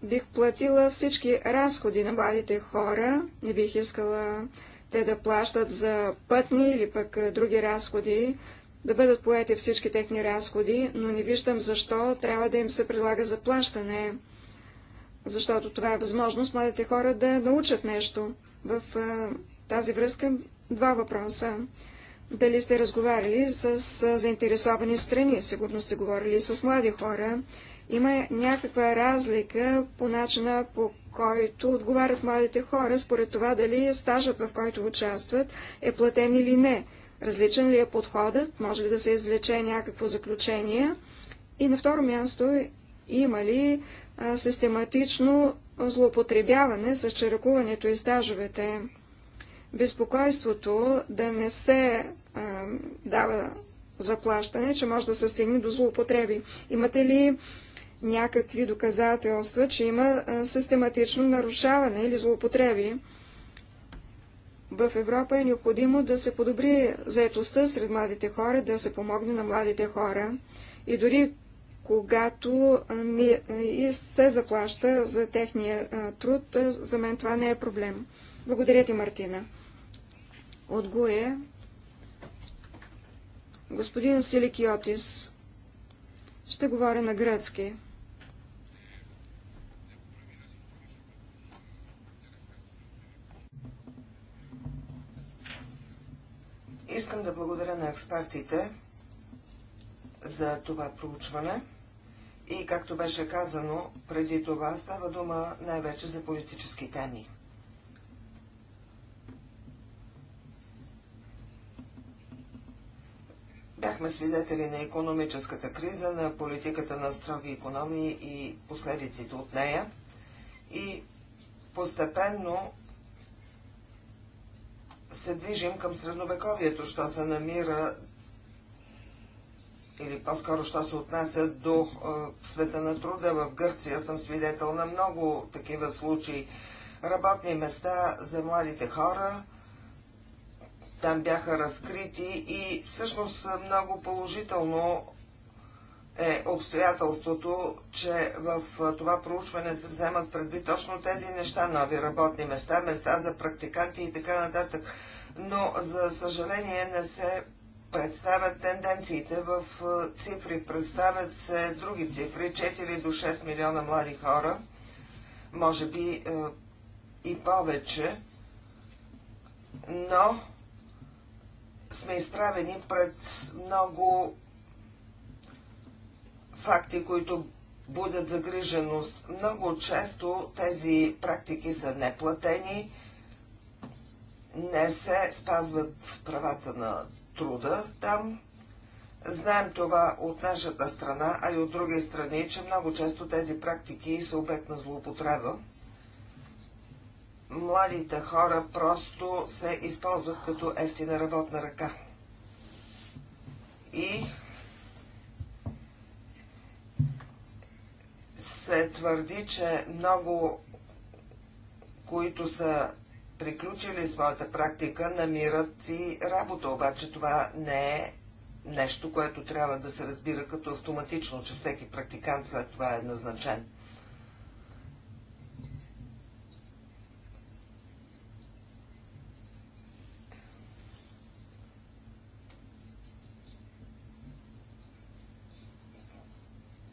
бих платила всички разходи на младите хора, не бих искала те да плащат за пътни или пък други разходи, да бъдат поети всички техни разходи, но не виждам защо трябва да им се предлага заплащане, защото това е възможност младите хора да научат нещо. В а, тази връзка два въпроса. Дали сте разговаряли с, с заинтересовани страни, сигурно сте говорили с млади хора. Има някаква разлика по начина, по който отговарят младите хора, според това дали стажът, в който участват, е платен или не. Различен ли е подходът? Може ли да се извлече някакво заключение? И на второ място, има ли а, систематично злоупотребяване с чаракуването и стажовете? Безпокойството да не се а, дава заплащане, че може да се стигне до злоупотреби. Имате ли някакви доказателства, че има а, систематично нарушаване или злоупотреби? в Европа е необходимо да се подобри заетостта сред младите хора, да се помогне на младите хора и дори когато не се заплаща за техния труд, за мен това не е проблем. Благодаря ти, Мартина. От Гуе, господин Силикиотис, ще говоря на гръцки. Искам да благодаря на експертите за това проучване. И, както беше казано, преди това става дума най-вече за политически теми. Бяхме свидетели на економическата криза, на политиката на строги економии и последиците от нея. И постепенно се движим към средновековието, що се намира или по-скоро, що се отнася до е, света на труда в Гърция, съм свидетел на много такива случаи. Работни места за младите хора, там бяха разкрити и всъщност много положително е обстоятелството, че в това проучване се вземат предвид точно тези неща, нови работни места, места за практиканти и така нататък. Но, за съжаление, не се представят тенденциите в цифри. Представят се други цифри, 4 до 6 милиона млади хора, може би и повече, но сме изправени пред много факти, които будят загриженост. Много често тези практики са неплатени, не се спазват правата на труда там. Знаем това от нашата страна, а и от други страни, че много често тези практики са обект на злоупотреба. Младите хора просто се използват като ефтина работна ръка. И се твърди, че много, които са приключили своята практика, намират и работа, обаче това не е нещо, което трябва да се разбира като автоматично, че всеки практикант след това е назначен.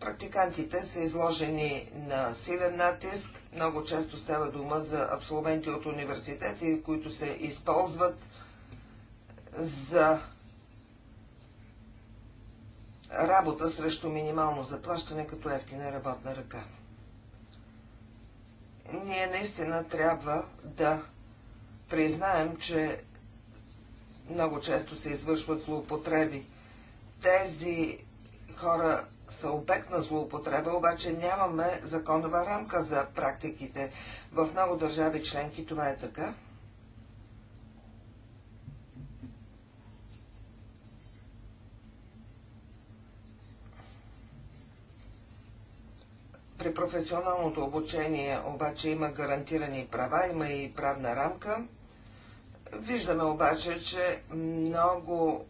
практикантите са изложени на силен натиск. Много често става дума за абсолвенти от университети, които се използват за работа срещу минимално заплащане като ефтина работна ръка. Ние наистина трябва да признаем, че много често се извършват злоупотреби. Тези хора са обект на злоупотреба, обаче нямаме законова рамка за практиките. В много държави членки това е така. При професионалното обучение обаче има гарантирани права, има и правна рамка. Виждаме обаче, че много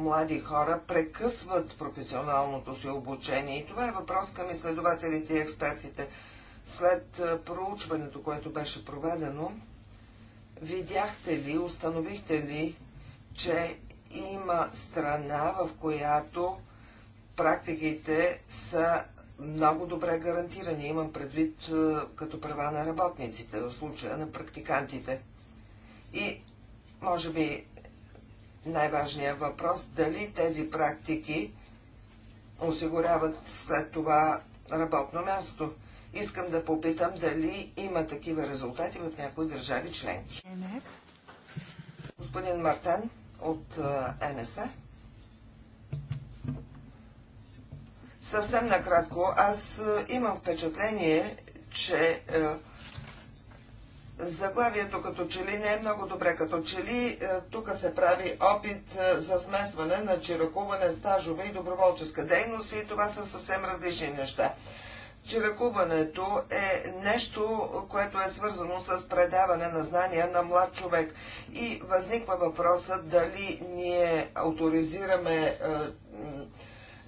млади хора прекъсват професионалното си обучение. И това е въпрос към изследователите и експертите. След проучването, което беше проведено, видяхте ли, установихте ли, че има страна, в която практиките са много добре гарантирани. Имам предвид като права на работниците, в случая на практикантите. И може би най-важният въпрос дали тези практики осигуряват след това работно място. Искам да попитам дали има такива резултати в някои държави членки. Господин Мартан от НСА. Съвсем накратко, аз имам впечатление, че Заглавието като че ли не е много добре, като че ли е, тук се прави опит е, за смесване на чиракуване, стажове и доброволческа дейност и това са съвсем различни неща. Чиракуването е нещо, което е свързано с предаване на знания на млад човек. И възниква въпросът дали ние авторизираме е,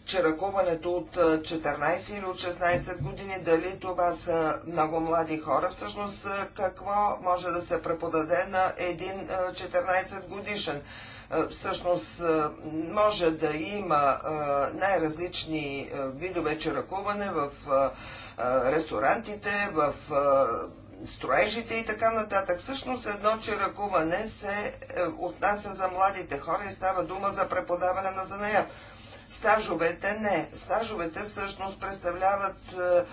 че ръкуването от 14 или от 16 години, дали това са много млади хора, всъщност какво може да се преподаде на един 14 годишен всъщност може да има най-различни видове чаракуване в ресторантите, в строежите и така нататък. Всъщност едно чаракуване се е, отнася за младите хора и става дума за преподаване на занаят стажовете не. Стажовете всъщност представляват е,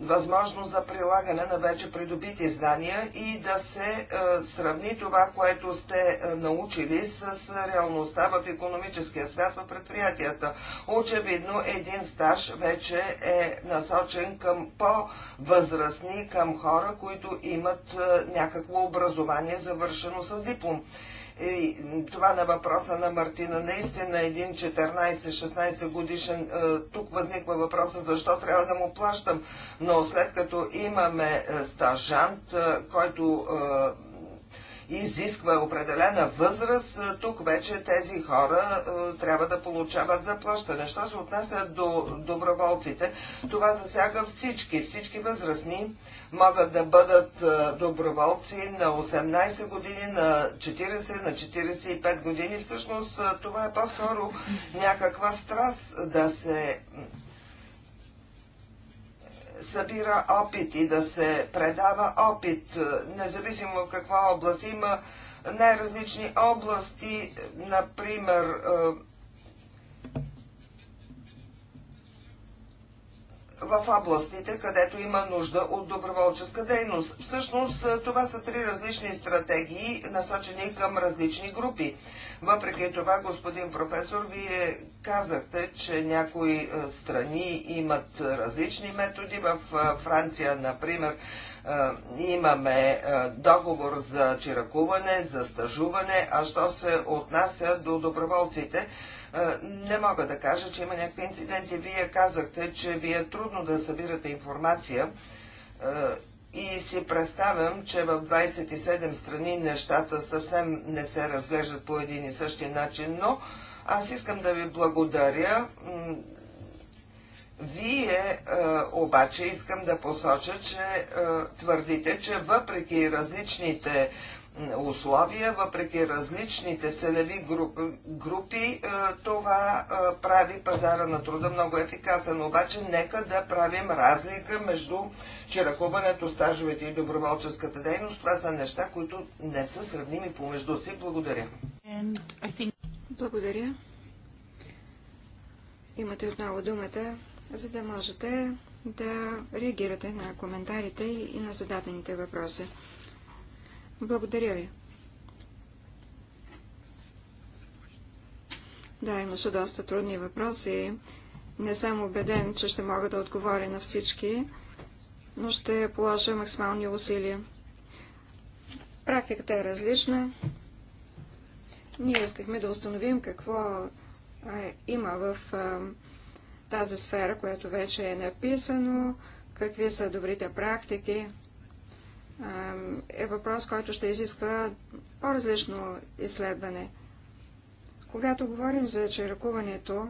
възможност за прилагане на вече придобити знания и да се е, сравни това, което сте е, научили с реалността в економическия свят в предприятията. Очевидно, един стаж вече е насочен към по-възрастни, към хора, които имат някакво образование, завършено с диплом. И е, това на въпроса на Мартина. Наистина един 14-16 годишен, е, тук възниква въпроса защо трябва да му плащам. Но след като имаме е, стажант, който изисква определена възраст, тук вече тези хора трябва да получават заплащане. Що се отнася до доброволците, това засяга всички, всички възрастни могат да бъдат доброволци на 18 години, на 40, на 45 години. Всъщност това е по-скоро някаква страст да се събира опит и да се предава опит, независимо каква област има най-различни области, например в областите, където има нужда от доброволческа дейност. Всъщност е, това са три различни стратегии, насочени към различни групи. Въпреки това, господин професор, вие казахте, че някои е, страни имат различни методи. В е, Франция, например, имаме договор за чиракуване, за стажуване, а що се отнася до доброволците, не мога да кажа, че има някакви инциденти. Вие казахте, че ви е трудно да събирате информация и си представям, че в 27 страни нещата съвсем не се разглеждат по един и същи начин, но аз искам да ви благодаря вие а, е, обаче искам да посоча, че а, е, твърдите, че въпреки различните условия, въпреки различните целеви групи, групи е, това прави пазара на труда много ефикасен. Обаче нека да правим разлика между чиракуването, стажовете и доброволческата дейност. Това са неща, които не са сравними помежду си. Благодаря. Благодаря. Имате отново думата за да можете да реагирате на коментарите и на зададените въпроси. Благодаря ви. Да, имаше доста трудни въпроси. Не съм убеден, че ще мога да отговоря на всички, но ще положа максимални усилия. Практиката е различна. Ние искахме да установим какво а, има в а, тази сфера, която вече е написано, какви са добрите практики, е въпрос, който ще изисква по-различно изследване. Когато говорим за чиракуването,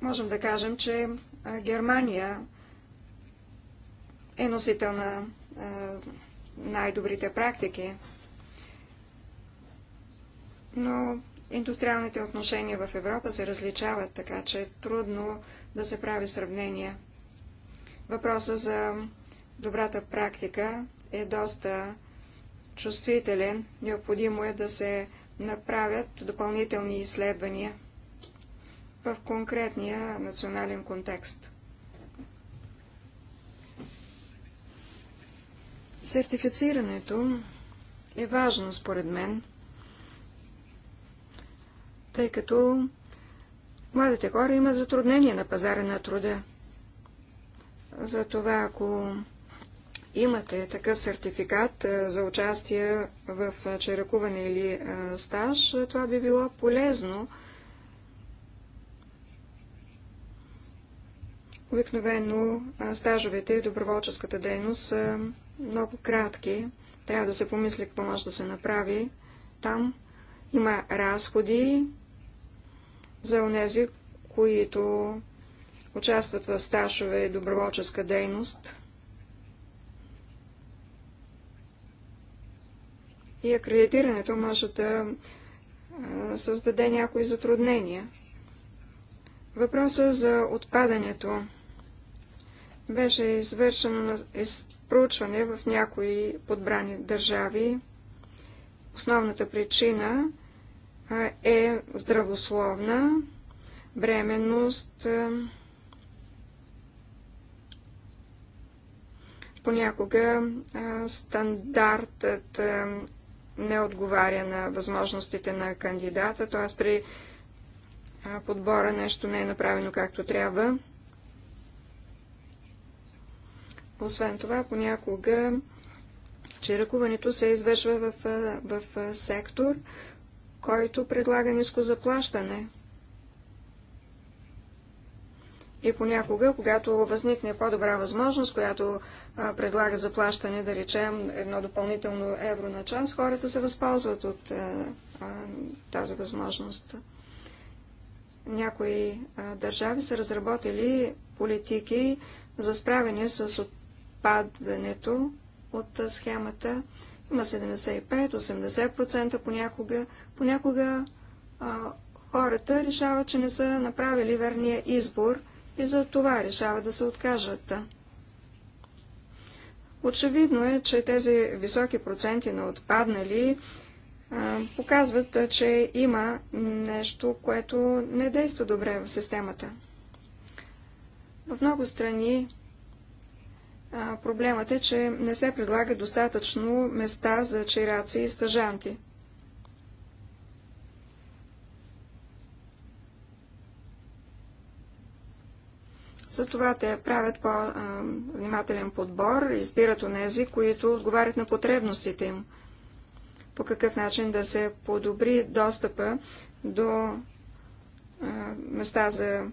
можем да кажем, че Германия е носител на най-добрите практики. Но Индустриалните отношения в Европа се различават, така че е трудно да се прави сравнение. Въпроса за добрата практика е доста чувствителен. Необходимо е да се направят допълнителни изследвания в конкретния национален контекст. Сертифицирането е важно, според мен, тъй като младите хора имат затруднения на пазара на труда. Затова, ако имате такъв сертификат за участие в чаракуване или стаж, това би било полезно. Обикновено стажовете и доброволческата дейност са много кратки. Трябва да се помисли какво може да се направи там. Има разходи, за онези, които участват в стажове и доброволческа дейност и акредитирането може да създаде някои затруднения. Въпросът за отпадането беше извършено проучване в някои подбрани държави. Основната причина е здравословна бременност, понякога стандартът не отговаря на възможностите на кандидата, т.е. при подбора нещо не е направено както трябва. Освен това, понякога чиракуването се извършва в, в сектор, който предлага ниско заплащане. И понякога, когато възникне по-добра възможност, която а, предлага заплащане, да речем едно допълнително евро на час, хората се възползват от а, а, тази възможност. Някои а, държави са разработили политики за справяне с отпадането от схемата. Има 75-80% понякога, Понякога а, хората решават, че не са направили верния избор и за това решават да се откажат. Очевидно е, че тези високи проценти на отпаднали а, показват, че има нещо, което не действа добре в системата. В много страни а, проблемът е, че не се предлага достатъчно места за чираци и стъжанти. Затова те правят по-внимателен подбор, избират онези, които отговарят на потребностите им. По какъв начин да се подобри достъпа до места за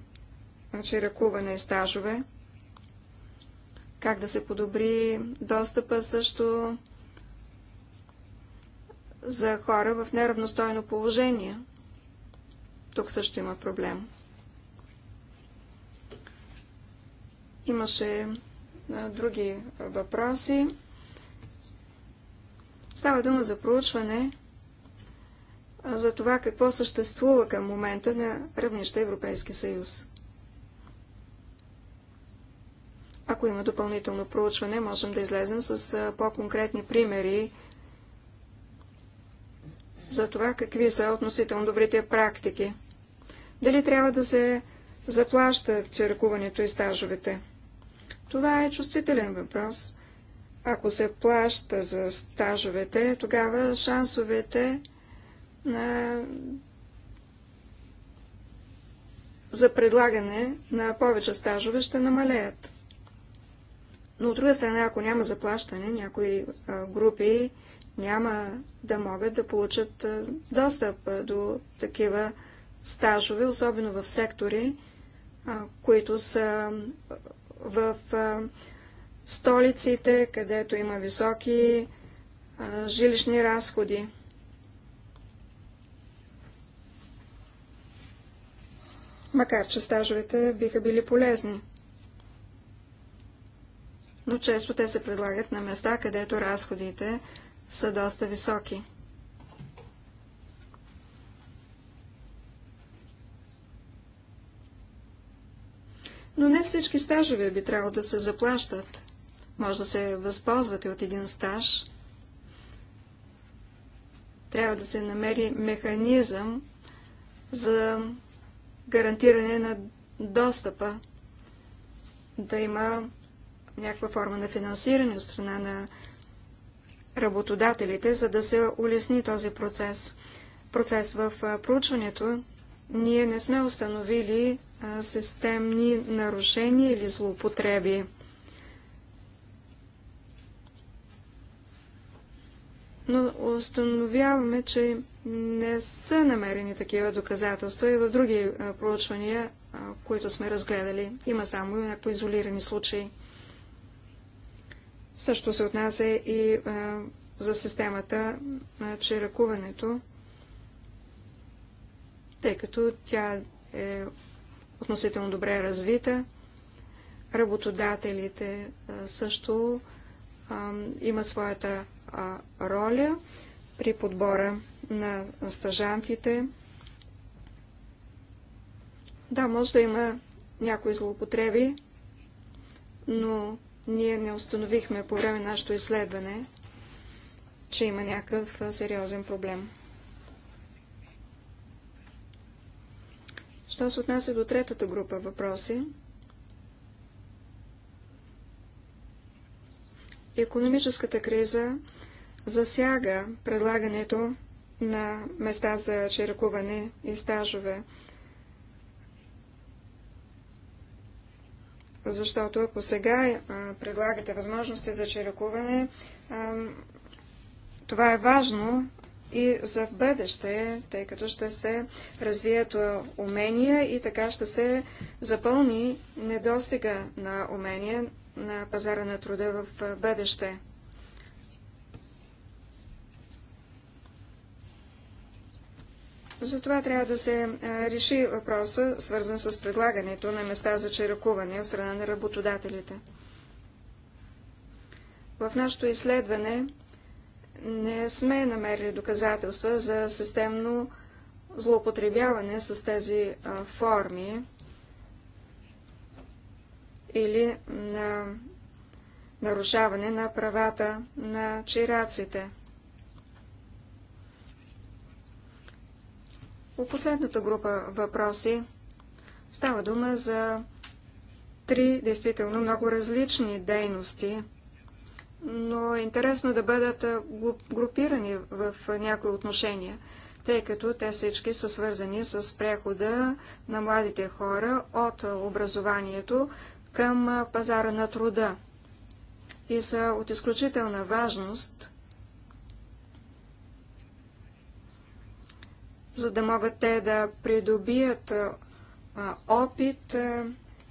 чиракуване значи, и стажове, как да се подобри достъпа също за хора в неравностойно положение. Тук също има проблем. Имаше други въпроси. Става дума за проучване за това какво съществува към момента на равнище Европейски съюз. Ако има допълнително проучване, можем да излезем с по-конкретни примери за това какви са относително добрите практики. Дали трябва да се заплащат чиракуването и стажовете? Това е чувствителен въпрос. Ако се плаща за стажовете, тогава шансовете на... за предлагане на повече стажове ще намалеят. Но от друга страна, ако няма заплащане, някои групи няма да могат да получат достъп до такива стажове, особено в сектори, които са в столиците, където има високи жилищни разходи. Макар, че стажовете биха били полезни. Но често те се предлагат на места, където разходите са доста високи. Но не всички стажове би трябвало да се заплащат. Може да се възползвате от един стаж. Трябва да се намери механизъм за гарантиране на достъпа, да има някаква форма на финансиране от страна на работодателите, за да се улесни този процес. Процес в проучването ние не сме установили системни нарушения или злоупотреби. Но установяваме, че не са намерени такива доказателства и в други проучвания, които сме разгледали. Има само някои изолирани случаи. Също се отнася и за системата на чиракуването, тъй като тя е относително добре развита. Работодателите също имат своята роля при подбора на стажантите. Да, може да има някои злоупотреби, но ние не установихме по време на нашето изследване, че има някакъв сериозен проблем. Що се отнася до третата група въпроси? Економическата криза засяга предлагането на места за черекуване и стажове. Защото ако сега предлагате възможности за черекуване, това е важно, и за в бъдеще, тъй като ще се развият умения и така ще се запълни недостига на умения на пазара на труда в бъдеще. Затова трябва да се реши въпроса, свързан с предлагането на места за черекуване от страна на работодателите. В нашето изследване не сме намерили доказателства за системно злоупотребяване с тези а, форми или на нарушаване на правата на чираците. По последната група въпроси става дума за три действително много различни дейности – но е интересно да бъдат групирани в някои отношения, тъй като те всички са свързани с прехода на младите хора от образованието към пазара на труда и са от изключителна важност, за да могат те да придобият опит,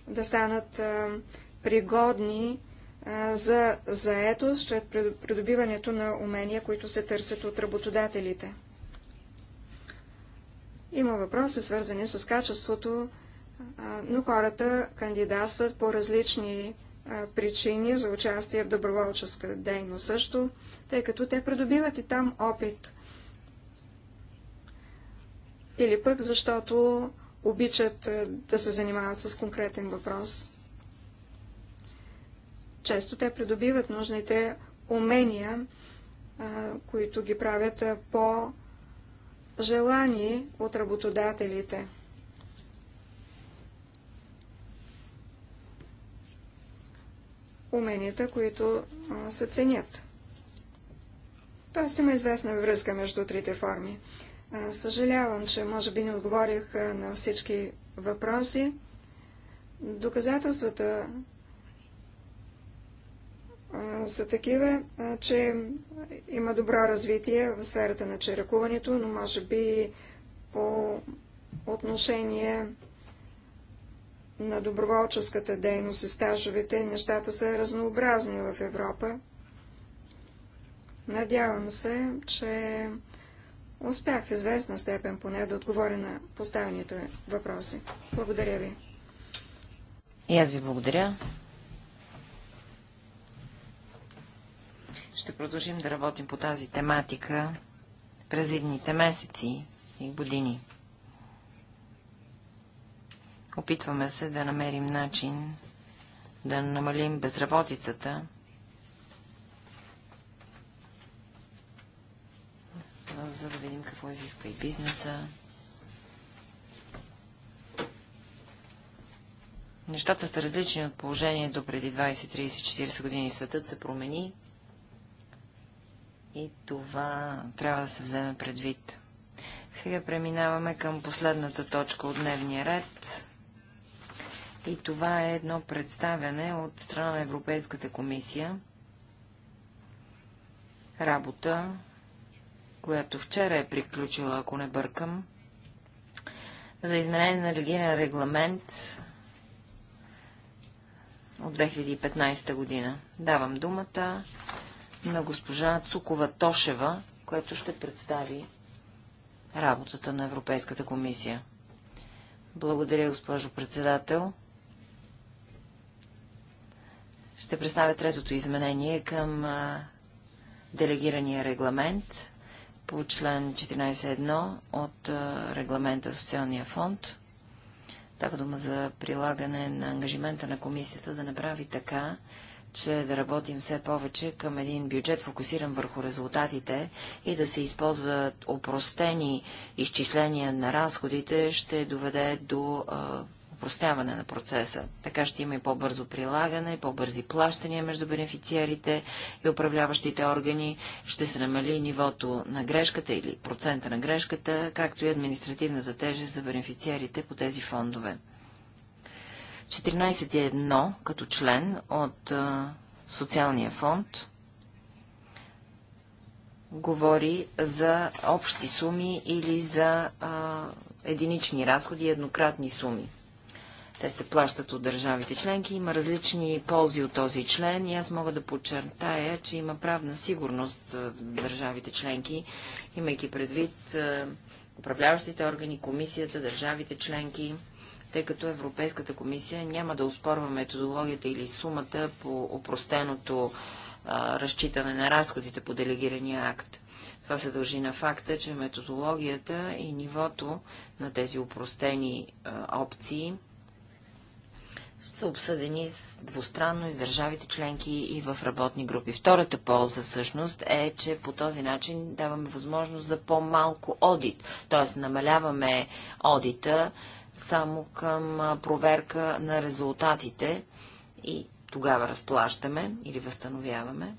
да станат пригодни за заетост чрез придобиването на умения, които се търсят от работодателите. Има въпроси, свързани с качеството, но хората кандидатстват по различни причини за участие в доброволческа дейност също, тъй като те придобиват и там опит. Или пък защото обичат да се занимават с конкретен въпрос. Често те придобиват нужните умения, които ги правят по-желани от работодателите. Уменията, които се ценят. Тоест има известна връзка между трите форми. Съжалявам, че може би не отговорих на всички въпроси. Доказателствата са такива, че има добро развитие в сферата на черакуването, но може би по отношение на доброволческата дейност и стажовете, нещата са разнообразни в Европа. Надявам се, че успях в известна степен поне да отговоря на поставените въпроси. Благодаря ви. И аз ви благодаря. Ще продължим да работим по тази тематика през едните месеци и години. Опитваме се да намерим начин да намалим безработицата, за да видим какво изисква и бизнеса. Нещата са различни от положението преди 20, 30, 40 години. Светът се промени, и това трябва да се вземе предвид. Сега преминаваме към последната точка от дневния ред. И това е едно представяне от страна на Европейската комисия. Работа, която вчера е приключила, ако не бъркам, за изменение на енергиен регламент от 2015 година. Давам думата на госпожа Цукова Тошева, което ще представи работата на Европейската комисия. Благодаря, госпожо председател. Ще представя третото изменение към делегирания регламент по член 14.1 от регламента регламента Социалния фонд. Става дума за прилагане на ангажимента на комисията да направи така, че да работим все повече към един бюджет, фокусиран върху резултатите и да се използват опростени изчисления на разходите, ще доведе до а, упростяване на процеса. Така ще има и по-бързо прилагане, по-бързи плащания между бенефициарите и управляващите органи, ще се намали нивото на грешката или процента на грешката, както и административната тежест за бенефициарите по тези фондове. 14.1 като член от социалния фонд говори за общи суми или за единични разходи и еднократни суми. Те се плащат от държавите членки. Има различни ползи от този член и аз мога да подчертая, че има правна сигурност в държавите членки, имайки предвид управляващите органи, комисията, държавите членки тъй като Европейската комисия няма да успорва методологията или сумата по опростеното разчитане на разходите по делегирания акт. Това се дължи на факта, че методологията и нивото на тези упростени опции са обсъдени с двустранно и с държавите членки и в работни групи. Втората полза всъщност е, че по този начин даваме възможност за по-малко одит, т.е. намаляваме одита само към проверка на резултатите и тогава разплащаме или възстановяваме.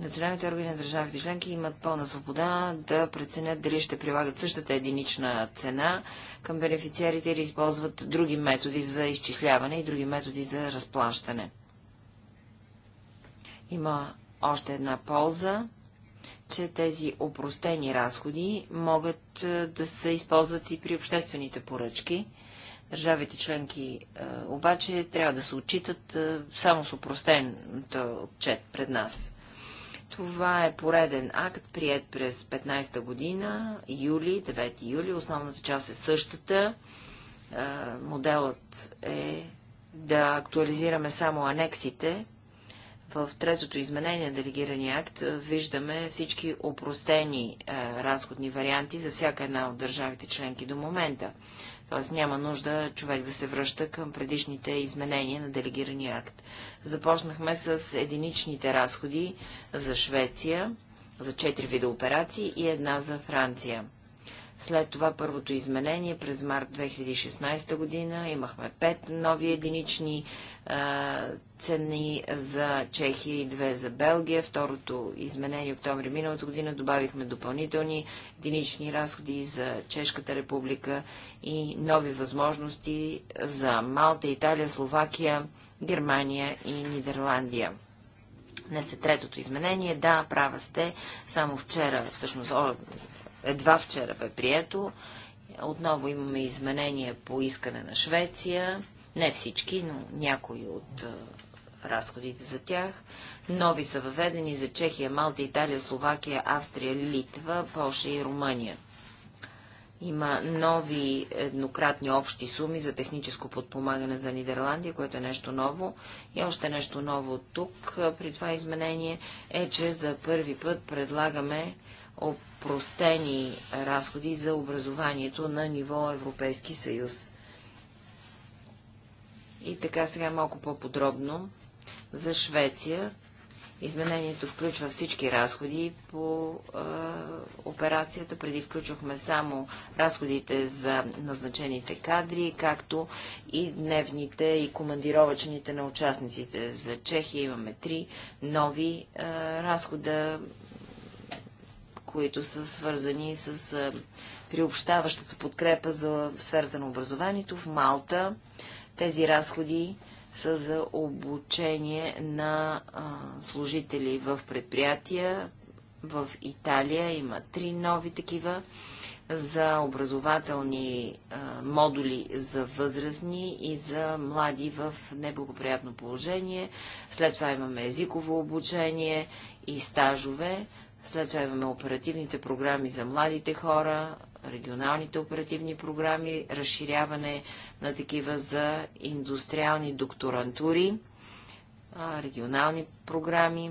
Националните органи на държавите членки имат пълна свобода да преценят дали ще прилагат същата единична цена към бенефициарите или използват други методи за изчисляване и други методи за разплащане. Има още една полза че тези опростени разходи могат е, да се използват и при обществените поръчки. Държавите членки е, обаче трябва да се отчитат е, само с опростен отчет пред нас. Това е пореден акт, прият през 15-та година, юли, 9 юли. Основната част е същата. Моделът е да актуализираме само анексите, в третото изменение на делегирания акт виждаме всички опростени е, разходни варианти за всяка една от държавите членки до момента. Тоест няма нужда човек да се връща към предишните изменения на делегирания акт. Започнахме с единичните разходи за Швеция, за четири вида операции и една за Франция. След това първото изменение през март 2016 година имахме пет нови единични а, цени за Чехия и две за Белгия. Второто изменение октомври миналата година добавихме допълнителни единични разходи за Чешката република и нови възможности за Малта, Италия, Словакия, Германия и Нидерландия. Днес е третото изменение. Да, права сте. Само вчера, всъщност едва вчера бе прието. Отново имаме изменения по искане на Швеция. Не всички, но някои от разходите за тях. Нови са въведени за Чехия, Малта, Италия, Словакия, Австрия, Литва, Польша и Румъния. Има нови еднократни общи суми за техническо подпомагане за Нидерландия, което е нещо ново. И още нещо ново тук при това изменение е, че за първи път предлагаме опростени разходи за образованието на ниво Европейски съюз. И така сега малко по-подробно за Швеция изменението включва всички разходи по е, операцията. Преди включвахме само разходите за назначените кадри, както и дневните и командировачните на участниците. За Чехия имаме три нови е, разхода, които са свързани с е, приобщаващата подкрепа за сферата на образованието. В Малта тези разходи са за обучение на а, служители в предприятия. В Италия има три нови такива за образователни а, модули за възрастни и за млади в неблагоприятно положение. След това имаме езиково обучение и стажове. След това имаме оперативните програми за младите хора, регионалните оперативни програми, разширяване на такива за индустриални докторантури, регионални програми.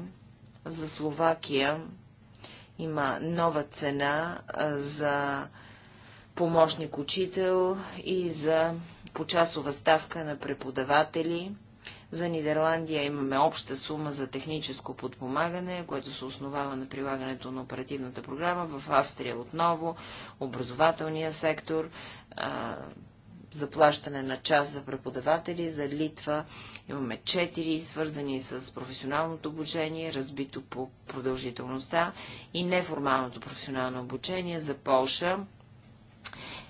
За Словакия има нова цена за помощник-учител и за почасова ставка на преподаватели за Нидерландия имаме обща сума за техническо подпомагане, което се основава на прилагането на оперативната програма. В Австрия отново образователния сектор, а, заплащане на част за преподаватели. За Литва имаме 4, свързани с професионалното обучение, разбито по продължителността и неформалното професионално обучение. За Полша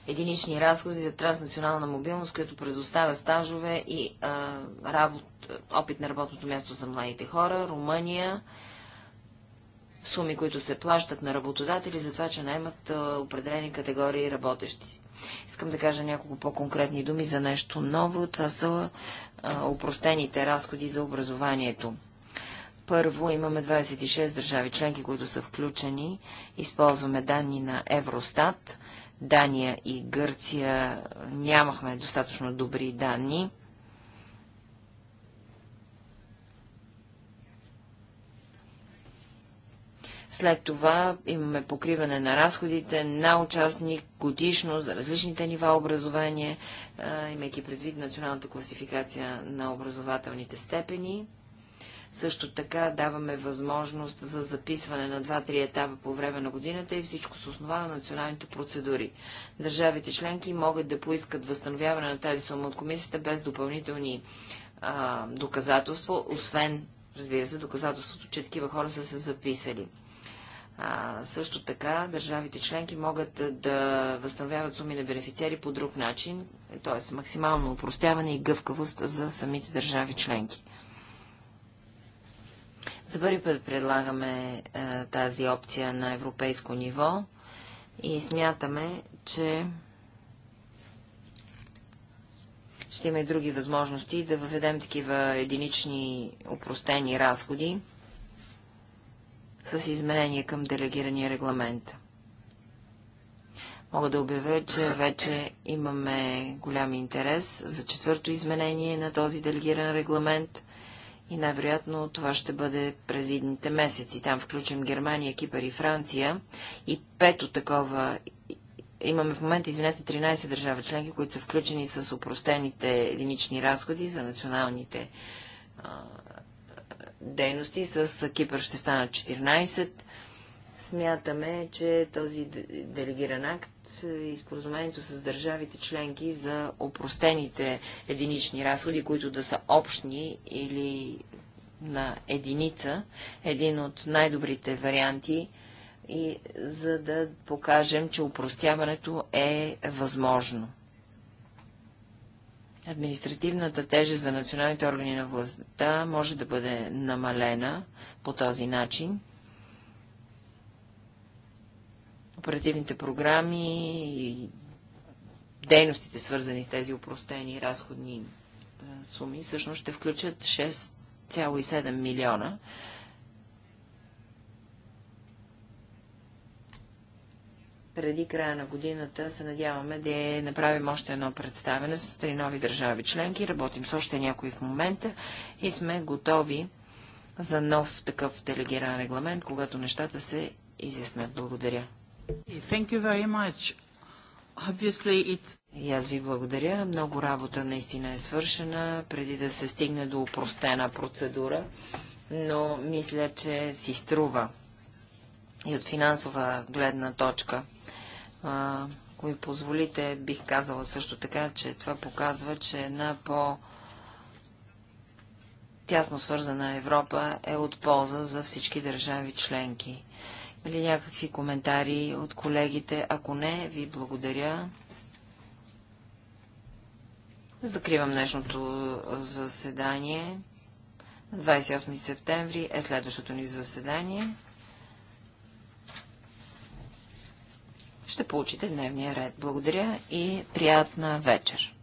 единични разходи за транснационална мобилност, която предоставя стажове и а, работ, опит на работното място за младите хора, Румъния, суми, които се плащат на работодатели за това, че наймат а, определени категории работещи. Искам да кажа няколко по-конкретни думи за нещо ново. Това са а, упростените разходи за образованието. Първо, имаме 26 държави членки, които са включени. Използваме данни на Евростат Дания и Гърция нямахме достатъчно добри данни. След това имаме покриване на разходите на участник годишно за различните нива образование, имайки предвид националната класификация на образователните степени. Също така даваме възможност за записване на 2-3 етапа по време на годината и всичко се основа на националните процедури. Държавите членки могат да поискат възстановяване на тази сума от комисията без допълнителни а, доказателства, освен, разбира се, доказателството, че такива хора са се записали. А, също така, държавите членки могат да възстановяват суми на бенефициари по друг начин, т.е. максимално упростяване и гъвкавост за самите държави членки. За първи път предлагаме е, тази опция на европейско ниво и смятаме, че ще има и други възможности да въведем такива единични упростени разходи с изменение към делегирания регламент. Мога да обявя, че вече имаме голям интерес за четвърто изменение на този делегиран регламент и най-вероятно това ще бъде през идните месеци. Там включим Германия, Кипър и Франция и пето такова имаме в момента, извинете, 13 държави членки, които са включени с упростените единични разходи за националните а, дейности. С Кипър ще станат 14. Смятаме, че този делегиран акт и споразумението с държавите членки за опростените единични разходи, които да са общни или на единица, един от най-добрите варианти и за да покажем, че упростяването е възможно. Административната тежест за националните органи на властта може да бъде намалена по този начин оперативните програми и дейностите, свързани с тези упростени разходни е, суми, всъщност ще включат 6,7 милиона. Преди края на годината се надяваме да направим още едно представене с три нови държави членки. Работим с още някои в момента и сме готови за нов такъв делегиран регламент, когато нещата се изяснат. Благодаря. И аз ви благодаря. Много работа наистина е свършена, преди да се стигне до упростена процедура, но мисля, че си струва. И от финансова гледна точка. ако ми позволите, бих казала също така, че това показва, че една по- тясно свързана Европа е от полза за всички държави членки. Или нали, някакви коментари от колегите? Ако не, ви благодаря. Закривам днешното заседание. 28 септември е следващото ни заседание. Ще получите дневния ред. Благодаря и приятна вечер.